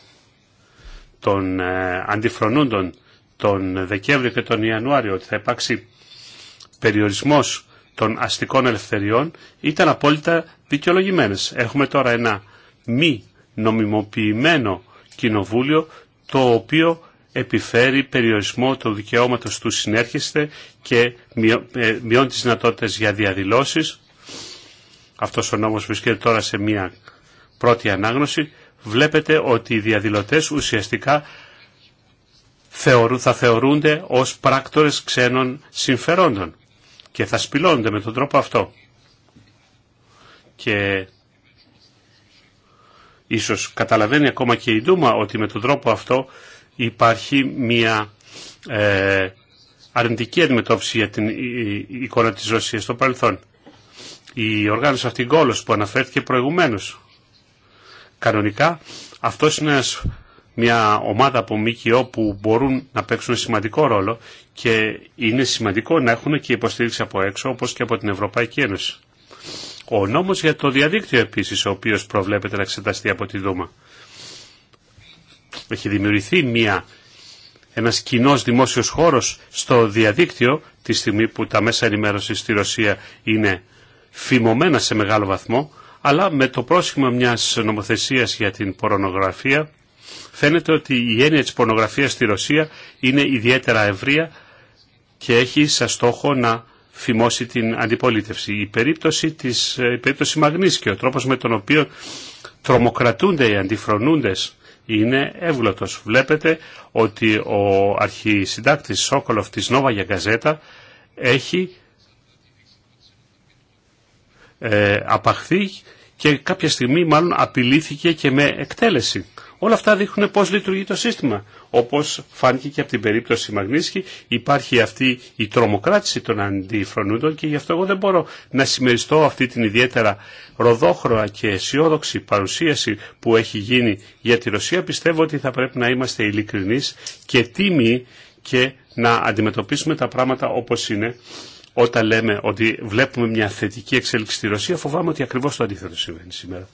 των ε, αντιφρονούντων τον Δεκέμβριο και τον Ιανουάριο ότι θα υπάρξει περιορισμός των αστικών ελευθεριών ήταν απόλυτα δικαιολογημένες. Έχουμε τώρα ένα μη νομιμοποιημένο κοινοβούλιο το οποίο επιφέρει περιορισμό του δικαιώματος του συνέρχεστε και ε, μειώνει τις δυνατότητες για διαδηλώσεις. Αυτός ο νόμος βρίσκεται τώρα σε μια πρώτη ανάγνωση. Βλέπετε ότι οι διαδηλωτές ουσιαστικά θα θεωρούνται ως πράκτορες ξένων συμφερόντων και θα σπηλώνονται με τον τρόπο αυτό. Και ίσως καταλαβαίνει ακόμα και η Ντούμα ότι με τον τρόπο αυτό υπάρχει μια ε, αρνητική αντιμετώπιση για την εικόνα της Ρωσίας στο παρελθόν. Η οργάνωση αυτή Γκόλος που αναφέρθηκε προηγουμένως. Κανονικά αυτό είναι μια ομάδα από ΜΚΟ που μπορούν να παίξουν σημαντικό ρόλο και είναι σημαντικό να έχουν και υποστήριξη από έξω όπως και από την Ευρωπαϊκή Ένωση. Ο νόμος για το διαδίκτυο επίσης ο οποίος προβλέπεται να εξεταστεί από τη Δούμα έχει δημιουργηθεί μια, ένας κοινό δημόσιος χώρος στο διαδίκτυο τη στιγμή που τα μέσα ενημέρωσης στη Ρωσία είναι φημωμένα σε μεγάλο βαθμό αλλά με το πρόσχημα μιας νομοθεσίας για την πορονογραφία φαίνεται ότι η έννοια της πορνογραφίας στη Ρωσία είναι ιδιαίτερα ευρεία και έχει σαν στόχο να φημώσει την αντιπολίτευση. Η περίπτωση, της, ε, περίπτωση και ο τρόπος με τον οποίο τρομοκρατούνται οι αντιφρονούντες είναι εύγλωτος. Βλέπετε ότι ο αρχισυντάκτης Σόκολοφ της Νόβα για έχει ε, απαχθεί και κάποια στιγμή μάλλον απειλήθηκε και με εκτέλεση. Όλα αυτά δείχνουν πώς λειτουργεί το σύστημα. Όπως φάνηκε και από την περίπτωση Μαγνίσκη, υπάρχει αυτή η τρομοκράτηση των αντιφρονούντων και γι' αυτό εγώ δεν μπορώ να συμμεριστώ αυτή την ιδιαίτερα ροδόχρωα και αισιόδοξη παρουσίαση που έχει γίνει για τη Ρωσία. Πιστεύω ότι θα πρέπει να είμαστε ειλικρινεί και τίμοι και να αντιμετωπίσουμε τα πράγματα όπως είναι. Όταν λέμε ότι βλέπουμε μια θετική εξέλιξη στη Ρωσία, φοβάμαι ότι ακριβώς το αντίθετο συμβαίνει σήμερα.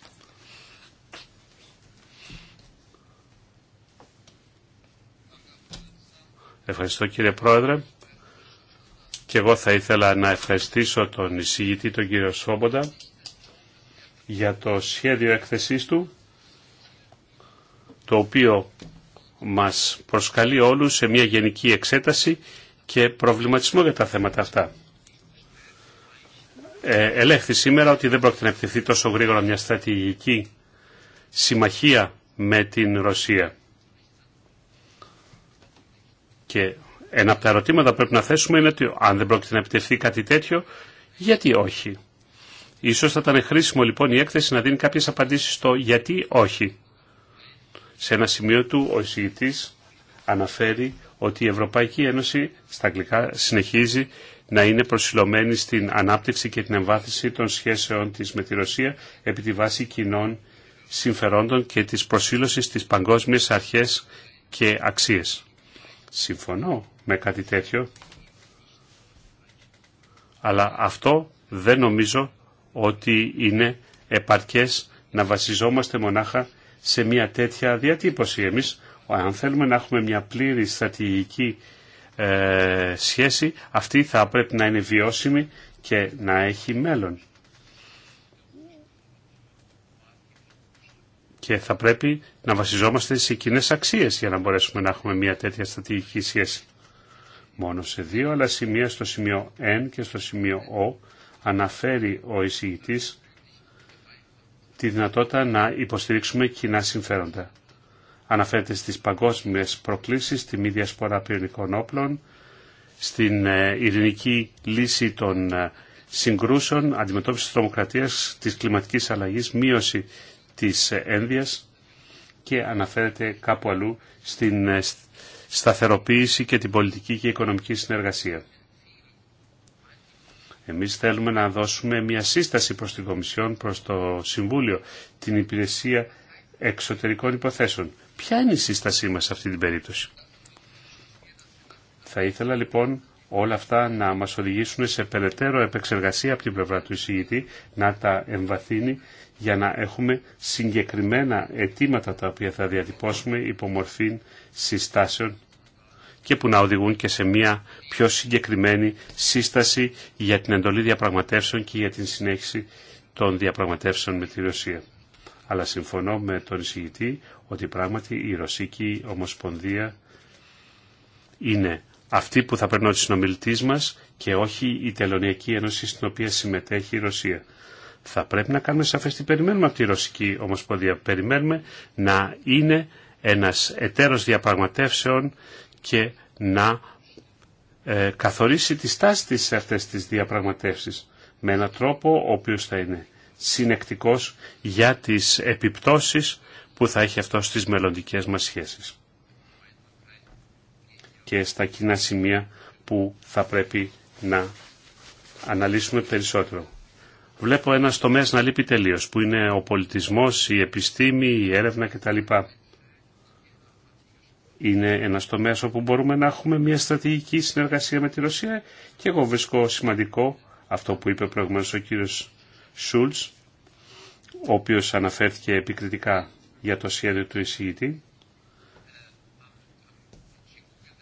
Ευχαριστώ κύριε Πρόεδρε. Και εγώ θα ήθελα να ευχαριστήσω τον εισηγητή, τον κύριο Σόμποντα, για το σχέδιο έκθεσής του, το οποίο μας προσκαλεί όλους σε μια γενική εξέταση και προβληματισμό για τα θέματα αυτά. Ε, ελέγχθη σήμερα ότι δεν πρόκειται να επιτευχθεί τόσο γρήγορα μια στρατηγική συμμαχία με την Ρωσία. Και ένα από τα ερωτήματα που πρέπει να θέσουμε είναι ότι αν δεν πρόκειται να επιτευχθεί κάτι τέτοιο, γιατί όχι. Ίσως θα ήταν χρήσιμο λοιπόν η έκθεση να δίνει κάποιες απαντήσεις στο γιατί όχι. Σε ένα σημείο του ο εισηγητής αναφέρει ότι η Ευρωπαϊκή Ένωση στα αγγλικά συνεχίζει να είναι προσιλωμένη στην ανάπτυξη και την εμβάθυνση των σχέσεών της με τη Ρωσία επί τη βάση κοινών συμφερόντων και της προσήλωσης της παγκόσμιες αρχές και αξίες. Συμφωνώ με κάτι τέτοιο, αλλά αυτό δεν νομίζω ότι είναι επαρκές να βασιζόμαστε μονάχα σε μια τέτοια διατύπωση. Εμείς, αν θέλουμε να έχουμε μια πλήρη στρατηγική ε, σχέση, αυτή θα πρέπει να είναι βιώσιμη και να έχει μέλλον. και θα πρέπει να βασιζόμαστε σε κοινέ αξίες για να μπορέσουμε να έχουμε μια τέτοια στρατηγική σχέση. Μόνο σε δύο άλλα σημεία, στο σημείο N και στο σημείο O, αναφέρει ο εισηγητής τη δυνατότητα να υποστηρίξουμε κοινά συμφέροντα. Αναφέρεται στις παγκόσμιες προκλήσεις, στη μη διασπορά πυρηνικών όπλων, στην ε, ειρηνική λύση των ε, συγκρούσεων, αντιμετώπιση της τρομοκρατίας, της κλιματικής αλλαγής, μείωση της ένδυας και αναφέρεται κάπου αλλού στην ε, σταθεροποίηση και την πολιτική και οικονομική συνεργασία. Εμείς θέλουμε να δώσουμε μια σύσταση προς την Κομισιόν, προς το Συμβούλιο, την Υπηρεσία Εξωτερικών Υποθέσεων. Ποια είναι η σύστασή μας σε αυτή την περίπτωση. Θα ήθελα λοιπόν όλα αυτά να μας οδηγήσουν σε περαιτέρω επεξεργασία από την πλευρά του εισηγητή, να τα εμβαθύνει για να έχουμε συγκεκριμένα αιτήματα τα οποία θα διατυπώσουμε υπό μορφή συστάσεων και που να οδηγούν και σε μια πιο συγκεκριμένη σύσταση για την εντολή διαπραγματεύσεων και για την συνέχιση των διαπραγματεύσεων με τη Ρωσία. Αλλά συμφωνώ με τον εισηγητή ότι πράγματι η Ρωσική Ομοσπονδία είναι αυτή που θα περνώ τη συνομιλητής μα και όχι η Τελωνιακή Ένωση στην οποία συμμετέχει η Ρωσία θα πρέπει να κάνουμε σαφές τι περιμένουμε από τη Ρωσική Ομοσπονδία. Περιμένουμε να είναι ένας εταίρος διαπραγματεύσεων και να ε, καθορίσει τη στάση της σε αυτές τις διαπραγματεύσεις με έναν τρόπο ο οποίος θα είναι συνεκτικός για τις επιπτώσεις που θα έχει αυτό στις μελλοντικές μας σχέσεις και στα κοινά σημεία που θα πρέπει να αναλύσουμε περισσότερο βλέπω ένα τομέα να λείπει τελείω, που είναι ο πολιτισμός, η επιστήμη, η έρευνα κτλ. Είναι ένα τομέα όπου μπορούμε να έχουμε μια στρατηγική συνεργασία με τη Ρωσία και εγώ βρίσκω σημαντικό αυτό που είπε προηγουμένως ο κύριος Σούλτς, ο οποίος αναφέρθηκε επικριτικά για το σχέδιο του εισηγητή.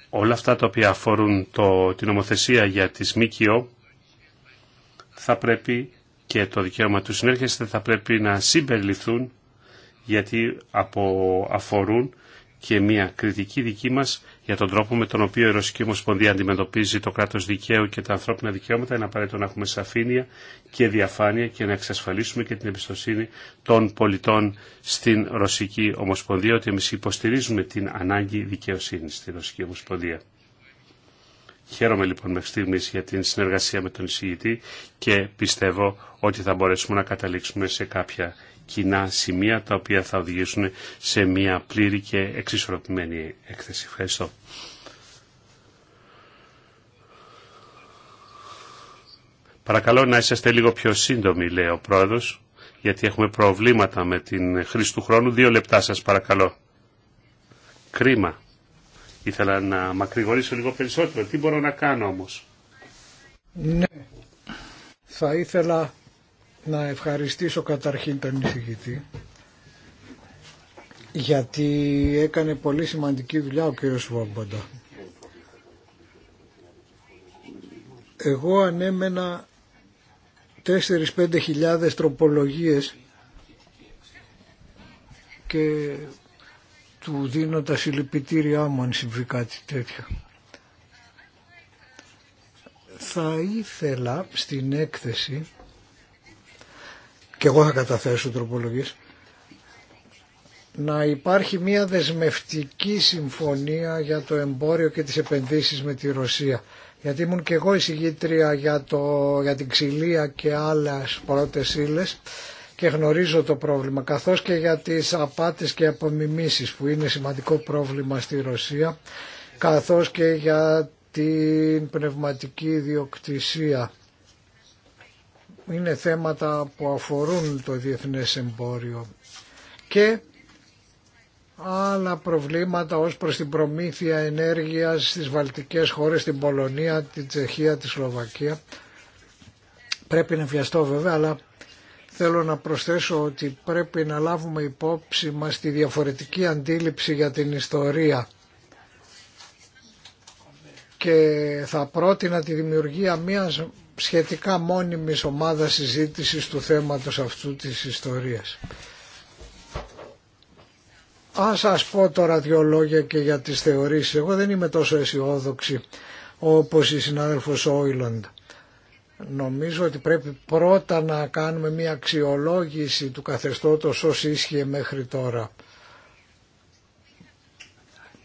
Όλα αυτά τα οποία αφορούν το, την νομοθεσία για τις ΜΚΟ θα πρέπει και το δικαίωμα του συνέρχεστε θα πρέπει να συμπεριληφθούν γιατί απο, αφορούν και μια κριτική δική μας για τον τρόπο με τον οποίο η Ρωσική Ομοσπονδία αντιμετωπίζει το κράτος δικαίου και τα ανθρώπινα δικαιώματα είναι απαραίτητο να έχουμε σαφήνεια και διαφάνεια και να εξασφαλίσουμε και την εμπιστοσύνη των πολιτών στην Ρωσική Ομοσπονδία ότι εμείς υποστηρίζουμε την ανάγκη δικαιοσύνη στη Ρωσική Ομοσπονδία. Χαίρομαι λοιπόν με στιγμή για την συνεργασία με τον εισηγητή και πιστεύω ότι θα μπορέσουμε να καταλήξουμε σε κάποια κοινά σημεία τα οποία θα οδηγήσουν σε μια πλήρη και εξισορροπημένη έκθεση. Ευχαριστώ. Παρακαλώ να είσαστε λίγο πιο σύντομοι, λέει ο πρόεδρος, γιατί έχουμε προβλήματα με την χρήση του χρόνου. Δύο λεπτά σας παρακαλώ. Κρίμα Ήθελα να μακρηγορήσω λίγο περισσότερο. Τι μπορώ να κάνω όμως. Ναι. Θα ήθελα να ευχαριστήσω καταρχήν τον εισηγητή γιατί έκανε πολύ σημαντική δουλειά ο κύριος Βόμποντα. Εγώ ανέμενα 4-5 χιλιάδες τροπολογίες και του δίνω τα συλληπιτήριά μου αν συμβεί κάτι τέτοιο. Θα ήθελα στην έκθεση και εγώ θα καταθέσω τροπολογίες να υπάρχει μια δεσμευτική συμφωνία για το εμπόριο και τις επενδύσεις με τη Ρωσία. Γιατί ήμουν και εγώ εισηγήτρια για, το, για την ξυλία και άλλες πρώτες ύλες και γνωρίζω το πρόβλημα, καθώς και για τις απάτες και απομιμήσεις που είναι σημαντικό πρόβλημα στη Ρωσία, καθώς και για την πνευματική ιδιοκτησία. Είναι θέματα που αφορούν το διεθνές εμπόριο και άλλα προβλήματα ως προς την προμήθεια ενέργειας στις βαλτικές χώρες, την Πολωνία, την Τσεχία, τη Σλοβακία. Πρέπει να βιαστώ βέβαια, αλλά Θέλω να προσθέσω ότι πρέπει να λάβουμε υπόψη μας τη διαφορετική αντίληψη για την ιστορία και θα πρότεινα τη δημιουργία μιας σχετικά μόνιμης ομάδας συζήτησης του θέματος αυτού της ιστορίας. Ας σας πω τώρα δυο λόγια και για τις θεωρήσεις. Εγώ δεν είμαι τόσο αισιόδοξη όπως η συνάδελφος Όιλαντ. Νομίζω ότι πρέπει πρώτα να κάνουμε μια αξιολόγηση του καθεστώτος ως ίσχυε μέχρι τώρα.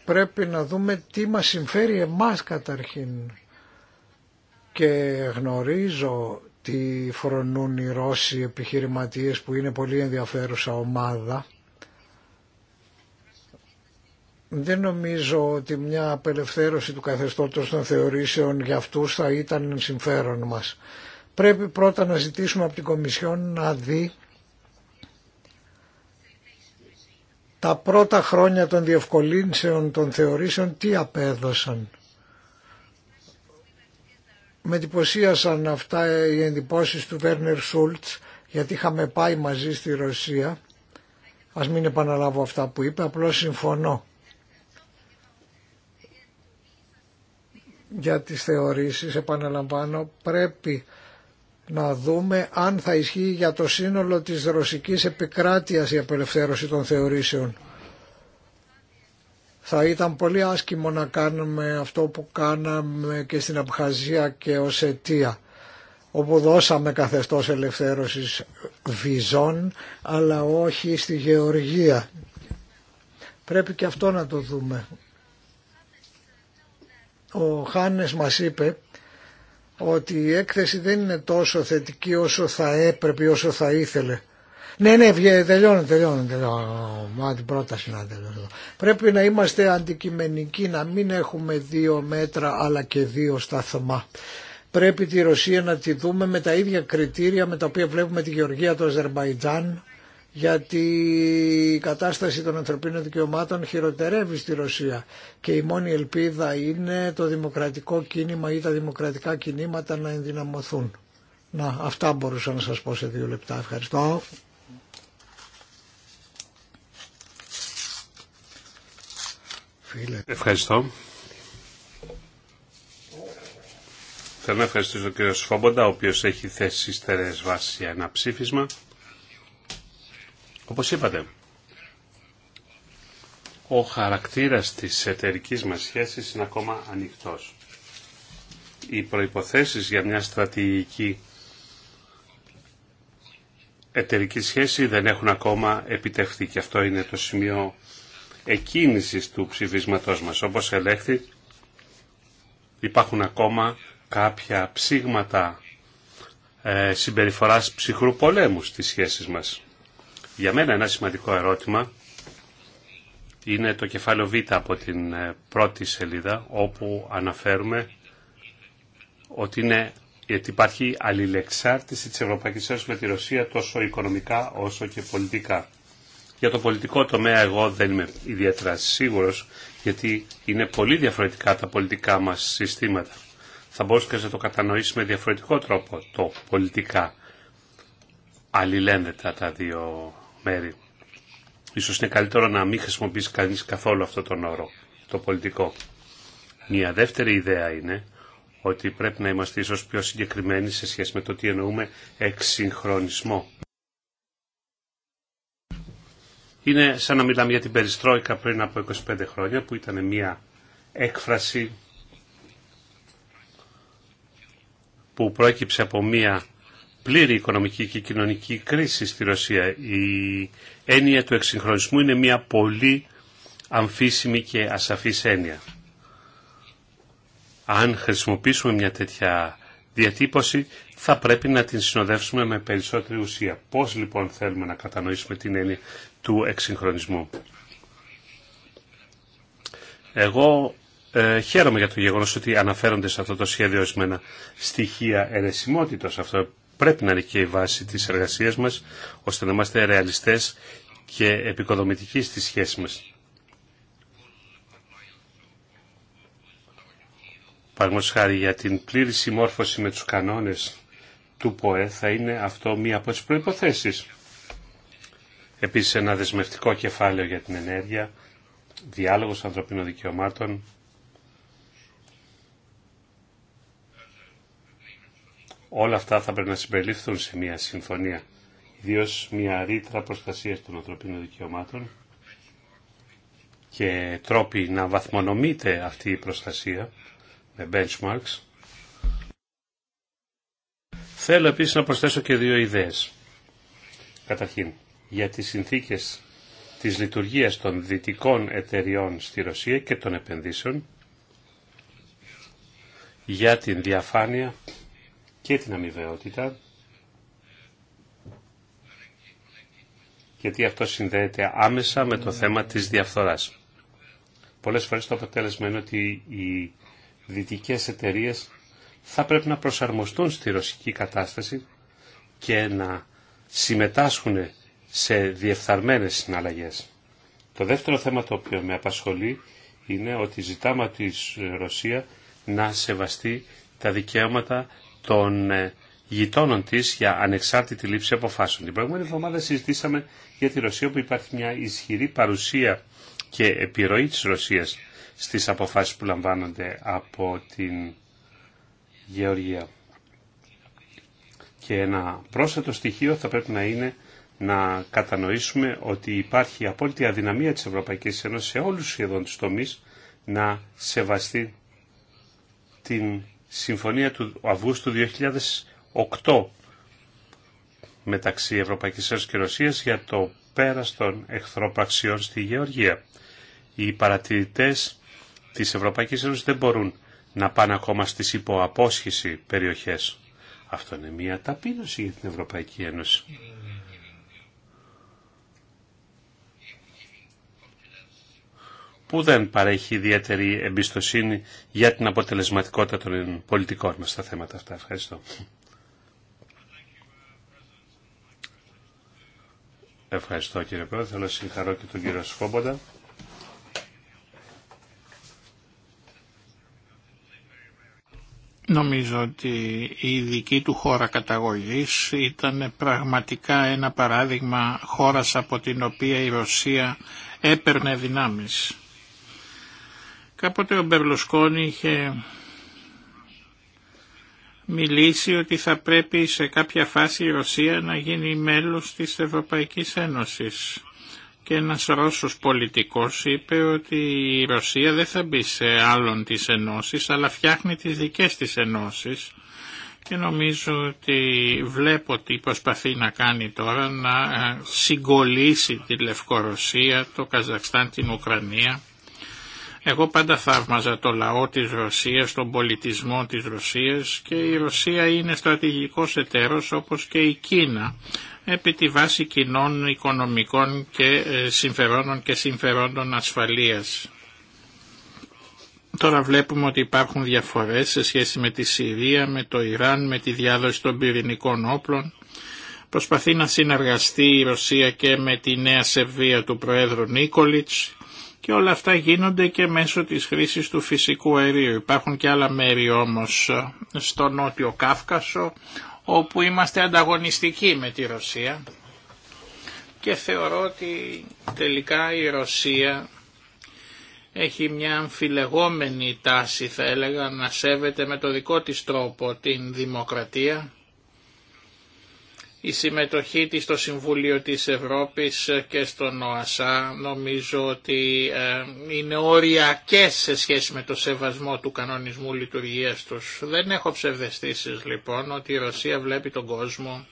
Πρέπει να δούμε τι μας συμφέρει εμάς καταρχήν. Και γνωρίζω τι φρονούν οι Ρώσοι επιχειρηματίες που είναι πολύ ενδιαφέρουσα ομάδα δεν νομίζω ότι μια απελευθέρωση του καθεστώτος των θεωρήσεων για αυτούς θα ήταν συμφέρον μας. Πρέπει πρώτα να ζητήσουμε από την Κομισιόν να δει τα πρώτα χρόνια των διευκολύνσεων των θεωρήσεων τι απέδωσαν. Με εντυπωσίασαν αυτά οι εντυπώσεις του Βέρνερ Σούλτς γιατί είχαμε πάει μαζί στη Ρωσία. Ας μην επαναλάβω αυτά που είπε, απλώς συμφωνώ για τις θεωρήσεις, επαναλαμβάνω, πρέπει να δούμε αν θα ισχύει για το σύνολο της ρωσικής επικράτειας η απελευθέρωση των θεωρήσεων. Θα ήταν πολύ άσκημο να κάνουμε αυτό που κάναμε και στην Απχαζία και ως αιτία όπου δώσαμε καθεστώς ελευθέρωσης βυζών, αλλά όχι στη Γεωργία. Πρέπει και αυτό να το δούμε. Ο Χάνες μας είπε ότι η έκθεση δεν είναι τόσο θετική όσο θα έπρεπε, όσο θα ήθελε. Ναι, ναι, βγαίνει, τελειώνω, τελειώνω, την πρόταση να τελειώνω. Πρέπει να είμαστε αντικειμενικοί, να μην έχουμε δύο μέτρα αλλά και δύο σταθμά. Πρέπει τη Ρωσία να τη δούμε με τα ίδια κριτήρια με τα οποία βλέπουμε τη Γεωργία, του Αζερμπαϊτζάν γιατί η κατάσταση των ανθρωπίνων δικαιωμάτων χειροτερεύει στη Ρωσία και η μόνη ελπίδα είναι το δημοκρατικό κίνημα ή τα δημοκρατικά κινήματα να ενδυναμωθούν. Να, αυτά μπορούσα να σας πω σε δύο λεπτά. Ευχαριστώ. Ευχαριστώ. Θέλω να ευχαριστήσω τον κύριο Σφόμποντα, ο οποίος έχει θέσει στερεές βάση για ένα ψήφισμα. Όπως είπατε, ο χαρακτήρας της εταιρικής μας σχέσης είναι ακόμα ανοιχτός. Οι προϋποθέσεις για μια στρατηγική εταιρική σχέση δεν έχουν ακόμα επιτευχθεί και αυτό είναι το σημείο εκκίνησης του ψηφίσματός μας. Όπως ελέγχθη υπάρχουν ακόμα κάποια ψήγματα ε, συμπεριφοράς ψυχρού πολέμου στις σχέσεις μας. Για μένα ένα σημαντικό ερώτημα είναι το κεφάλαιο Β από την ε, πρώτη σελίδα όπου αναφέρουμε ότι, είναι, υπάρχει αλληλεξάρτηση της Ευρωπαϊκής Ένωσης με τη Ρωσία τόσο οικονομικά όσο και πολιτικά. Για το πολιτικό τομέα εγώ δεν είμαι ιδιαίτερα σίγουρος γιατί είναι πολύ διαφορετικά τα πολιτικά μας συστήματα. Θα μπορούσε να το κατανοήσει με διαφορετικό τρόπο το πολιτικά. Αλληλένδετα τα δύο μέρη. Ίσως είναι καλύτερο να μην χρησιμοποιήσει κανείς καθόλου αυτό τον όρο, το πολιτικό. Μια δεύτερη ιδέα είναι ότι πρέπει να είμαστε ίσως πιο συγκεκριμένοι σε σχέση με το τι εννοούμε εξυγχρονισμό. Είναι σαν να μιλάμε για την περιστρόικα πριν από 25 χρόνια που ήταν μια έκφραση που προέκυψε από μια πλήρη οικονομική και κοινωνική κρίση στη Ρωσία. Η έννοια του εξυγχρονισμού είναι μια πολύ αμφίσιμη και ασαφής έννοια. Αν χρησιμοποιήσουμε μια τέτοια διατύπωση θα πρέπει να την συνοδεύσουμε με περισσότερη ουσία. Πώς λοιπόν θέλουμε να κατανοήσουμε την έννοια του εξυγχρονισμού. Εγώ ε, χαίρομαι για το γεγονός ότι αναφέρονται σε αυτό το σχέδιο ορισμένα στοιχεία ερεσιμότητος. Αυτό πρέπει να είναι και η βάση της εργασίας μας, ώστε να είμαστε ρεαλιστές και επικοδομητικοί στις σχέσεις μας. Παραδείγματος χάρη για την πλήρη συμμόρφωση με τους κανόνες του ΠΟΕ θα είναι αυτό μία από τις προϋποθέσεις. Επίσης ένα δεσμευτικό κεφάλαιο για την ενέργεια, διάλογος ανθρωπίνων δικαιωμάτων, Όλα αυτά θα πρέπει να συμπεριληφθούν σε μια συμφωνία, ιδίω μια ρήτρα προστασία των ανθρωπίνων δικαιωμάτων και τρόποι να βαθμονομείται αυτή η προστασία με benchmarks. Θέλω επίσης να προσθέσω και δύο ιδέες. Καταρχήν, για τις συνθήκες της λειτουργίας των δυτικών εταιριών στη Ρωσία και των επενδύσεων, για την διαφάνεια και την αμοιβαιότητα, γιατί αυτό συνδέεται άμεσα με το θέμα της διαφθοράς. Πολλές φορές το αποτέλεσμα είναι ότι οι δυτικές εταιρείε θα πρέπει να προσαρμοστούν στη ρωσική κατάσταση και να συμμετάσχουν σε διεφθαρμένες συναλλαγές. Το δεύτερο θέμα το οποίο με απασχολεί είναι ότι ζητάμε τη Ρωσία να σεβαστεί τα δικαιώματα των ε, γειτόνων της για ανεξάρτητη λήψη αποφάσεων. Την προηγούμενη εβδομάδα συζητήσαμε για τη Ρωσία που υπάρχει μια ισχυρή παρουσία και επιρροή της Ρωσίας στις αποφάσεις που λαμβάνονται από την Γεωργία. Και ένα πρόσθετο στοιχείο θα πρέπει να είναι να κατανοήσουμε ότι υπάρχει απόλυτη αδυναμία της Ευρωπαϊκής Ένωσης σε όλους σχεδόν τους τομείς να σεβαστεί την συμφωνία του Αυγούστου 2008 μεταξύ Ευρωπαϊκής Ένωσης και Ρωσίας για το πέρας των εχθροπραξιών στη Γεωργία. Οι παρατηρητές της Ευρωπαϊκής Ένωσης δεν μπορούν να πάνε ακόμα στις υποαπόσχηση περιοχές. Αυτό είναι μια ταπείνωση για την Ευρωπαϊκή Ένωση. που δεν παρέχει ιδιαίτερη εμπιστοσύνη για την αποτελεσματικότητα των πολιτικών μας στα θέματα αυτά. Ευχαριστώ. Ευχαριστώ κύριε Πρόεδρε. Θέλω να συγχαρώ και τον κύριο Σφόμποντα. Νομίζω ότι η δική του χώρα καταγωγής ήταν πραγματικά ένα παράδειγμα χώρας από την οποία η Ρωσία έπαιρνε δυνάμεις. Κάποτε ο Μπερλοσκόνη είχε μιλήσει ότι θα πρέπει σε κάποια φάση η Ρωσία να γίνει μέλος της Ευρωπαϊκής Ένωσης. Και ένας Ρώσος πολιτικός είπε ότι η Ρωσία δεν θα μπει σε άλλον τις ενώσεις, αλλά φτιάχνει τις δικές της ενώσεις. Και νομίζω ότι βλέπω τι προσπαθεί να κάνει τώρα να ε, συγκολήσει τη Λευκορωσία, το Καζακστάν, την Ουκρανία εγώ πάντα θαύμαζα το λαό της Ρωσίας, τον πολιτισμό της Ρωσίας και η Ρωσία είναι στρατηγικός εταίρος όπως και η Κίνα επί τη βάση κοινών οικονομικών και ε, συμφερόντων και συμφερόντων ασφαλείας. Τώρα βλέπουμε ότι υπάρχουν διαφορές σε σχέση με τη Συρία, με το Ιράν, με τη διάδοση των πυρηνικών όπλων. Προσπαθεί να συνεργαστεί η Ρωσία και με τη νέα Σερβία του Προέδρου Νίκολιτς και όλα αυτά γίνονται και μέσω της χρήσης του φυσικού αερίου. Υπάρχουν και άλλα μέρη όμως ε, στο Νότιο Κάφκασο όπου είμαστε ανταγωνιστικοί με τη Ρωσία και θεωρώ ότι τελικά η Ρωσία έχει μια αμφιλεγόμενη τάση θα έλεγα να σέβεται με το δικό της τρόπο την δημοκρατία η συμμετοχή της στο Συμβούλιο της Ευρώπης και στον ΝΟΑΣΑ νομίζω ότι ε, είναι οριακές σε σχέση με το σεβασμό του κανονισμού λειτουργίας τους. Δεν έχω ψευδεστήσεις λοιπόν ότι η Ρωσία βλέπει τον κόσμο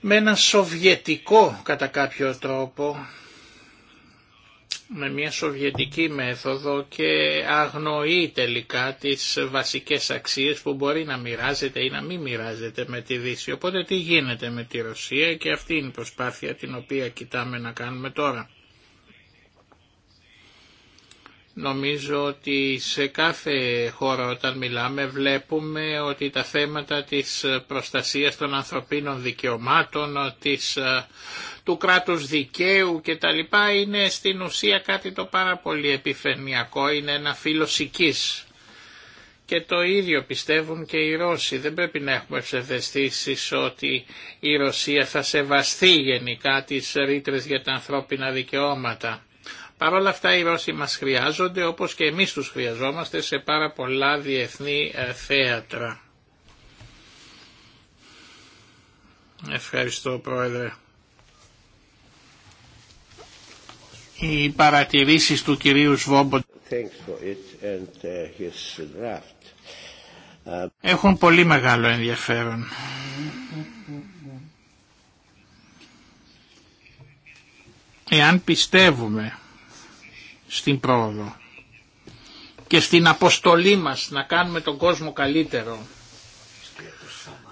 με ένα σοβιετικό κατά κάποιο τρόπο με μια σοβιετική μέθοδο και αγνοεί τελικά τις βασικές αξίες που μπορεί να μοιράζεται ή να μην μοιράζεται με τη Δύση. Οπότε τι γίνεται με τη Ρωσία και αυτή είναι η προσπάθεια την οποία κοιτάμε να κάνουμε τώρα. Νομίζω ότι σε κάθε χώρα όταν μιλάμε βλέπουμε ότι τα θέματα της προστασίας των ανθρωπίνων δικαιωμάτων, της, ε, του κράτους δικαίου κτλ. είναι στην ουσία κάτι το πάρα πολύ επιφανειακό, είναι ένα φιλοσικής. Και το ίδιο πιστεύουν και οι Ρώσοι. Δεν πρέπει να έχουμε ψευδεστήσεις ότι η Ρωσία θα σεβαστεί γενικά τις ρήτρες για τα ανθρώπινα δικαιώματα. Παρ' όλα αυτά οι Ρώσοι μας χρειάζονται όπως και εμείς τους χρειαζόμαστε σε πάρα πολλά διεθνή ε, θέατρα. Ευχαριστώ Πρόεδρε. Οι παρατηρήσεις του κυρίου Σβόμπο uh, uh, έχουν πολύ μεγάλο ενδιαφέρον. Εάν πιστεύουμε στην πρόοδο και στην αποστολή μας να κάνουμε τον κόσμο καλύτερο.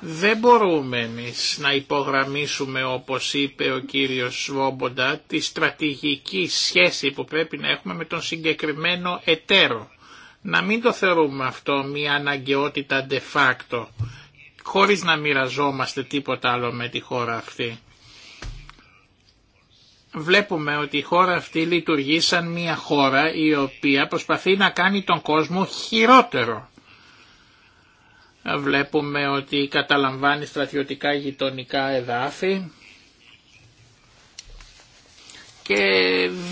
Δεν μπορούμε εμείς να υπογραμμίσουμε όπως είπε ο κύριος Σβόμποντα τη στρατηγική σχέση που πρέπει να έχουμε με τον συγκεκριμένο εταίρο. Να μην το θεωρούμε αυτό μια αναγκαιότητα de facto χωρίς να μοιραζόμαστε τίποτα άλλο με τη χώρα αυτή βλέπουμε ότι η χώρα αυτή λειτουργεί σαν μια χώρα η οποία προσπαθεί να κάνει τον κόσμο χειρότερο. Βλέπουμε ότι καταλαμβάνει στρατιωτικά γειτονικά εδάφη και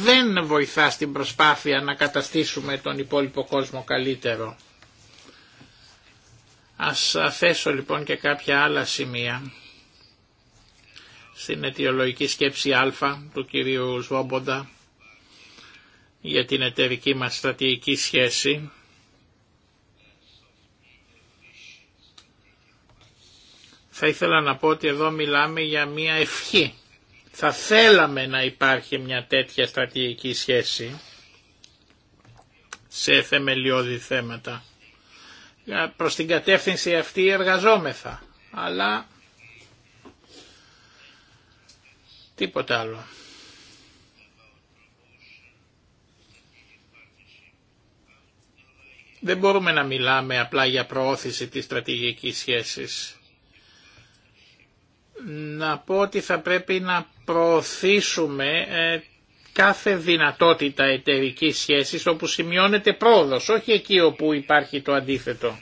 δεν βοηθά στην προσπάθεια να καταστήσουμε τον υπόλοιπο κόσμο καλύτερο. Ας θέσω λοιπόν και κάποια άλλα σημεία στην αιτιολογική σκέψη α του κυρίου Σβόμποντα για την εταιρική μας στρατηγική σχέση θα ήθελα να πω ότι εδώ μιλάμε για μια ευχή. Θα θέλαμε να υπάρχει μια τέτοια στρατηγική σχέση σε θεμελιώδη θέματα. Προς την κατεύθυνση αυτή εργαζόμεθα, αλλά Τίποτα άλλο. Δεν μπορούμε να μιλάμε απλά για προώθηση της στρατηγικής σχέσης. Να πω ότι θα πρέπει να προωθήσουμε ε, κάθε δυνατότητα εταιρικής σχέσης όπου σημειώνεται πρόοδος, όχι εκεί όπου υπάρχει το αντίθετο.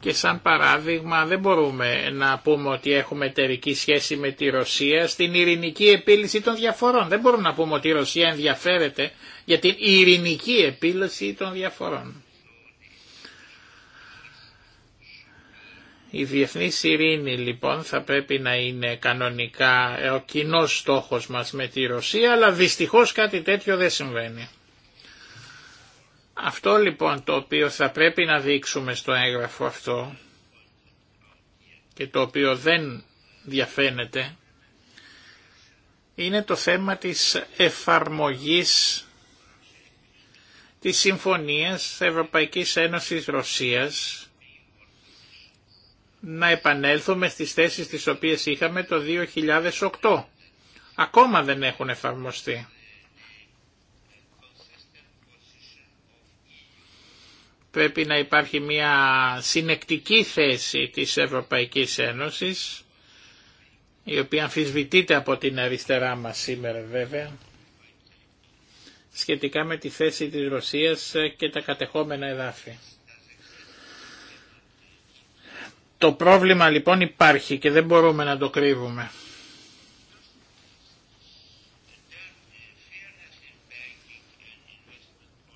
και σαν παράδειγμα δεν μπορούμε να πούμε ότι έχουμε εταιρική σχέση με τη Ρωσία στην ειρηνική επίλυση των διαφορών. Δεν μπορούμε να πούμε ότι η Ρωσία ενδιαφέρεται για την ειρηνική επίλυση των διαφορών. Η διεθνή ειρήνη λοιπόν θα πρέπει να είναι κανονικά ο κοινός στόχος μας με τη Ρωσία, αλλά δυστυχώς κάτι τέτοιο δεν συμβαίνει. Αυτό λοιπόν το οποίο θα πρέπει να δείξουμε στο έγγραφο αυτό και το οποίο δεν διαφαίνεται είναι το θέμα της εφαρμογής της Συμφωνίας Ευρωπαϊκής Ένωσης Ρωσίας να επανέλθουμε στις θέσεις τις οποίες είχαμε το 2008. Ακόμα δεν έχουν εφαρμοστεί. πρέπει να υπάρχει μια συνεκτική θέση της Ευρωπαϊκής Ένωσης, η οποία αμφισβητείται από την αριστερά μας σήμερα βέβαια, σχετικά με τη θέση της Ρωσίας και τα κατεχόμενα εδάφη. Το πρόβλημα λοιπόν υπάρχει και δεν μπορούμε να το κρύβουμε.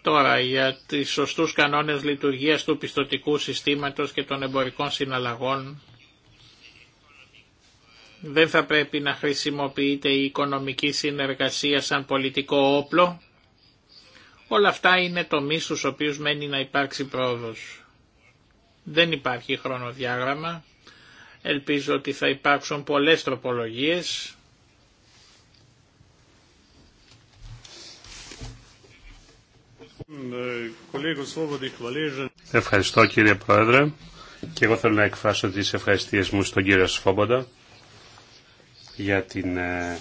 Τώρα για τις σωστούς κανόνες λειτουργίας του πιστοτικού συστήματος και των εμπορικών συναλλαγών δεν θα πρέπει να χρησιμοποιείται η οικονομική συνεργασία σαν πολιτικό όπλο. Όλα αυτά είναι το στους οποίους μένει να υπάρξει πρόοδος. Δεν υπάρχει χρονοδιάγραμμα. Ελπίζω ότι θα υπάρξουν πολλές τροπολογίες Ευχαριστώ κύριε Πρόεδρε και εγώ θέλω να εκφράσω τις ευχαριστίες μου στον κύριο Σφόμποντα για την ε,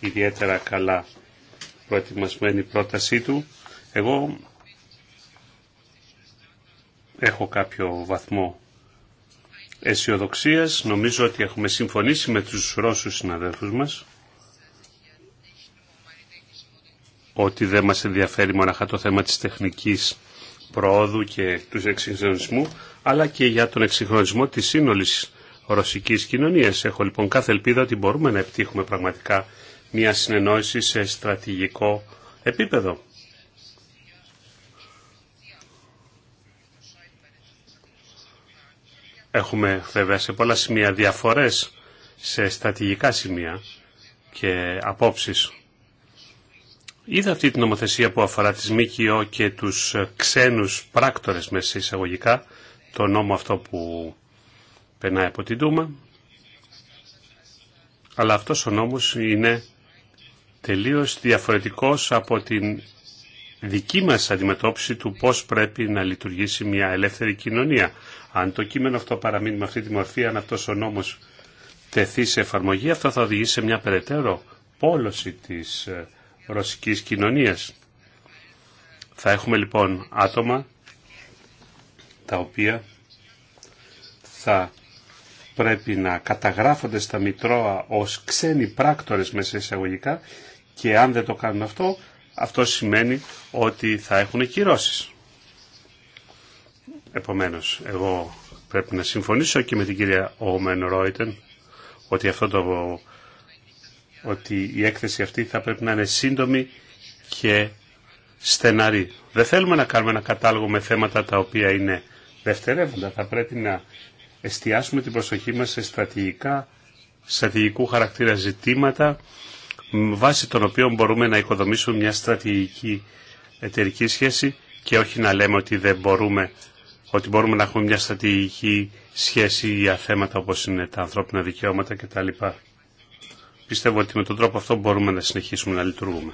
ιδιαίτερα καλά προετοιμασμένη πρότασή του. Εγώ έχω κάποιο βαθμό αισιοδοξία. Νομίζω ότι έχουμε συμφωνήσει με τους Ρώσους συναδέλφους μας ότι δεν μας ενδιαφέρει μοναχά το θέμα της τεχνικής προόδου και του εξυγχρονισμού, αλλά και για τον εξυγχρονισμό της σύνολης ρωσικής κοινωνίας. Έχω λοιπόν κάθε ελπίδα ότι μπορούμε να επιτύχουμε πραγματικά μια συνεννόηση σε στρατηγικό επίπεδο. Έχουμε βέβαια σε πολλά σημεία διαφορές σε στρατηγικά σημεία και απόψεις. Είδα αυτή την νομοθεσία που αφορά τις ΜΚΟ και τους ξένους πράκτορες μέσα εισαγωγικά, το νόμο αυτό που περνάει από την Τούμα. Αλλά αυτός ο νόμος είναι τελείως διαφορετικός από την δική μας αντιμετώπιση του πώς πρέπει να λειτουργήσει μια ελεύθερη κοινωνία. Αν το κείμενο αυτό παραμείνει με αυτή τη μορφή, αν αυτός ο νόμος τεθεί σε εφαρμογή, αυτό θα οδηγήσει σε μια περαιτέρω πόλωση της ε, ρωσικής κοινωνίας. Θα έχουμε λοιπόν άτομα τα οποία θα πρέπει να καταγράφονται στα Μητρώα ως ξένοι πράκτορες μέσα εισαγωγικά και αν δεν το κάνουν αυτό, αυτό σημαίνει ότι θα έχουν κυρώσεις. Επομένως, εγώ πρέπει να συμφωνήσω και με την κυρία Όμεν Ρόιτεν ότι αυτό το ότι η έκθεση αυτή θα πρέπει να είναι σύντομη και στεναρή. Δεν θέλουμε να κάνουμε ένα κατάλογο με θέματα τα οποία είναι δευτερεύοντα. Θα πρέπει να εστιάσουμε την προσοχή μας σε στρατηγικά, στρατηγικού χαρακτήρα ζητήματα βάσει των οποίων μπορούμε να οικοδομήσουμε μια στρατηγική εταιρική σχέση και όχι να λέμε ότι δεν μπορούμε ότι μπορούμε να έχουμε μια στρατηγική σχέση για θέματα όπως είναι τα ανθρώπινα δικαιώματα κτλ πιστεύω ότι με τον τρόπο αυτό μπορούμε να συνεχίσουμε να λειτουργούμε.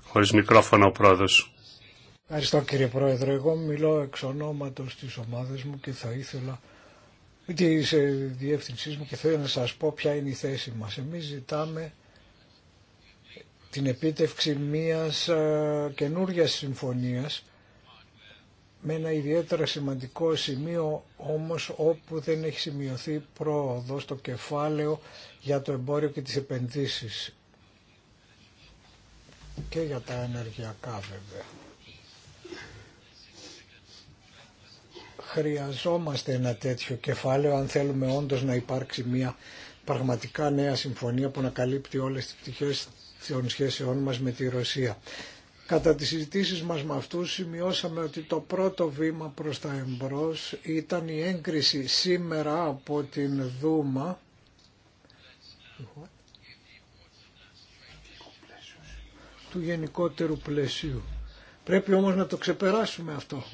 Χωρίς μικρόφωνο ο πρόεδρος. Ευχαριστώ κύριε Πρόεδρε. Εγώ μιλώ εξ ονόματος της ομάδας μου και θα ήθελα της ε, διεύθυνσής μου και θέλω να σας πω ποια είναι η θέση μας. Εμείς ζητάμε την επίτευξη μιας ε, καινούργιας συμφωνίας με ένα ιδιαίτερα σημαντικό σημείο όμως όπου δεν έχει σημειωθεί πρόοδο στο κεφάλαιο για το εμπόριο και τις επενδύσεις και για τα ενεργειακά βέβαια. Χρειαζόμαστε ένα τέτοιο κεφάλαιο αν θέλουμε όντως να υπάρξει μια πραγματικά νέα συμφωνία που να καλύπτει όλες τις πτυχές των σχέσεών μας με τη Ρωσία. Κατά τις συζητήσεις μας με αυτούς σημειώσαμε ότι το πρώτο βήμα προς τα εμπρός ήταν η έγκριση σήμερα από την Δούμα του γενικότερου πλαισίου. Πρέπει όμως να το ξεπεράσουμε αυτό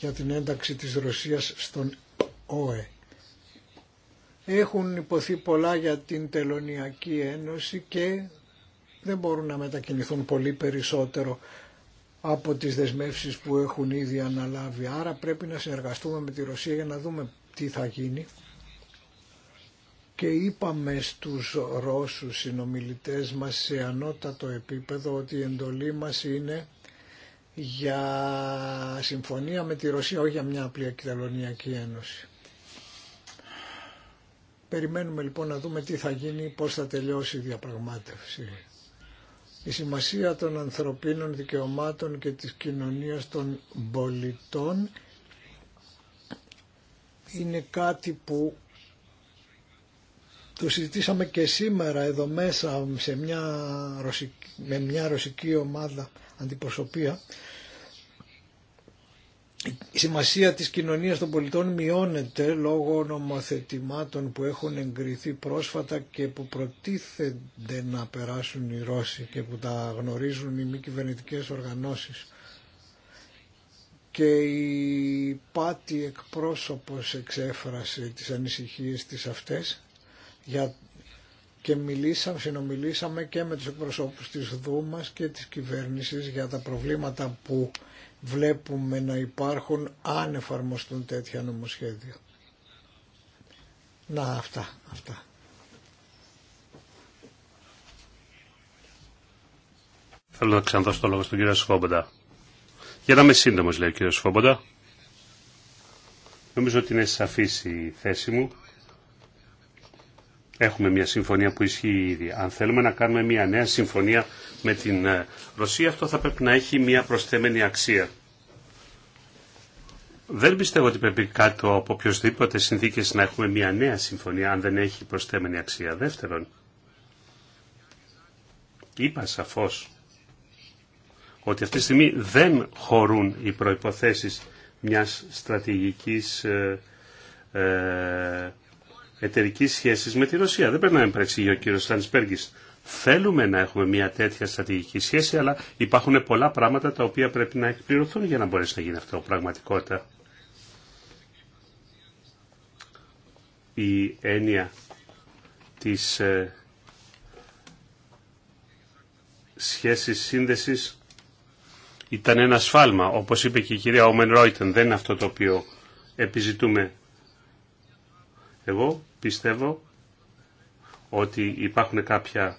για την ένταξη της Ρωσίας στον ΟΕ. Έχουν υποθεί πολλά για την Τελωνιακή Ένωση και δεν μπορούν να μετακινηθούν πολύ περισσότερο από τις δεσμεύσεις που έχουν ήδη αναλάβει. Άρα πρέπει να συνεργαστούμε με τη Ρωσία για να δούμε τι θα γίνει. Και είπαμε στους Ρώσους συνομιλητές μας σε ανώτατο επίπεδο ότι η εντολή μας είναι για συμφωνία με τη Ρωσία, όχι για μια απλή ακυταλωνιακή ένωση. Περιμένουμε λοιπόν να δούμε τι θα γίνει, πώς θα τελειώσει η διαπραγμάτευση. Η σημασία των ανθρωπίνων δικαιωμάτων και της κοινωνίας των πολιτών είναι κάτι που το συζητήσαμε και σήμερα εδώ μέσα σε μια ρωσική, με μια ρωσική ομάδα αντιπροσωπεία η σημασία της κοινωνίας των πολιτών μειώνεται λόγω νομοθετημάτων που έχουν εγκριθεί πρόσφατα και που προτίθενται να περάσουν οι Ρώσοι και που τα γνωρίζουν οι μη κυβερνητικέ οργανώσεις. Και η Πάτη εκπρόσωπος εξέφρασε τις ανησυχίες της αυτές για και μιλήσαμε, συνομιλήσαμε και με τους εκπροσώπους της Δούμας και της κυβέρνησης για τα προβλήματα που βλέπουμε να υπάρχουν αν εφαρμοστούν τέτοια νομοσχέδια. Να αυτά, αυτά. Θέλω να ξαναδώσω το λόγο στον κύριο Σφόμποντα. Για να είμαι σύντομος λέει ο κύριος Σφόμποντα. Νομίζω ότι είναι σαφής η θέση μου. Έχουμε μια συμφωνία που ισχύει ήδη. Αν θέλουμε να κάνουμε μια νέα συμφωνία με την ε, Ρωσία, αυτό θα πρέπει να έχει μια προσθέμενη αξία. Δεν πιστεύω ότι πρέπει κάτω από οποιοδήποτε συνθήκε να έχουμε μια νέα συμφωνία, αν δεν έχει προσθέμενη αξία. Δεύτερον, είπα σαφώ ότι αυτή τη στιγμή δεν χωρούν οι προϋποθέσεις μιας στρατηγικής ε, ε εταιρική σχέση με τη Ρωσία. Δεν πρέπει να ο κύριο Στανσπέργκη. Θέλουμε να έχουμε μια τέτοια στρατηγική σχέση, αλλά υπάρχουν πολλά πράγματα τα οποία πρέπει να εκπληρωθούν για να μπορέσει να γίνει αυτό πραγματικότητα. Η έννοια της ε, σχέσης σύνδεσης ήταν ένα σφάλμα. Όπως είπε και η κυρία Όμεν Ρόιτεν, δεν είναι αυτό το οποίο επιζητούμε εγώ πιστεύω ότι υπάρχουν κάποια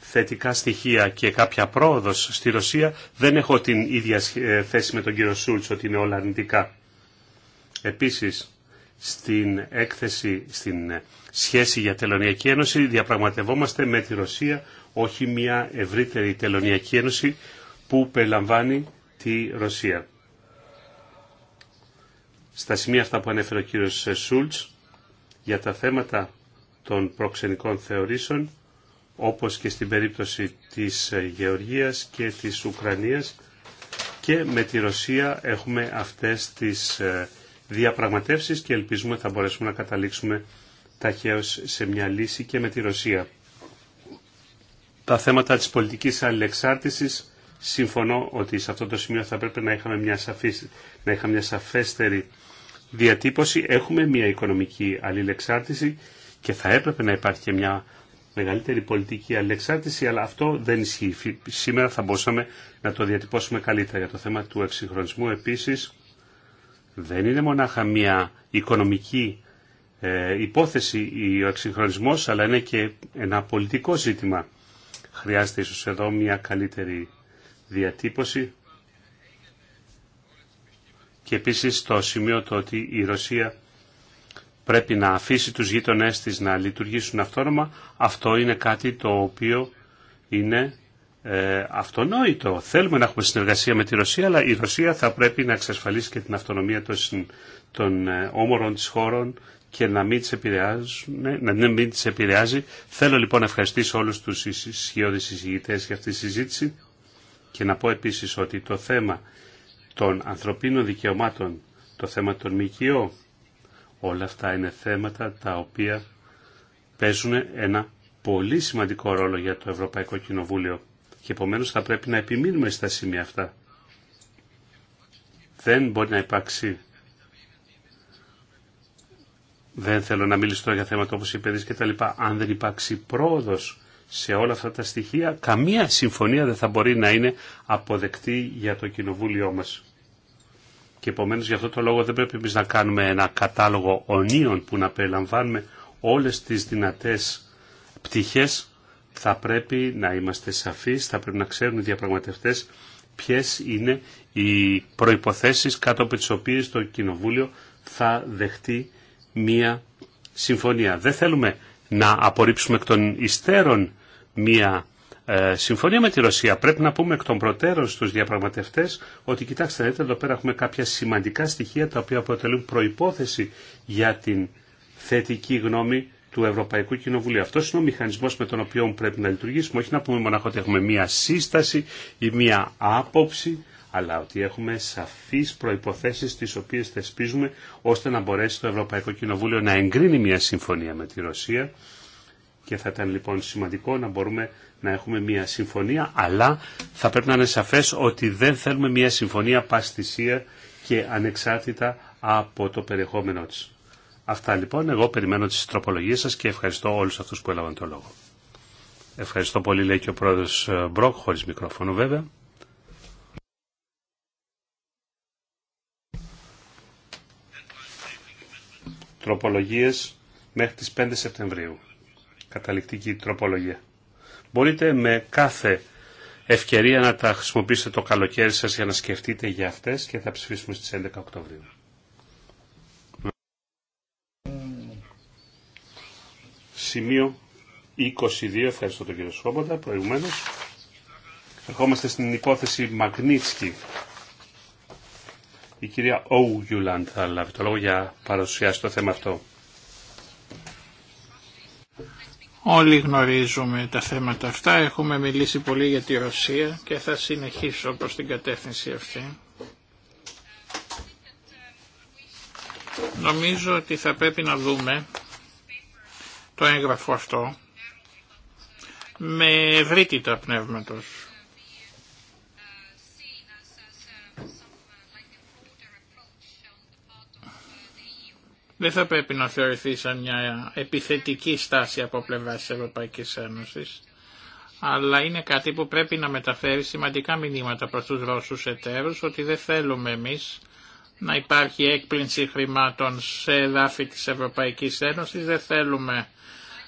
θετικά στοιχεία και κάποια πρόοδος στη Ρωσία. Δεν έχω την ίδια ε, θέση με τον κύριο Σούλτς ότι είναι όλα αρνητικά. Επίσης, στην έκθεση, στην σχέση για τελωνιακή ένωση διαπραγματευόμαστε με τη Ρωσία όχι μια ευρύτερη τελωνιακή ένωση που περιλαμβάνει τη Ρωσία. Στα σημεία αυτά που ανέφερε ο κύριος Σούλτς για τα θέματα των προξενικών θεωρήσεων, όπως και στην περίπτωση της ε, Γεωργίας και της Ουκρανίας και με τη Ρωσία έχουμε αυτές τις ε, διαπραγματεύσεις και ελπίζουμε θα μπορέσουμε να καταλήξουμε ταχαίως σε μια λύση και με τη Ρωσία. Τα θέματα της πολιτικής αλληλεξάρτησης συμφωνώ ότι σε αυτό το σημείο θα πρέπει να είχαμε μια, σαφή, να είχαμε μια σαφέστερη διατύπωση έχουμε μια οικονομική αλληλεξάρτηση και θα έπρεπε να υπάρχει και μια μεγαλύτερη πολιτική αλληλεξάρτηση, αλλά αυτό δεν ισχύει. Σήμερα θα μπορούσαμε να το διατυπώσουμε καλύτερα για το θέμα του εξυγχρονισμού. Επίσης, δεν είναι μονάχα μια οικονομική ε, υπόθεση ο εξυγχρονισμός, αλλά είναι και ένα πολιτικό ζήτημα. Χρειάζεται ίσως εδώ μια καλύτερη διατύπωση και επίσης το σημείο το ότι η Ρωσία πρέπει να αφήσει τους γείτονές της να λειτουργήσουν αυτόνομα, αυτό είναι κάτι το οποίο είναι ε, αυτονόητο. Θέλουμε να έχουμε συνεργασία με τη Ρωσία, αλλά η Ρωσία θα πρέπει να εξασφαλίσει και την αυτονομία των, των ε, όμορων της χώρων και να μην, τις να μην τις επηρεάζει. Θέλω λοιπόν να ευχαριστήσω όλους τους ισχυώδεις συζητητές για αυτή τη συζήτηση και να πω επίσης ότι το θέμα των ανθρωπίνων δικαιωμάτων, το θέμα των ΜΚΟ, όλα αυτά είναι θέματα τα οποία παίζουν ένα πολύ σημαντικό ρόλο για το Ευρωπαϊκό Κοινοβούλιο και επομένως θα πρέπει να επιμείνουμε στα σημεία αυτά. Δεν μπορεί να υπάρξει δεν θέλω να μιλήσω τώρα για θέματα όπως οι παιδείς και τα λοιπά. Αν δεν υπάρξει πρόοδος σε όλα αυτά τα στοιχεία, καμία συμφωνία δεν θα μπορεί να είναι αποδεκτή για το κοινοβούλιο μας. Και επομένως για αυτό το λόγο δεν πρέπει εμείς να κάνουμε ένα κατάλογο ονείων που να περιλαμβάνουμε όλες τις δυνατές πτυχές. Θα πρέπει να είμαστε σαφείς, θα πρέπει να ξέρουν οι διαπραγματευτές ποιες είναι οι προϋποθέσεις κάτω από τις οποίες το Κοινοβούλιο θα δεχτεί μία συμφωνία. Δεν θέλουμε να απορρίψουμε εκ των υστέρων μία ε, συμφωνία με τη Ρωσία. Πρέπει να πούμε εκ των προτέρων στους διαπραγματευτές ότι κοιτάξτε δείτε εδώ πέρα έχουμε κάποια σημαντικά στοιχεία τα οποία αποτελούν προϋπόθεση για την θετική γνώμη του Ευρωπαϊκού Κοινοβουλίου. Αυτό είναι ο μηχανισμό με τον οποίο πρέπει να λειτουργήσουμε. Όχι να πούμε μόνο ότι έχουμε μία σύσταση ή μία άποψη, αλλά ότι έχουμε σαφεί προποθέσει τι οποίε θεσπίζουμε ώστε να μπορέσει το Ευρωπαϊκό Κοινοβούλιο να εγκρίνει μία συμφωνία με τη Ρωσία και θα ήταν λοιπόν σημαντικό να μπορούμε να έχουμε μια συμφωνία, αλλά θα πρέπει να είναι σαφές ότι δεν θέλουμε μια συμφωνία παστησία και ανεξάρτητα από το περιεχόμενό της. Αυτά λοιπόν, εγώ περιμένω τις τροπολογίες σας και ευχαριστώ όλους αυτούς που έλαβαν το λόγο. Ευχαριστώ πολύ, λέει και ο πρόεδρος ε, Μπροκ, χωρίς μικρόφωνο βέβαια. Τροπολογίες μέχρι τις 5 Σεπτεμβρίου καταληκτική τροπολογία. Μπορείτε με κάθε ευκαιρία να τα χρησιμοποιήσετε το καλοκαίρι σας για να σκεφτείτε για αυτές και θα ψηφίσουμε στις 11 Οκτωβρίου. Σημείο 22, ευχαριστώ τον κύριο Σόμποντα προηγουμένως. Ερχόμαστε στην υπόθεση Μαγνίτσκι. Η κυρία Όγιουλαντ θα λάβει το λόγο για παρουσιάσει το θέμα αυτό. Όλοι γνωρίζουμε τα θέματα αυτά, έχουμε μιλήσει πολύ για τη Ρωσία και θα συνεχίσω προς την κατεύθυνση αυτή. Νομίζω ότι θα πρέπει να δούμε το έγγραφο αυτό με ευρύτητα πνεύματος. δεν θα πρέπει να θεωρηθεί σαν μια επιθετική στάση από πλευρά τη Ευρωπαϊκή Ένωσης, αλλά είναι κάτι που πρέπει να μεταφέρει σημαντικά μηνύματα προς τους Ρώσου εταίρου ότι δεν θέλουμε εμείς να υπάρχει έκπληνση χρημάτων σε εδάφη της Ευρωπαϊκής Ένωσης, δεν θέλουμε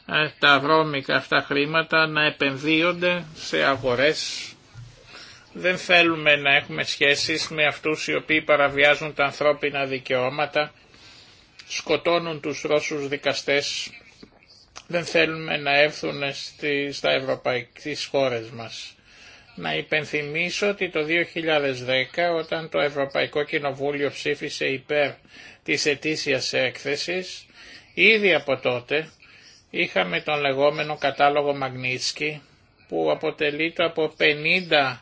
ε, τα βρώμικα αυτά χρήματα να επενδύονται σε αγορές. Δεν θέλουμε να έχουμε σχέσεις με αυτούς οι οποίοι παραβιάζουν τα ανθρώπινα δικαιώματα σκοτώνουν τους Ρώσους δικαστές, δεν θέλουμε να έρθουν στη, στα ευρωπαϊκές χώρες μας. Να υπενθυμίσω ότι το 2010 όταν το Ευρωπαϊκό Κοινοβούλιο ψήφισε υπέρ της ετήσιας έκθεσης, ήδη από τότε είχαμε τον λεγόμενο κατάλογο Μαγνίτσκι που αποτελείται από 50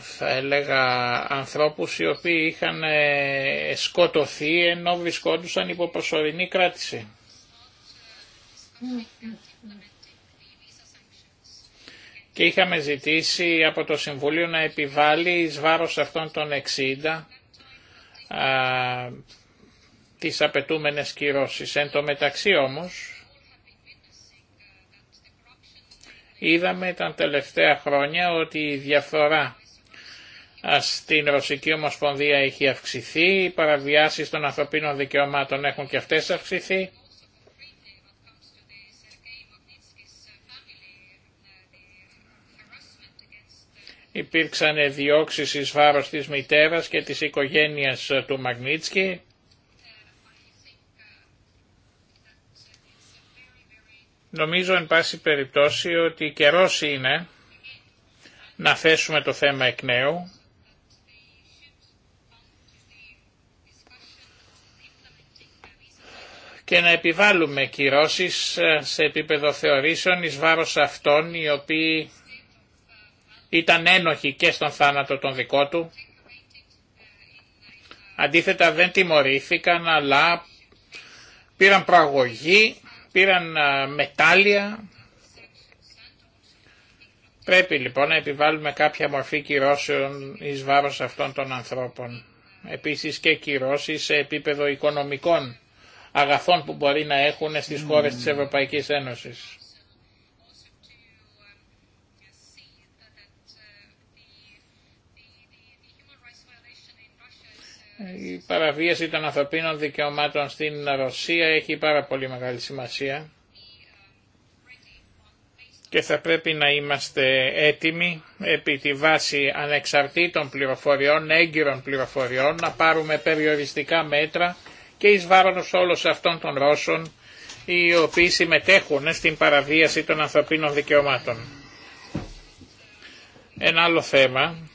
θα έλεγα ανθρώπους οι οποίοι είχαν ε, σκοτωθεί ενώ βρισκόντουσαν υπό προσωρινή κράτηση. Και είχαμε ζητήσει από το Συμβούλιο να επιβάλλει εις βάρος αυτών των 60 α, τις απαιτούμενες κυρώσεις. Εν τω μεταξύ όμως, Είδαμε τα τελευταία χρόνια ότι η διαφθορά στην Ρωσική Ομοσπονδία έχει αυξηθεί, οι παραβιάσεις των ανθρωπίνων δικαιωμάτων έχουν και αυτές αυξηθεί. Υπήρξαν διώξεις εις βάρος της μητέρας και της οικογένειας του Μαγνίτσκι. Νομίζω εν πάση περιπτώσει ότι καιρός είναι να θέσουμε το θέμα εκ νέου και να επιβάλλουμε κυρώσεις ε, σε επίπεδο θεωρήσεων εις βάρος αυτών οι οποίοι ήταν ένοχοι και στον θάνατο τον δικό του. Αντίθετα δεν τιμωρήθηκαν αλλά πήραν προαγωγή πήραν μετάλλια. Πρέπει λοιπόν να επιβάλλουμε κάποια μορφή κυρώσεων εις βάρος αυτών των ανθρώπων. Επίσης και κυρώσεις σε επίπεδο οικονομικών αγαθών που μπορεί να έχουν στις χώρες της mm. Ευρωπαϊκής Ένωσης. Η παραβίαση των ανθρωπίνων δικαιωμάτων στην Ρωσία έχει πάρα πολύ μεγάλη σημασία και θα πρέπει να είμαστε έτοιμοι επί τη βάση ανεξαρτήτων πληροφοριών, έγκυρων πληροφοριών, να πάρουμε περιοριστικά μέτρα και εις όλους όλων αυτών των Ρώσων οι οποίοι συμμετέχουν στην παραβίαση των ανθρωπίνων δικαιωμάτων. Ένα άλλο θέμα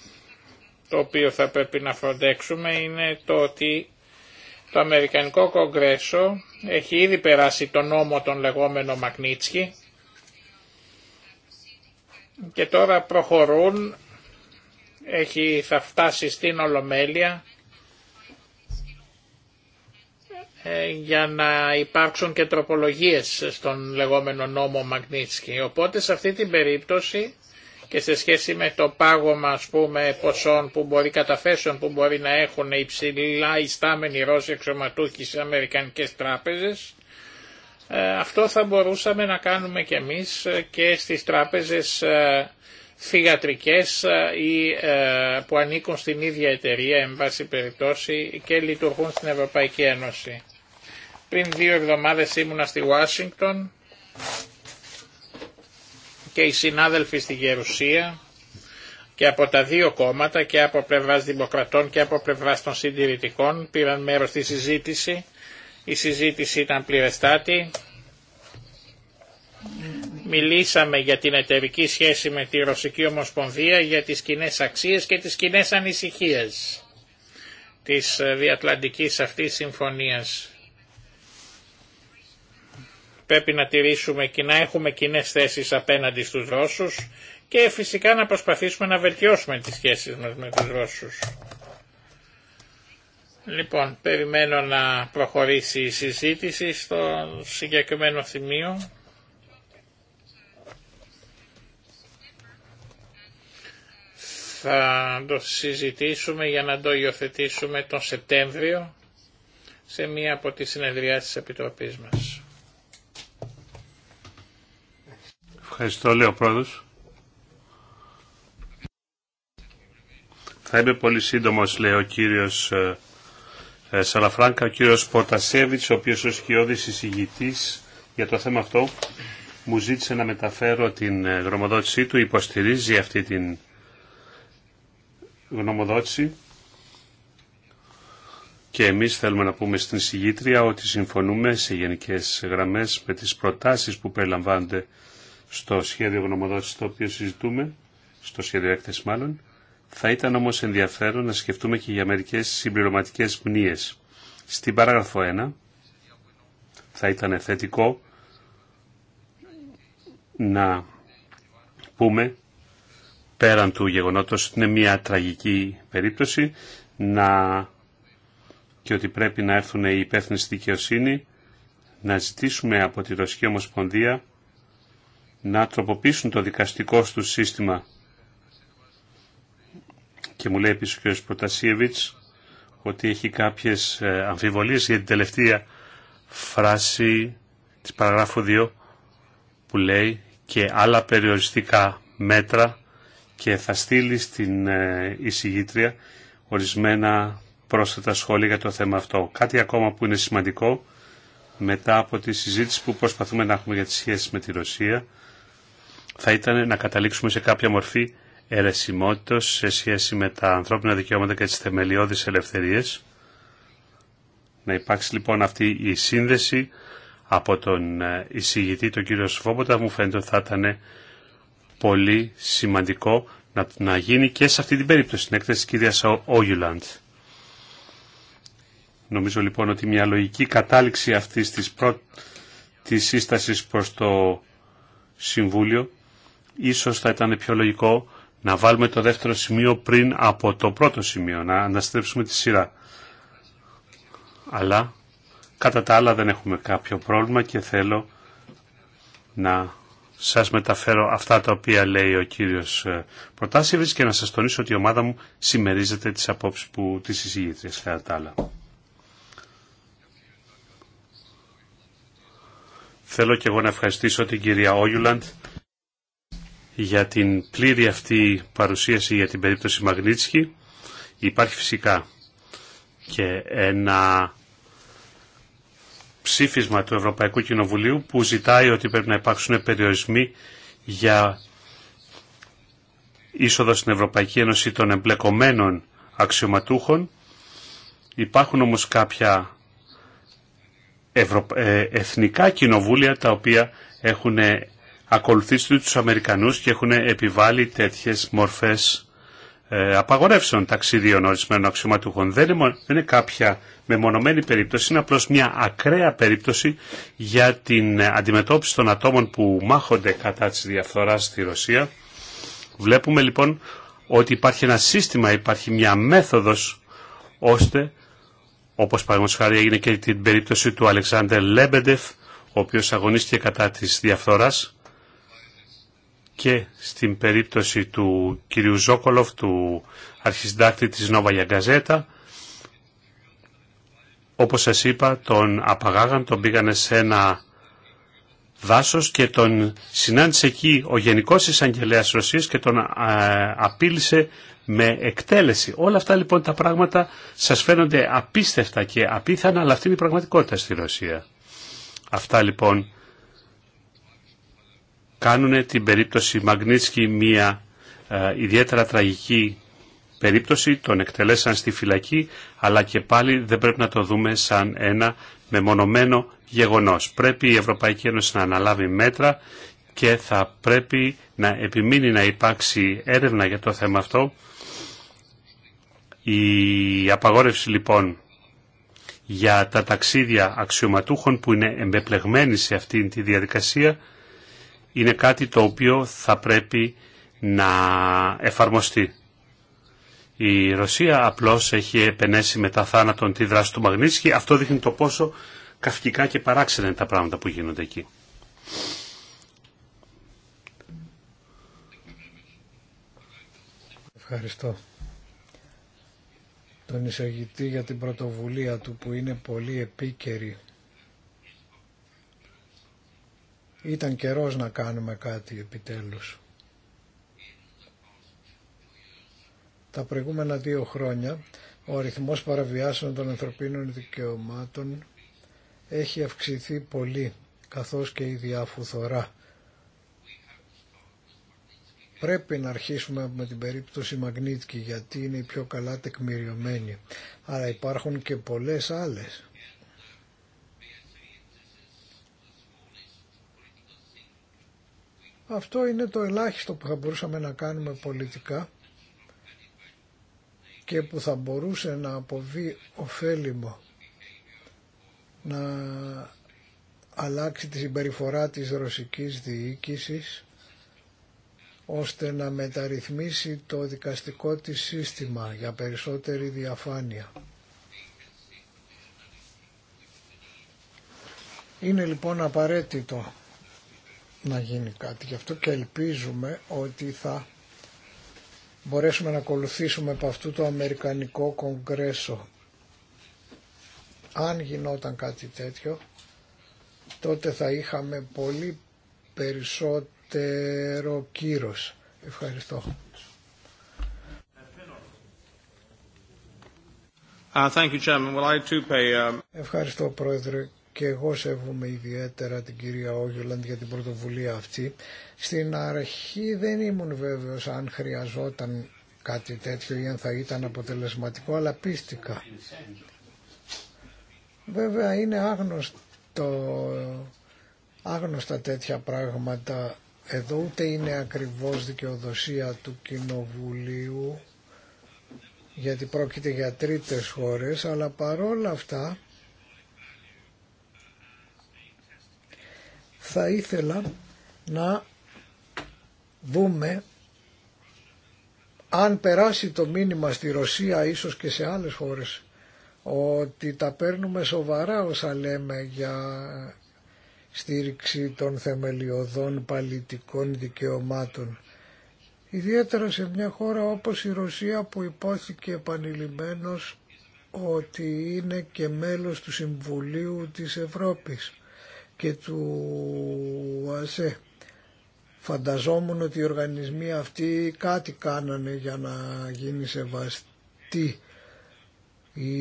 το οποίο θα πρέπει να φροντέξουμε είναι το ότι το Αμερικανικό Κογκρέσο έχει ήδη περάσει τον νόμο τον λεγόμενο Μαγνίτσκι και τώρα προχωρούν, έχει, θα φτάσει στην Ολομέλεια ε, για να υπάρξουν και τροπολογίες στον λεγόμενο νόμο Μαγνίτσκι. Οπότε σε αυτή την περίπτωση και σε σχέση με το πάγωμα ας πούμε ποσών που μπορεί καταθέσεων που μπορεί να έχουν υψηλά ιστάμενοι Ρώσοι εξωματούχοι σε Αμερικανικές τράπεζες ε, αυτό θα μπορούσαμε να κάνουμε και εμείς ε, και στις τράπεζες ε, θηγατρικές ή που ανήκουν στην ίδια εταιρεία εν πάση περιπτώσει και λειτουργούν στην Ευρωπαϊκή Ένωση. Πριν δύο εβδομάδες ήμουνα στη Ουάσιγκτον και οι συνάδελφοι στη Γερουσία και από τα δύο κόμματα και από πλευράς δημοκρατών και από πλευράς των συντηρητικών πήραν μέρος στη συζήτηση. Η συζήτηση ήταν πληρεστάτη. Μιλήσαμε για την εταιρική σχέση με τη Ρωσική Ομοσπονδία, για τις κοινέ αξίες και τις κοινέ ανησυχίες της ε, διατλαντικής αυτής συμφωνίας. Πρέπει να τηρήσουμε και να έχουμε κοινέ θέσεις απέναντι στους Ρώσους και φυσικά να προσπαθήσουμε να βελτιώσουμε τις σχέσεις μας με τους Ρώσους. Λοιπόν, περιμένω να προχωρήσει η συζήτηση στο συγκεκριμένο σημείο. Θα το συζητήσουμε για να το υιοθετήσουμε τον Σεπτέμβριο σε μία από τις συνεδριάσεις της Επιτροπής μας. Ευχαριστώ, ο πρόεδρος. Θα είμαι πολύ σύντομος, λέει ο κύριος ε, ε, Σαλαφράνκα, ο κύριος πορτασέβιτς, ο οποίος ως κοιόδης εισηγητής για το θέμα αυτό, μου ζήτησε να μεταφέρω την ε, γνωμοδότησή του, υποστηρίζει αυτή την γνωμοδότηση και εμείς θέλουμε να πούμε στην συγγήτρια ότι συμφωνούμε σε γενικές γραμμές με τις προτάσεις που περιλαμβάνονται στο σχέδιο γνωμοδότηση το οποίο συζητούμε, στο σχέδιο έκθεση μάλλον, θα ήταν όμω ενδιαφέρον να σκεφτούμε και για μερικέ συμπληρωματικέ μνήε. Στην παράγραφο 1 θα ήταν θετικό να πούμε πέραν του γεγονότος ότι είναι μια τραγική περίπτωση να, και ότι πρέπει να έρθουν οι υπεύθυνοι στη δικαιοσύνη να ζητήσουμε από τη Ρωσική Ομοσπονδία να τροποποιήσουν το δικαστικό του σύστημα. Και μου λέει επίσης ο κ. Προτασίεβιτς ότι έχει κάποιες ε, αμφιβολίες για την τελευταία φράση της παραγράφου 2 που λέει και άλλα περιοριστικά μέτρα και θα στείλει στην ε, εισηγήτρια ορισμένα πρόσθετα σχόλια για το θέμα αυτό. Κάτι ακόμα που είναι σημαντικό μετά από τη συζήτηση που προσπαθούμε να έχουμε για τις σχέσεις με τη Ρωσία θα ήταν να καταλήξουμε σε κάποια μορφή ερεσιμότητος σε σχέση με τα ανθρώπινα δικαιώματα και τις θεμελιώδεις ελευθερίες. Να υπάρξει λοιπόν αυτή η σύνδεση από τον ε, εισηγητή, τον κύριο Σφόμποτα, μου φαίνεται ότι θα ήταν πολύ σημαντικό να, να γίνει και σε αυτή την περίπτωση, στην έκθεση της κυρίας Όγιουλαντ. Νομίζω λοιπόν ότι μια λογική κατάληξη αυτής της, προ... της σύστασης προς το Συμβούλιο ίσως θα ήταν πιο λογικό να βάλουμε το δεύτερο σημείο πριν από το πρώτο σημείο, να αναστρέψουμε τη σειρά. Αλλά κατά τα άλλα δεν έχουμε κάποιο πρόβλημα και θέλω να σας μεταφέρω αυτά τα οποία λέει ο κύριος ε, Προτάσιβης και να σας τονίσω ότι η ομάδα μου συμμερίζεται τις απόψεις που τις Θέλω και εγώ να ευχαριστήσω την κυρία Όγιουλαντ για την πλήρη αυτή παρουσίαση για την περίπτωση Μαγνίτσκι. Υπάρχει φυσικά και ένα ψήφισμα του Ευρωπαϊκού Κοινοβουλίου που ζητάει ότι πρέπει να υπάρξουν περιορισμοί για είσοδο στην Ευρωπαϊκή Ένωση των εμπλεκομένων αξιωματούχων. Υπάρχουν όμως κάποια ε, εθνικά κοινοβούλια τα οποία έχουν ακολουθήσουν τους Αμερικανούς και έχουν επιβάλει τέτοιες μορφές ε, απαγορεύσεων ταξίδιων ορισμένων αξιωματούχων. Δεν είναι, δεν είναι κάποια μεμονωμένη περίπτωση, είναι απλώς μια ακραία περίπτωση για την ε, αντιμετώπιση των ατόμων που μάχονται κατά της διαφθοράς στη Ρωσία. Βλέπουμε λοιπόν ότι υπάρχει ένα σύστημα, υπάρχει μια μέθοδος ώστε, όπως παραδείγματος χάρη έγινε και την περίπτωση του Αλεξάνδρ Λέμπεντεφ, ο οποίος αγωνίστηκε κατά της διαφθοράς, και στην περίπτωση του κυρίου Ζόκολοφ, του αρχιστάκτη της Νόβα Γιαγκαζέτα, όπως σας είπα, τον απαγάγαν, τον πήγανε σε ένα δάσος και τον συνάντησε εκεί ο Γενικός Εισαγγελέας Ρωσίας και τον ε, απείλησε με εκτέλεση. Όλα αυτά λοιπόν τα πράγματα σας φαίνονται απίστευτα και απίθανα, αλλά αυτή είναι η πραγματικότητα στη Ρωσία. Αυτά λοιπόν κάνουν την περίπτωση Μαγνίτσκι μια ε, ιδιαίτερα τραγική περίπτωση, τον εκτελέσαν στη φυλακή, αλλά και πάλι δεν πρέπει να το δούμε σαν ένα μεμονωμένο γεγονός. Πρέπει η Ευρωπαϊκή Ένωση να αναλάβει μέτρα και θα πρέπει να επιμείνει να υπάρξει έρευνα για το θέμα αυτό. Η απαγόρευση λοιπόν για τα ταξίδια αξιωματούχων που είναι εμπεπλεγμένοι σε αυτή τη διαδικασία είναι κάτι το οποίο θα πρέπει να εφαρμοστεί. Η Ρωσία απλώς έχει επενέσει μετά θάνατον τη δράση του Μαγνήσικη. Αυτό δείχνει το πόσο καυκικά και παράξενα είναι τα πράγματα που γίνονται εκεί. Ευχαριστώ τον εισαγητή για την πρωτοβουλία του που είναι πολύ επίκαιρη Ήταν καιρός να κάνουμε κάτι επιτέλους. Τα προηγούμενα δύο χρόνια ο αριθμός παραβιάσεων των ανθρωπίνων δικαιωμάτων έχει αυξηθεί πολύ, καθώς και η διαφουθορά. Πρέπει να αρχίσουμε με την περίπτωση Μαγνίτκη, γιατί είναι η πιο καλά τεκμηριωμένη, αλλά υπάρχουν και πολλές άλλες. Αυτό είναι το ελάχιστο που θα μπορούσαμε να κάνουμε πολιτικά και που θα μπορούσε να αποβεί ωφέλιμο να αλλάξει τη συμπεριφορά της ρωσικής διοίκησης ώστε να μεταρρυθμίσει το δικαστικό της σύστημα για περισσότερη διαφάνεια. Είναι λοιπόν απαραίτητο να γίνει κάτι. Γι' αυτό και ελπίζουμε ότι θα μπορέσουμε να ακολουθήσουμε από αυτού το Αμερικανικό Κογκρέσο. Αν γινόταν κάτι τέτοιο, τότε θα είχαμε πολύ περισσότερο κύρος. Ευχαριστώ. Uh, thank you, uh, Ευχαριστώ, Πρόεδρε και εγώ σέβομαι ιδιαίτερα την κυρία Όγιολαντ για την πρωτοβουλία αυτή. Στην αρχή δεν ήμουν βέβαιος αν χρειαζόταν κάτι τέτοιο ή αν θα ήταν αποτελεσματικό, αλλά πίστηκα. Βέβαια είναι άγνωστο, άγνωστα τέτοια πράγματα. Εδώ ούτε είναι ακριβώς δικαιοδοσία του Κοινοβουλίου, γιατί πρόκειται για τρίτες χώρες, αλλά παρόλα αυτά θα ήθελα να δούμε αν περάσει το μήνυμα στη Ρωσία ίσως και σε άλλες χώρες ότι τα παίρνουμε σοβαρά όσα λέμε για στήριξη των θεμελιωδών παλιτικών δικαιωμάτων. Ιδιαίτερα σε μια χώρα όπως η Ρωσία που υπόθηκε επανειλημμένος ότι είναι και μέλος του Συμβουλίου της Ευρώπης και του ΟΑΣΕ. Φανταζόμουν ότι οι οργανισμοί αυτοί κάτι κάνανε για να γίνει σεβαστή η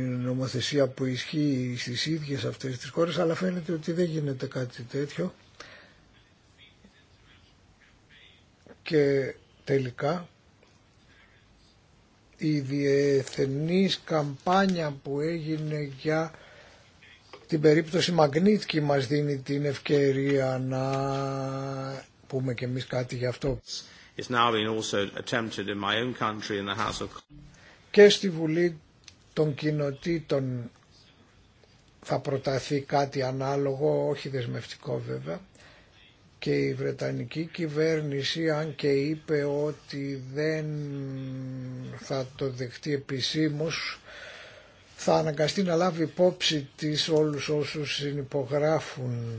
νομοθεσία που ισχύει στις ίδιες αυτές τις χώρες, αλλά φαίνεται ότι δεν γίνεται κάτι τέτοιο. Και τελικά η διεθνής καμπάνια που έγινε για την περίπτωση Μαγνίτκι μας δίνει την ευκαιρία να πούμε και εμείς κάτι γι' αυτό. Και στη Βουλή των Κοινοτήτων θα προταθεί κάτι ανάλογο, όχι δεσμευτικό βέβαια. Και η Βρετανική κυβέρνηση, αν και είπε ότι δεν θα το δεχτεί επισήμως, θα αναγκαστεί να λάβει υπόψη της όλους όσους συνυπογράφουν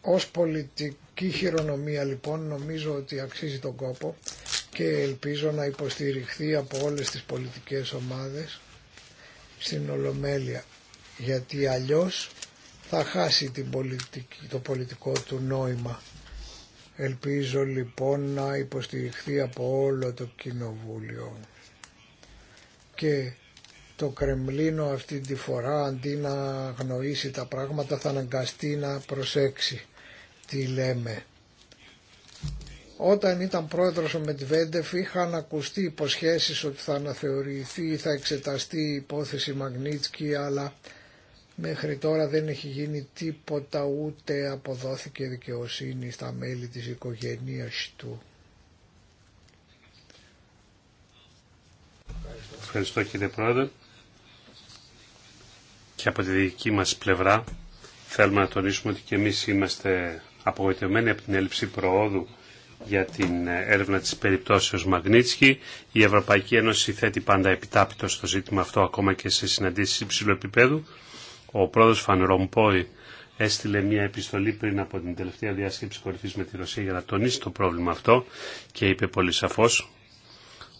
Ως πολιτική χειρονομία λοιπόν νομίζω ότι αξίζει τον κόπο και ελπίζω να υποστηριχθεί από όλες τις πολιτικές ομάδες στην Ολομέλεια γιατί αλλιώς θα χάσει την πολιτική, το πολιτικό του νόημα. Ελπίζω λοιπόν να υποστηριχθεί από όλο το κοινοβούλιο. Και το Κρεμλίνο αυτή τη φορά αντί να γνωρίσει τα πράγματα θα αναγκαστεί να προσέξει τι λέμε. Όταν ήταν πρόεδρος ο Μετβέντεφ είχαν ακουστεί υποσχέσεις ότι θα αναθεωρηθεί ή θα εξεταστεί η υπόθεση Μαγνίτσκι αλλά Μέχρι τώρα δεν έχει γίνει τίποτα ούτε αποδόθηκε δικαιοσύνη στα μέλη της οικογένειας του. Ευχαριστώ κύριε Πρόεδρε. Και από τη δική μας πλευρά θέλουμε να τονίσουμε ότι και εμείς είμαστε απογοητευμένοι από την έλλειψη προόδου για την έρευνα της περιπτώσεως Μαγνίτσκι. Η Ευρωπαϊκή Ένωση θέτει πάντα επιτάπητο στο ζήτημα αυτό ακόμα και σε συναντήσεις υψηλού επίπεδου. Ο πρόεδρος Φαν Ρομπόη έστειλε μια επιστολή πριν από την τελευταία διάσκεψη κορυφής με τη Ρωσία για να τονίσει το πρόβλημα αυτό και είπε πολύ σαφώς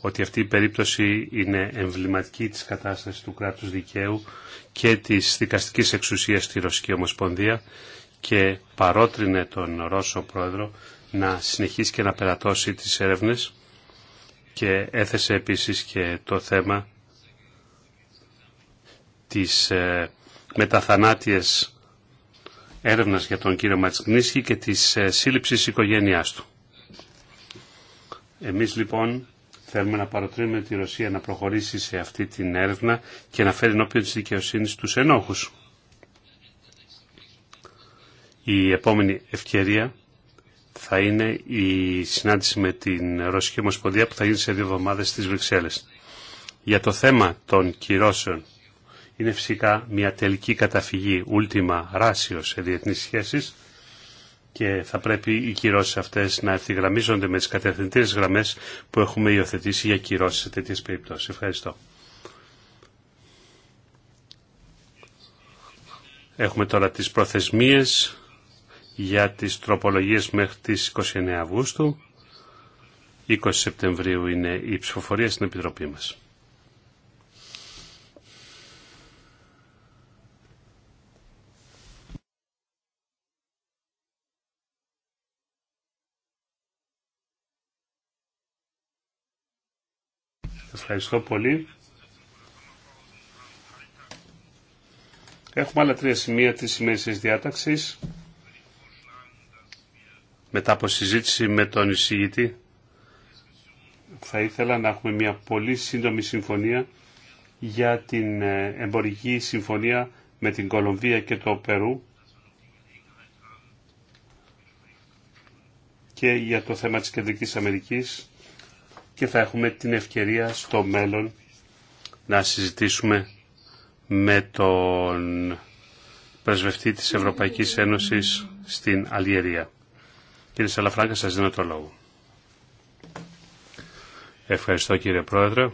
ότι αυτή η περίπτωση είναι εμβληματική της κατάστασης του κράτους δικαίου και της δικαστικής εξουσίας στη Ρωσική Ομοσπονδία και παρότρινε τον Ρώσο Πρόεδρο να συνεχίσει και να περατώσει τις έρευνες και έθεσε επίσης και το θέμα της ε, μεταθανάτιες έρευνας για τον κύριο Ματσκνίσκη και της ε, σύλληψης οικογένειάς του. Εμείς λοιπόν θέλουμε να παροτρύνουμε τη Ρωσία να προχωρήσει σε αυτή την έρευνα και να φέρει ενώπιον της δικαιοσύνης τους ενόχους. Η επόμενη ευκαιρία θα είναι η συνάντηση με την Ρωσική Ομοσπονδία που θα γίνει σε δύο εβδομάδες στις Βρυξέλλες. Για το θέμα των κυρώσεων είναι φυσικά μια τελική καταφυγή, ultima ράσιο σε διεθνείς σχέσεις και θα πρέπει οι κυρώσεις αυτές να ευθυγραμμίζονται με τις κατευθυντήρες γραμμές που έχουμε υιοθετήσει για κυρώσεις σε τέτοιες περιπτώσεις. Ευχαριστώ. Έχουμε τώρα τις προθεσμίες για τις τροπολογίες μέχρι τις 29 Αυγούστου. 20 Σεπτεμβρίου είναι η ψηφοφορία στην Επιτροπή μας. Ευχαριστώ πολύ. Έχουμε άλλα τρία σημεία της σημερινής διάταξης. Μετά από συζήτηση με τον εισηγητή, θα ήθελα να έχουμε μια πολύ σύντομη συμφωνία για την ε, εμπορική συμφωνία με την Κολομβία και το Περού και για το θέμα της Κεντρικής Αμερικής και θα έχουμε την ευκαιρία στο μέλλον να συζητήσουμε με τον πρεσβευτή της Ευρωπαϊκής Ένωσης στην Αλγερία. Κύριε Σαλαφράγκα, σας δίνω το λόγο. Ευχαριστώ κύριε Πρόεδρε.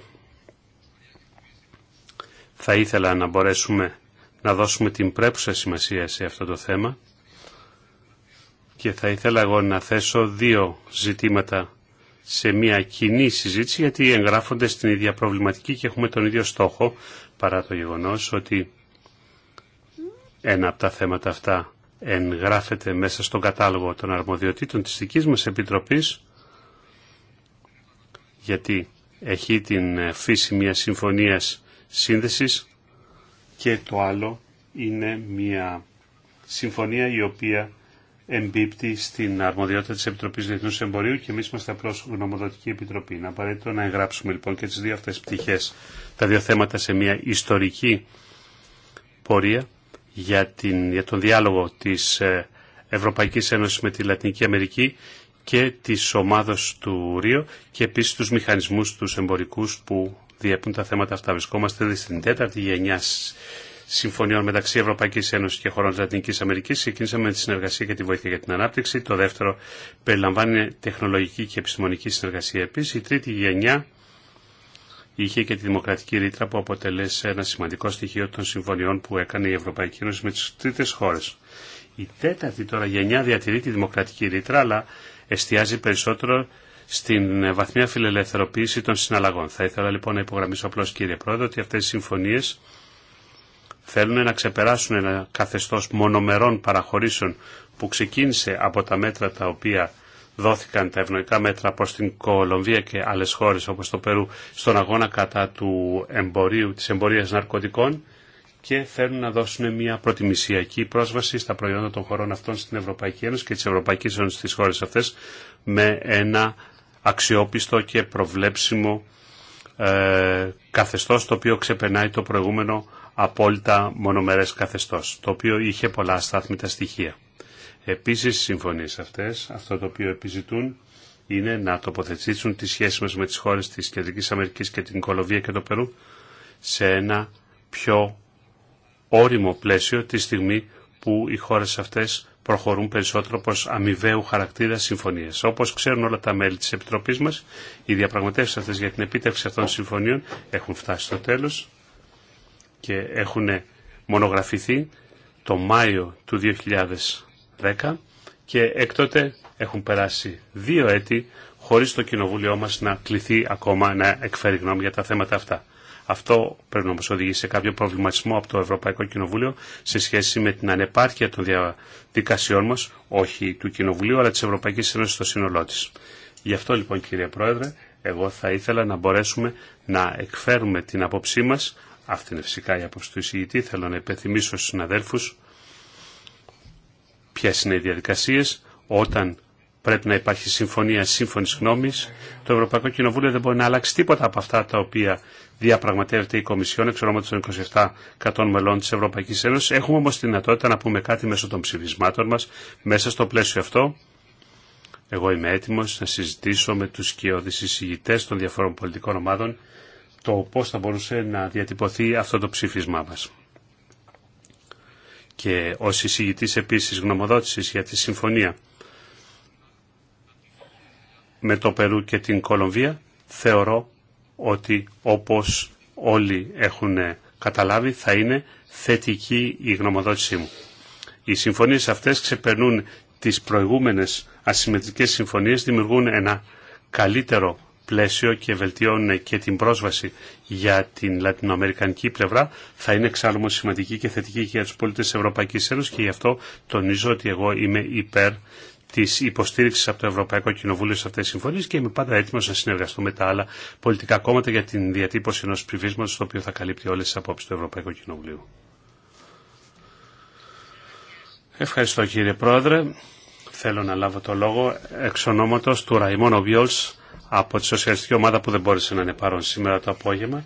Θα ήθελα να μπορέσουμε να δώσουμε την πρέπουσα σημασία σε αυτό το θέμα και θα ήθελα εγώ να θέσω δύο ζητήματα σε μια κοινή συζήτηση γιατί εγγράφονται στην ίδια προβληματική και έχουμε τον ίδιο στόχο παρά το γεγονός ότι ένα από τα θέματα αυτά εγγράφεται μέσα στον κατάλογο των αρμοδιοτήτων της δικής μας Επιτροπής γιατί έχει την φύση μια συμφωνίας σύνδεσης και το άλλο είναι μια συμφωνία η οποία εμπίπτει στην αρμοδιότητα τη Επιτροπή Διεθνού Εμπορίου και εμεί είμαστε απλώ γνωμοδοτική επιτροπή. Είναι απαραίτητο να εγγράψουμε λοιπόν και τι δύο αυτέ πτυχέ, τα δύο θέματα σε μια ιστορική πορεία για, την, για τον διάλογο τη ε, Ευρωπαϊκή Ένωση με τη Λατινική Αμερική και τη ομάδα του Ρίο και επίση του μηχανισμού του εμπορικού που διέπουν τα θέματα αυτά. Βρισκόμαστε στην τέταρτη γενιά συμφωνιών μεταξύ Ευρωπαϊκή Ένωση και χωρών τη Λατινική Αμερική. Ξεκίνησαμε με τη συνεργασία και τη βοήθεια για την ανάπτυξη. Το δεύτερο περιλαμβάνει τεχνολογική και επιστημονική συνεργασία επίση. Η τρίτη γενιά είχε και τη δημοκρατική ρήτρα που αποτελέσε ένα σημαντικό στοιχείο των συμφωνιών που έκανε η Ευρωπαϊκή Ένωση με τι τρίτε χώρε. Η τέταρτη τώρα γενιά διατηρεί τη δημοκρατική ρήτρα, αλλά εστιάζει περισσότερο στην βαθμία φιλελευθερωποίηση των συναλλαγών. Θα ήθελα λοιπόν να υπογραμμίσω απλώ κύριε Πρόεδρε ότι αυτέ οι συμφωνίε θέλουν να ξεπεράσουν ένα καθεστώς μονομερών παραχωρήσεων που ξεκίνησε από τα μέτρα τα οποία δόθηκαν τα ευνοϊκά μέτρα προς την Κολομβία και άλλες χώρες όπως το Περού στον αγώνα κατά του εμπορίου, της εμπορίας ναρκωτικών και θέλουν να δώσουν μια προτιμησιακή πρόσβαση στα προϊόντα των χωρών αυτών στην Ευρωπαϊκή Ένωση και της Ευρωπαϊκής Ένωσης στις χώρες αυτές με ένα αξιόπιστο και προβλέψιμο ε, καθεστώς το οποίο ξεπερνάει το προηγούμενο απόλυτα μονομερές καθεστώς, το οποίο είχε πολλά αστάθμητα στοιχεία. Επίσης, οι συμφωνίες αυτές, αυτό το οποίο επιζητούν, είναι να τοποθετήσουν τις σχέσεις μας με τις χώρες της Κεντρικής Αμερικής και την Κολοβία και το Περού σε ένα πιο όριμο πλαίσιο τη στιγμή που οι χώρες αυτές προχωρούν περισσότερο προς αμοιβαίου χαρακτήρα συμφωνίες. Όπως ξέρουν όλα τα μέλη της Επιτροπής μας, οι διαπραγματεύσεις αυτές για την επίτευξη αυτών των συμφωνίων έχουν φτάσει στο τέλος και έχουν μονογραφηθεί το Μάιο του 2010 και εκτότε έχουν περάσει δύο έτη χωρίς το Κοινοβούλιο μας να κληθεί ακόμα να εκφέρει γνώμη για τα θέματα αυτά. Αυτό πρέπει να μας οδηγήσει σε κάποιο προβληματισμό από το Ευρωπαϊκό Κοινοβούλιο σε σχέση με την ανεπάρκεια των διαδικασιών μας, όχι του Κοινοβουλίου, αλλά της Ευρωπαϊκής Ένωσης στο σύνολό της. Γι' αυτό λοιπόν κύριε Πρόεδρε, εγώ θα ήθελα να μπορέσουμε να εκφέρουμε την απόψή μα. Αυτή είναι φυσικά η άποψη του εισηγητή. Θέλω να υπενθυμίσω στους συναδέλφους ποιε είναι οι διαδικασίες όταν πρέπει να υπάρχει συμφωνία σύμφωνης γνώμης. Το Ευρωπαϊκό Κοινοβούλιο δεν μπορεί να αλλάξει τίποτα από αυτά τα οποία διαπραγματεύεται η Κομισιόν εξ ονόματο των 27 κατών μελών της Ευρωπαϊκής Ένωσης. Έχουμε όμως τη δυνατότητα να πούμε κάτι μέσω των ψηφισμάτων μας, μέσα στο πλαίσιο αυτό. Εγώ είμαι έτοιμος να συζητήσω με τους σκιώδεις εισηγητές των διαφορών πολιτικών ομάδων το πώς θα μπορούσε να διατυπωθεί αυτό το ψήφισμά μας. Και ως εισηγητής επίσης γνωμοδότησης για τη συμφωνία με το Περού και την Κολομβία, θεωρώ ότι όπως όλοι έχουν καταλάβει θα είναι θετική η γνωμοδότησή μου. Οι συμφωνίες αυτές ξεπερνούν τις προηγούμενες ασυμμετρικές συμφωνίες, δημιουργούν ένα καλύτερο πλαίσιο και βελτιώνουν και την πρόσβαση για την λατινοαμερικανική πλευρά θα είναι εξάλλου σημαντική και θετική για τους πολίτες της Ευρωπαϊκής Ένωσης και γι' αυτό τονίζω ότι εγώ είμαι υπέρ τη υποστήριξη από το Ευρωπαϊκό Κοινοβούλιο σε αυτέ τι συμφωνίε και είμαι πάντα έτοιμο να συνεργαστώ με τα άλλα πολιτικά κόμματα για την διατύπωση ενό ψηφίσματο το οποίο θα καλύπτει όλε τι απόψει του Ευρωπαϊκού Κοινοβουλίου. Ευχαριστώ κύριε Πρόεδρε. Θέλω να λάβω το λόγο εξ ονόματο του Ραϊμόν Οβιόλς από τη Σοσιαλιστική Ομάδα που δεν μπόρεσε να είναι παρόν σήμερα το απόγευμα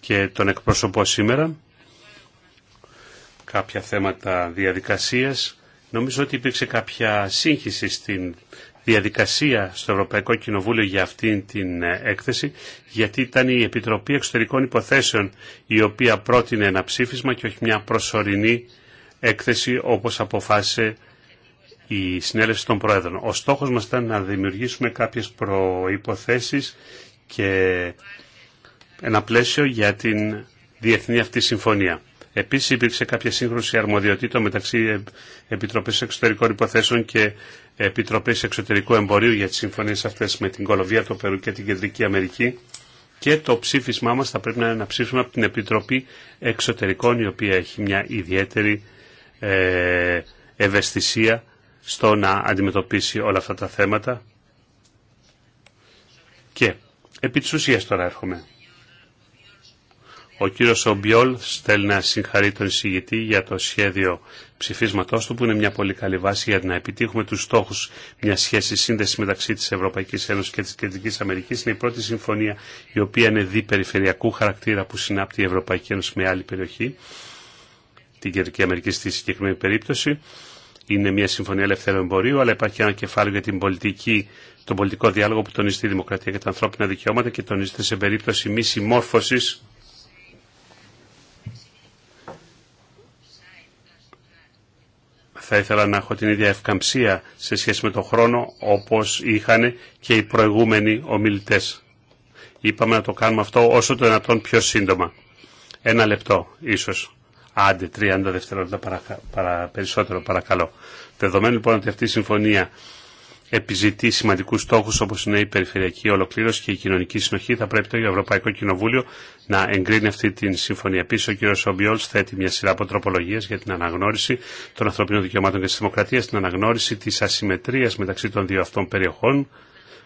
και τον εκπροσωπώ σήμερα. Κάποια θέματα διαδικασίας. Νομίζω ότι υπήρξε κάποια σύγχυση στην διαδικασία στο Ευρωπαϊκό Κοινοβούλιο για αυτήν την ε, έκθεση, γιατί ήταν η Επιτροπή Εξωτερικών Υποθέσεων η οποία πρότεινε ένα ψήφισμα και όχι μια προσωρινή έκθεση όπως αποφάσισε η συνέλευση των Προέδρων. Ο στόχος μας ήταν να δημιουργήσουμε κάποιες προϋποθέσεις και ένα πλαίσιο για την διεθνή αυτή συμφωνία. Επίσης υπήρξε κάποια σύγχροση αρμοδιοτήτων μεταξύ Επιτροπής Εξωτερικών Υποθέσεων και Επιτροπής Εξωτερικού Εμπορίου για τις συμφωνίες αυτές με την Κολοβία, το Περού και την Κεντρική Αμερική. Και το ψήφισμά μας θα πρέπει να είναι ένα ψήφισμα από την Επιτροπή Εξωτερικών, η οποία έχει μια ιδιαίτερη ε, ευαισθησία στο να αντιμετωπίσει όλα αυτά τα θέματα. Και επί της ουσίας τώρα έρχομαι. Ο κύριος Ομπιόλ θέλει να συγχαρεί τον εισηγητή για το σχέδιο ψηφίσματός του που είναι μια πολύ καλή βάση για να επιτύχουμε τους στόχους μια σχέση σύνδεση μεταξύ της Ευρωπαϊκής Ένωσης και της Κεντρικής Αμερικής. Είναι η πρώτη συμφωνία η οποία είναι διπεριφερειακού χαρακτήρα που συνάπτει η Ευρωπαϊκή Ένωση με άλλη περιοχή, την Κεντρική Αμερική στη συγκεκριμένη περίπτωση είναι μια συμφωνία ελευθέρου εμπορίου, αλλά υπάρχει ένα κεφάλαιο για πολιτική, τον πολιτικό διάλογο που τονίζει η δημοκρατία και τα ανθρώπινα δικαιώματα και τονίζεται σε περίπτωση μη συμμόρφωση. Θα ήθελα να έχω την ίδια ευκαμψία σε σχέση με τον χρόνο όπως είχαν και οι προηγούμενοι ομιλητές. Είπαμε να το κάνουμε αυτό όσο το δυνατόν πιο σύντομα. Ένα λεπτό ίσως. Άντε 30 δευτερόλεπτα παρα, παρα, περισσότερο παρακαλώ. Δεδομένου λοιπόν ότι αυτή η συμφωνία επιζητεί σημαντικού στόχου όπω είναι η περιφερειακή ολοκλήρωση και η κοινωνική συνοχή, θα πρέπει το Ευρωπαϊκό Κοινοβούλιο να εγκρίνει αυτή τη συμφωνία. Επίση, ο κ. Σομπιόλ θέτει μια σειρά από τροπολογίε για την αναγνώριση των ανθρωπίνων δικαιωμάτων και τη δημοκρατία, την αναγνώριση τη ασυμμετρία μεταξύ των δύο αυτών περιοχών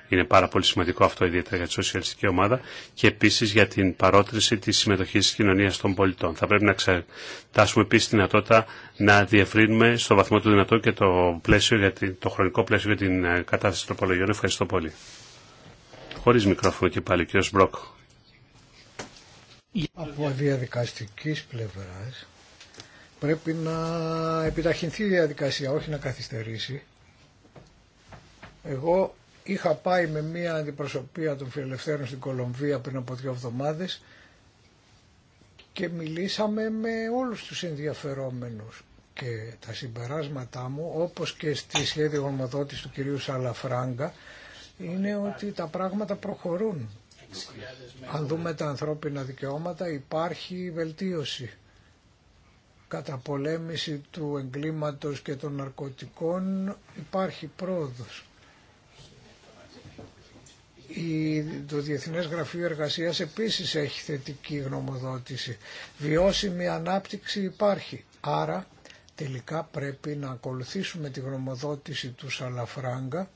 είναι πάρα πολύ σημαντικό αυτό ιδιαίτερα για τη σοσιαλιστική ομάδα και επίσης για την παρότριση της συμμετοχής της κοινωνίας των πολιτών. Θα πρέπει να εξετάσουμε επίσης τη δυνατότητα να διευρύνουμε στο βαθμό του δυνατό και το, πλαίσιο για το χρονικό πλαίσιο για την ε, κατάσταση τροπολογιών. Ευχαριστώ πολύ. Χωρίς μικρόφωνο και πάλι ο κ. Μπρόκ. Από διαδικαστικής πλευράς πρέπει να επιταχυνθεί η διαδικασία, όχι να καθυστερήσει. Εγώ Είχα πάει με μία αντιπροσωπεία των φιλελευθέρων στην Κολομβία πριν από δύο εβδομάδες και μιλήσαμε με όλους τους ενδιαφερόμενους και τα συμπεράσματά μου όπως και στη σχέδιο γνωματότης του κυρίου Σαλαφράγκα είναι ότι τα πράγματα προχωρούν. Αν δούμε τα ανθρώπινα δικαιώματα υπάρχει βελτίωση. Κατά πολέμηση του εγκλήματος και των ναρκωτικών υπάρχει πρόοδος το Διεθνές Γραφείο Εργασίας επίσης έχει θετική γνωμοδότηση. Βιώσιμη ανάπτυξη υπάρχει. Άρα τελικά πρέπει να ακολουθήσουμε τη γνωμοδότηση του Σαλαφράγκα,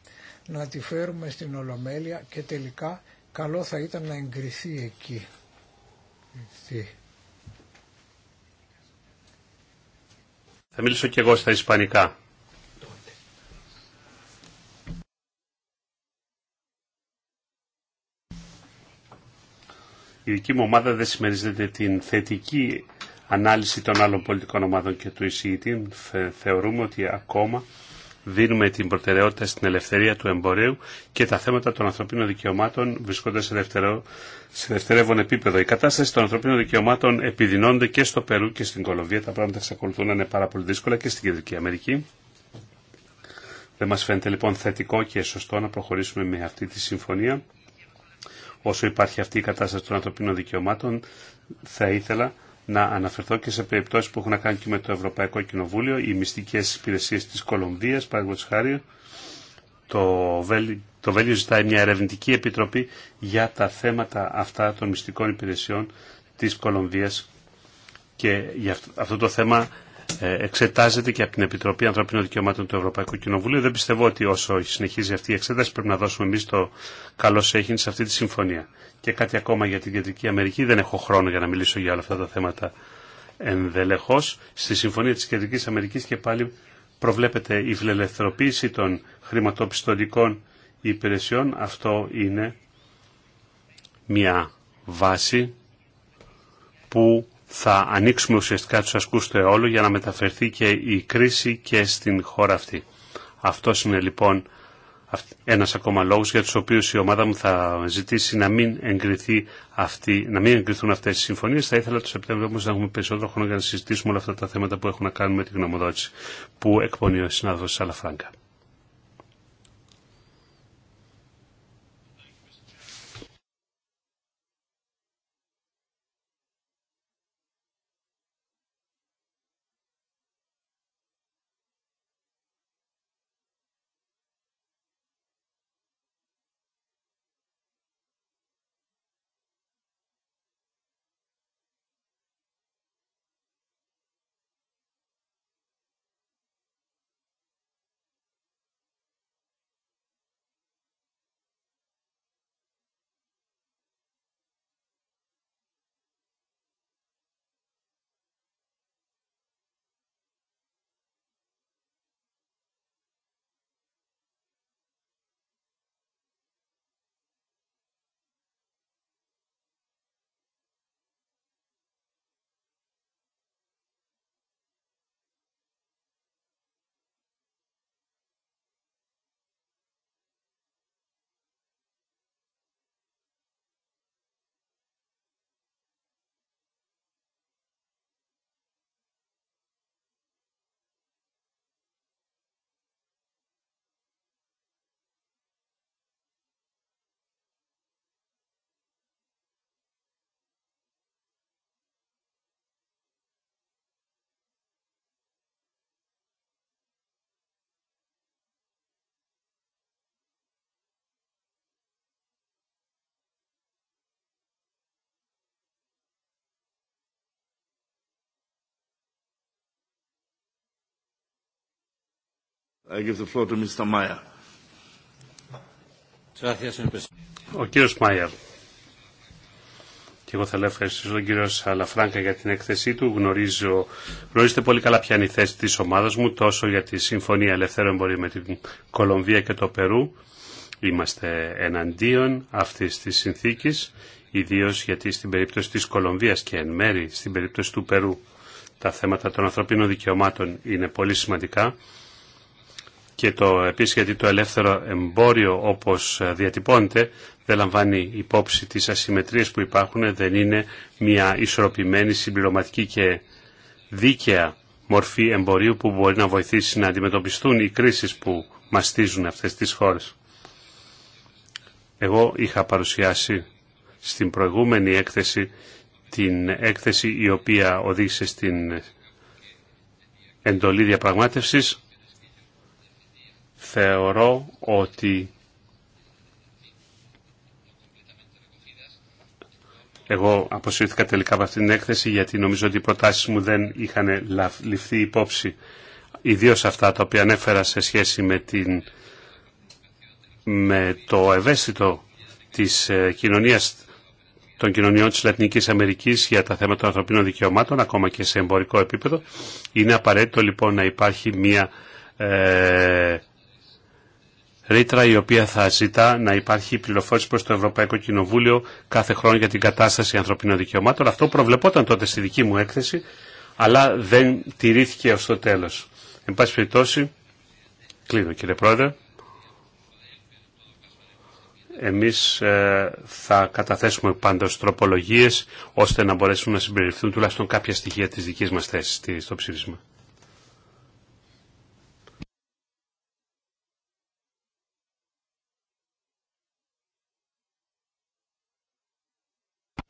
να τη φέρουμε στην Ολομέλεια και τελικά καλό θα ήταν να εγκριθεί εκεί. Θα μιλήσω και εγώ στα Ισπανικά. η δική μου ομάδα δεν συμμερίζεται την θετική ανάλυση των άλλων πολιτικών ομάδων και του εισηγητή. Θεωρούμε ότι ακόμα δίνουμε την προτεραιότητα στην ελευθερία του εμπορίου και τα θέματα των ανθρωπίνων δικαιωμάτων βρισκόνται σε, δευτερο, σε δευτερεύον επίπεδο. Η κατάσταση των ανθρωπίνων δικαιωμάτων επιδεινώνεται και στο Περού και στην Κολομβία. Τα πράγματα εξακολουθούν να είναι πάρα πολύ δύσκολα και στην Κεντρική Αμερική. Δεν μας φαίνεται λοιπόν θετικό και σωστό να προχωρήσουμε με αυτή τη συμφωνία όσο υπάρχει αυτή η κατάσταση των ανθρωπίνων δικαιωμάτων, θα ήθελα να αναφερθώ και σε περιπτώσεις που έχουν να κάνουν και με το Ευρωπαϊκό Κοινοβούλιο, οι μυστικές υπηρεσίες της Κολομβίας, παραδείγματος χάρη, το, το Βέλιο ζητάει μια ερευνητική επιτροπή για τα θέματα αυτά των μυστικών υπηρεσιών της Κολομβίας και για αυτό το θέμα ε, εξετάζεται και από την Επιτροπή Ανθρωπίνων Δικαιωμάτων του Ευρωπαϊκού Κοινοβουλίου. Δεν πιστεύω ότι όσο συνεχίζει αυτή η εξέταση πρέπει να δώσουμε εμεί το καλό έχει σε αυτή τη συμφωνία. Και κάτι ακόμα για την Κεντρική Αμερική. Δεν έχω χρόνο για να μιλήσω για όλα αυτά τα θέματα ενδελεχώ. Στη Συμφωνία τη Κεντρική Αμερική και πάλι προβλέπεται η φιλελευθερωποίηση των χρηματοπιστωτικών υπηρεσιών. Αυτό είναι μια βάση που θα ανοίξουμε ουσιαστικά τους ασκούς του αιώλου για να μεταφερθεί και η κρίση και στην χώρα αυτή. Αυτό είναι λοιπόν ένας ακόμα λόγος για τους οποίους η ομάδα μου θα ζητήσει να μην, εγκριθεί αυτή, να μην εγκριθούν αυτές οι συμφωνίες. Θα ήθελα το Σεπτέμβριο όμως να έχουμε περισσότερο χρόνο για να συζητήσουμε όλα αυτά τα θέματα που έχουν να κάνουν με την γνωμοδότηση που εκπονεί ο συνάδελφος Σαλαφράγκα. I give the floor to Mr. Meyer. Ο κύριος Μάιερ. Και εγώ θέλω να ευχαριστήσω τον κύριο Σαλαφράγκα για την έκθεσή του. Γνωρίζω, γνωρίζετε πολύ καλά ποια είναι η θέση της ομάδας μου, τόσο για τη Συμφωνία Ελευθέρων Εμπορίου με την Κολομβία και το Περού. Είμαστε εναντίον αυτής της συνθήκης, ιδίως γιατί στην περίπτωση της Κολομβίας και εν μέρη στην περίπτωση του Περού τα θέματα των ανθρωπίνων δικαιωμάτων είναι πολύ σημαντικά και το, επίσης γιατί το ελεύθερο εμπόριο όπως ε, διατυπώνεται δεν λαμβάνει υπόψη τις ασυμμετρίες που υπάρχουν, δεν είναι μια ισορροπημένη, συμπληρωματική και δίκαια μορφή εμπορίου που μπορεί να βοηθήσει να αντιμετωπιστούν οι κρίσεις που μαστίζουν αυτές τις χώρες. Εγώ είχα παρουσιάσει στην προηγούμενη έκθεση την έκθεση η οποία οδήγησε στην εντολή διαπραγμάτευσης θεωρώ ότι εγώ αποσύρθηκα τελικά από αυτήν την έκθεση γιατί νομίζω ότι οι προτάσεις μου δεν είχαν ληφθεί υπόψη ιδίως αυτά τα οποία ανέφερα σε σχέση με, την, με το ευαίσθητο της ε, κοινωνίας των κοινωνιών της Λατινικής Αμερικής για τα θέματα των ανθρωπίνων δικαιωμάτων, ακόμα και σε εμπορικό επίπεδο. Είναι απαραίτητο λοιπόν να υπάρχει μια ε, ρήτρα η οποία θα ζητά να υπάρχει πληροφόρηση προς το Ευρωπαϊκό Κοινοβούλιο κάθε χρόνο για την κατάσταση ανθρωπίνων δικαιωμάτων. Αυτό προβλεπόταν τότε στη δική μου έκθεση, αλλά δεν τηρήθηκε ως το τέλος. Εν πάση περιπτώσει, κλείνω κύριε Πρόεδρε, εμείς ε, θα καταθέσουμε πάντως τροπολογίες ώστε να μπορέσουν να συμπεριληφθούν τουλάχιστον κάποια στοιχεία της δικής μας θέσης στο ψήφισμα.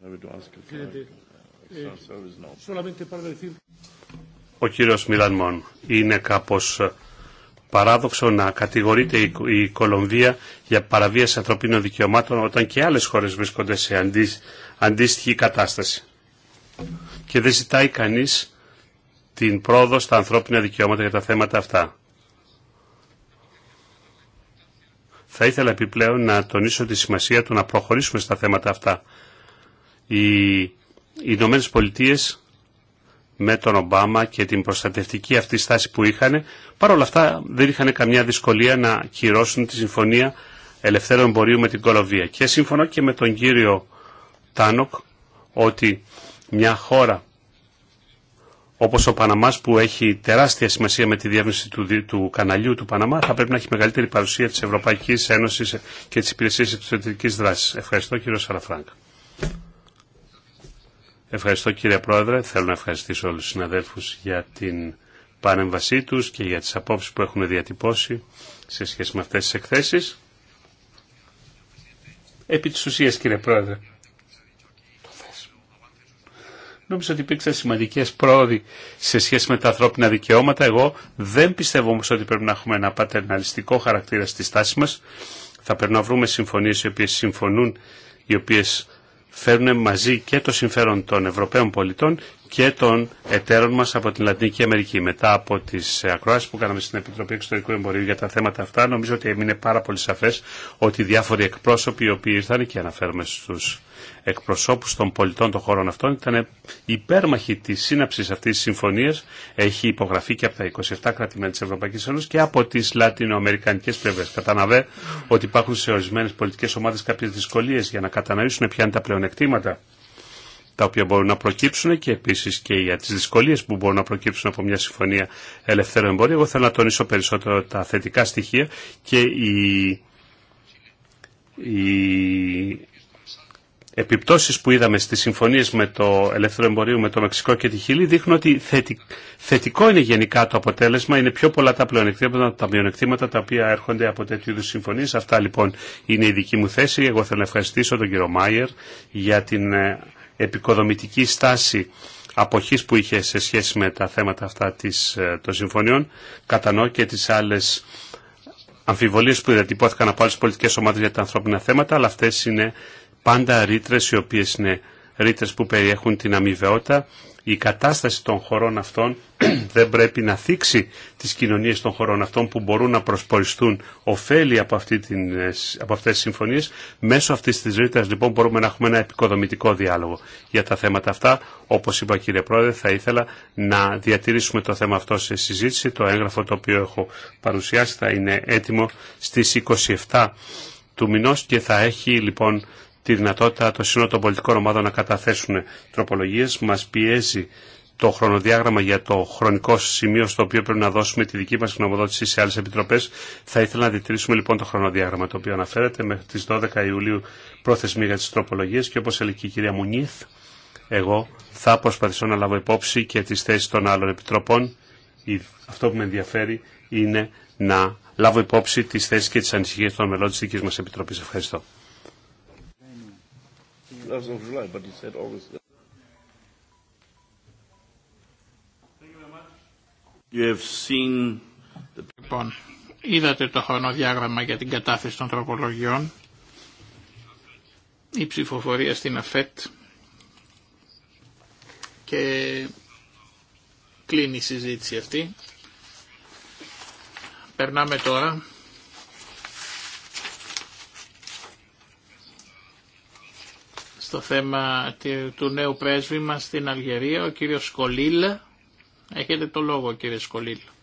Eh, Ο κύριος Μιλανμόν, είναι κάπως ε, παράδοξο να κατηγορείται η Κολομβία για παραβίαση ανθρωπίνων δικαιωμάτων όταν και άλλες χώρες βρίσκονται σε αντίστοιχη κατάσταση. Και δεν ζητάει κανείς την πρόοδο στα ανθρώπινα δικαιώματα για τα θέματα αυτά. Θα ήθελα επιπλέον να τονίσω τη σημασία του να προχωρήσουμε στα θέματα αυτά οι Ηνωμένε Πολιτείε με τον Ομπάμα και την προστατευτική αυτή στάση που είχαν, παρόλα αυτά δεν είχαν καμιά δυσκολία να κυρώσουν τη συμφωνία ελευθέρων εμπορίου με την Κολοβία. Και σύμφωνα και με τον κύριο Τάνοκ ότι μια χώρα όπως ο Παναμάς που έχει τεράστια σημασία με τη διεύνηση του, του καναλιού του Παναμά θα πρέπει να έχει μεγαλύτερη παρουσία της Ευρωπαϊκής Ένωσης και της Υπηρεσίας Εξωτερικής Δράσης. Ευχαριστώ κύριο Σαραφράγκ. Ευχαριστώ κύριε Πρόεδρε. Θέλω να ευχαριστήσω όλους τους συναδέλφους για την παρέμβασή τους και για τις απόψεις που έχουν διατυπώσει σε σχέση με αυτές τις εκθέσεις. Επί της ουσίας κύριε Πρόεδρε. Νομίζω ότι υπήρξαν σημαντικέ πρόοδοι σε σχέση με τα ανθρώπινα δικαιώματα. Εγώ δεν πιστεύω όμω ότι πρέπει να έχουμε ένα πατερναλιστικό χαρακτήρα στη στάση μα. Θα πρέπει να βρούμε συμφωνίε οι οποίε συμφωνούν, οι οποίε φέρουν μαζί και το συμφέρον των Ευρωπαίων πολιτών και των εταίρων μας από την Λατινική Αμερική. Μετά από τις ε, ακροάσεις που κάναμε στην Επιτροπή Εξωτερικού Εμπορίου για τα θέματα αυτά, νομίζω ότι έμεινε πάρα πολύ σαφές ότι διάφοροι εκπρόσωποι οι οποίοι ήρθαν και αναφέρομαι στους εκπροσώπους των πολιτών των χωρών αυτών ήταν υπέρμαχοι της σύναψης αυτής της συμφωνίας. Έχει υπογραφεί και από τα 27 κράτη-μέλη της Ευρωπαϊκής Ένωσης και από τις λατινοαμερικανικές πλευρές. Καταναβέ ότι υπάρχουν σε ορισμένες πολιτικές ομάδες κάποιες δυσκολίες για να κατανοήσουν ποια είναι τα πλεονεκτήματα τα οποία μπορούν να προκύψουν και επίσης και για τις δυσκολίες που μπορούν να προκύψουν από μια συμφωνία ελευθερών εμπόριο. Εγώ θέλω να τονίσω περισσότερο τα θετικά στοιχεία και η, η Επιπτώσει που είδαμε στι συμφωνίε με το ελεύθερο εμπορίο με το Μεξικό και τη Χιλή δείχνουν ότι θετικό είναι γενικά το αποτέλεσμα, είναι πιο πολλά τα πλεονεκτήματα, τα μειονεκτήματα τα οποία έρχονται από τέτοιου είδου συμφωνίε. Αυτά λοιπόν είναι η δική μου θέση. Εγώ θέλω να ευχαριστήσω τον κύριο Μάιερ για την ε, επικοδομητική στάση αποχής που είχε σε σχέση με τα θέματα αυτά της, ε, των συμφωνιών. Κατανοώ και τις άλλες αμφιβολίες που διατυπώθηκαν από άλλε πολιτικέ ομάδε για τα ανθρώπινα θέματα, αλλά αυτές είναι πάντα ρήτρε οι οποίε είναι ρήτρε που περιέχουν την αμοιβαιότητα. Η κατάσταση των χωρών αυτών δεν πρέπει να θίξει τις κοινωνίες των χωρών αυτών που μπορούν να προσποριστούν ωφέλη από, αυτή την, ε, από αυτές τις συμφωνίες. Μέσω αυτής της ρήτρας λοιπόν μπορούμε να έχουμε ένα επικοδομητικό διάλογο για τα θέματα αυτά. Όπως είπα κύριε Πρόεδρε θα ήθελα να διατηρήσουμε το θέμα αυτό σε συζήτηση. Το έγγραφο το οποίο έχω παρουσιάσει θα είναι έτοιμο στις 27 του μηνός και θα έχει λοιπόν τη δυνατότητα των σύνολο των πολιτικών ομάδων να καταθέσουν τροπολογίες. Μας πιέζει το χρονοδιάγραμμα για το χρονικό σημείο στο οποίο πρέπει να δώσουμε τη δική μας γνωμοδότηση σε άλλες επιτροπές. Θα ήθελα να διτηρήσουμε λοιπόν το χρονοδιάγραμμα το οποίο αναφέρεται μέχρι τις 12 Ιουλίου πρόθεσμη για τις τροπολογίες και όπως έλεγε η κυρία Μουνίθ, εγώ θα προσπαθήσω να λάβω υπόψη και τις θέσεις των άλλων επιτροπών. Αυτό που με ενδιαφέρει είναι να λάβω υπόψη τις θέσεις και τις ανησυχίες των μελών της δικής μας επιτροπής. Ευχαριστώ of July, but he said August. You have seen the... Λοιπόν, είδατε το χρονοδιάγραμμα για την κατάθεση των τροπολογιών. Η ψηφοφορία στην ΑΦΕΤ και κλείνει η συζήτηση αυτή. Περνάμε τώρα στο θέμα του νέου πρέσβη μας στην Αλγερία, ο κύριος Σκολίλα. Έχετε το λόγο κύριε Σκολίλα.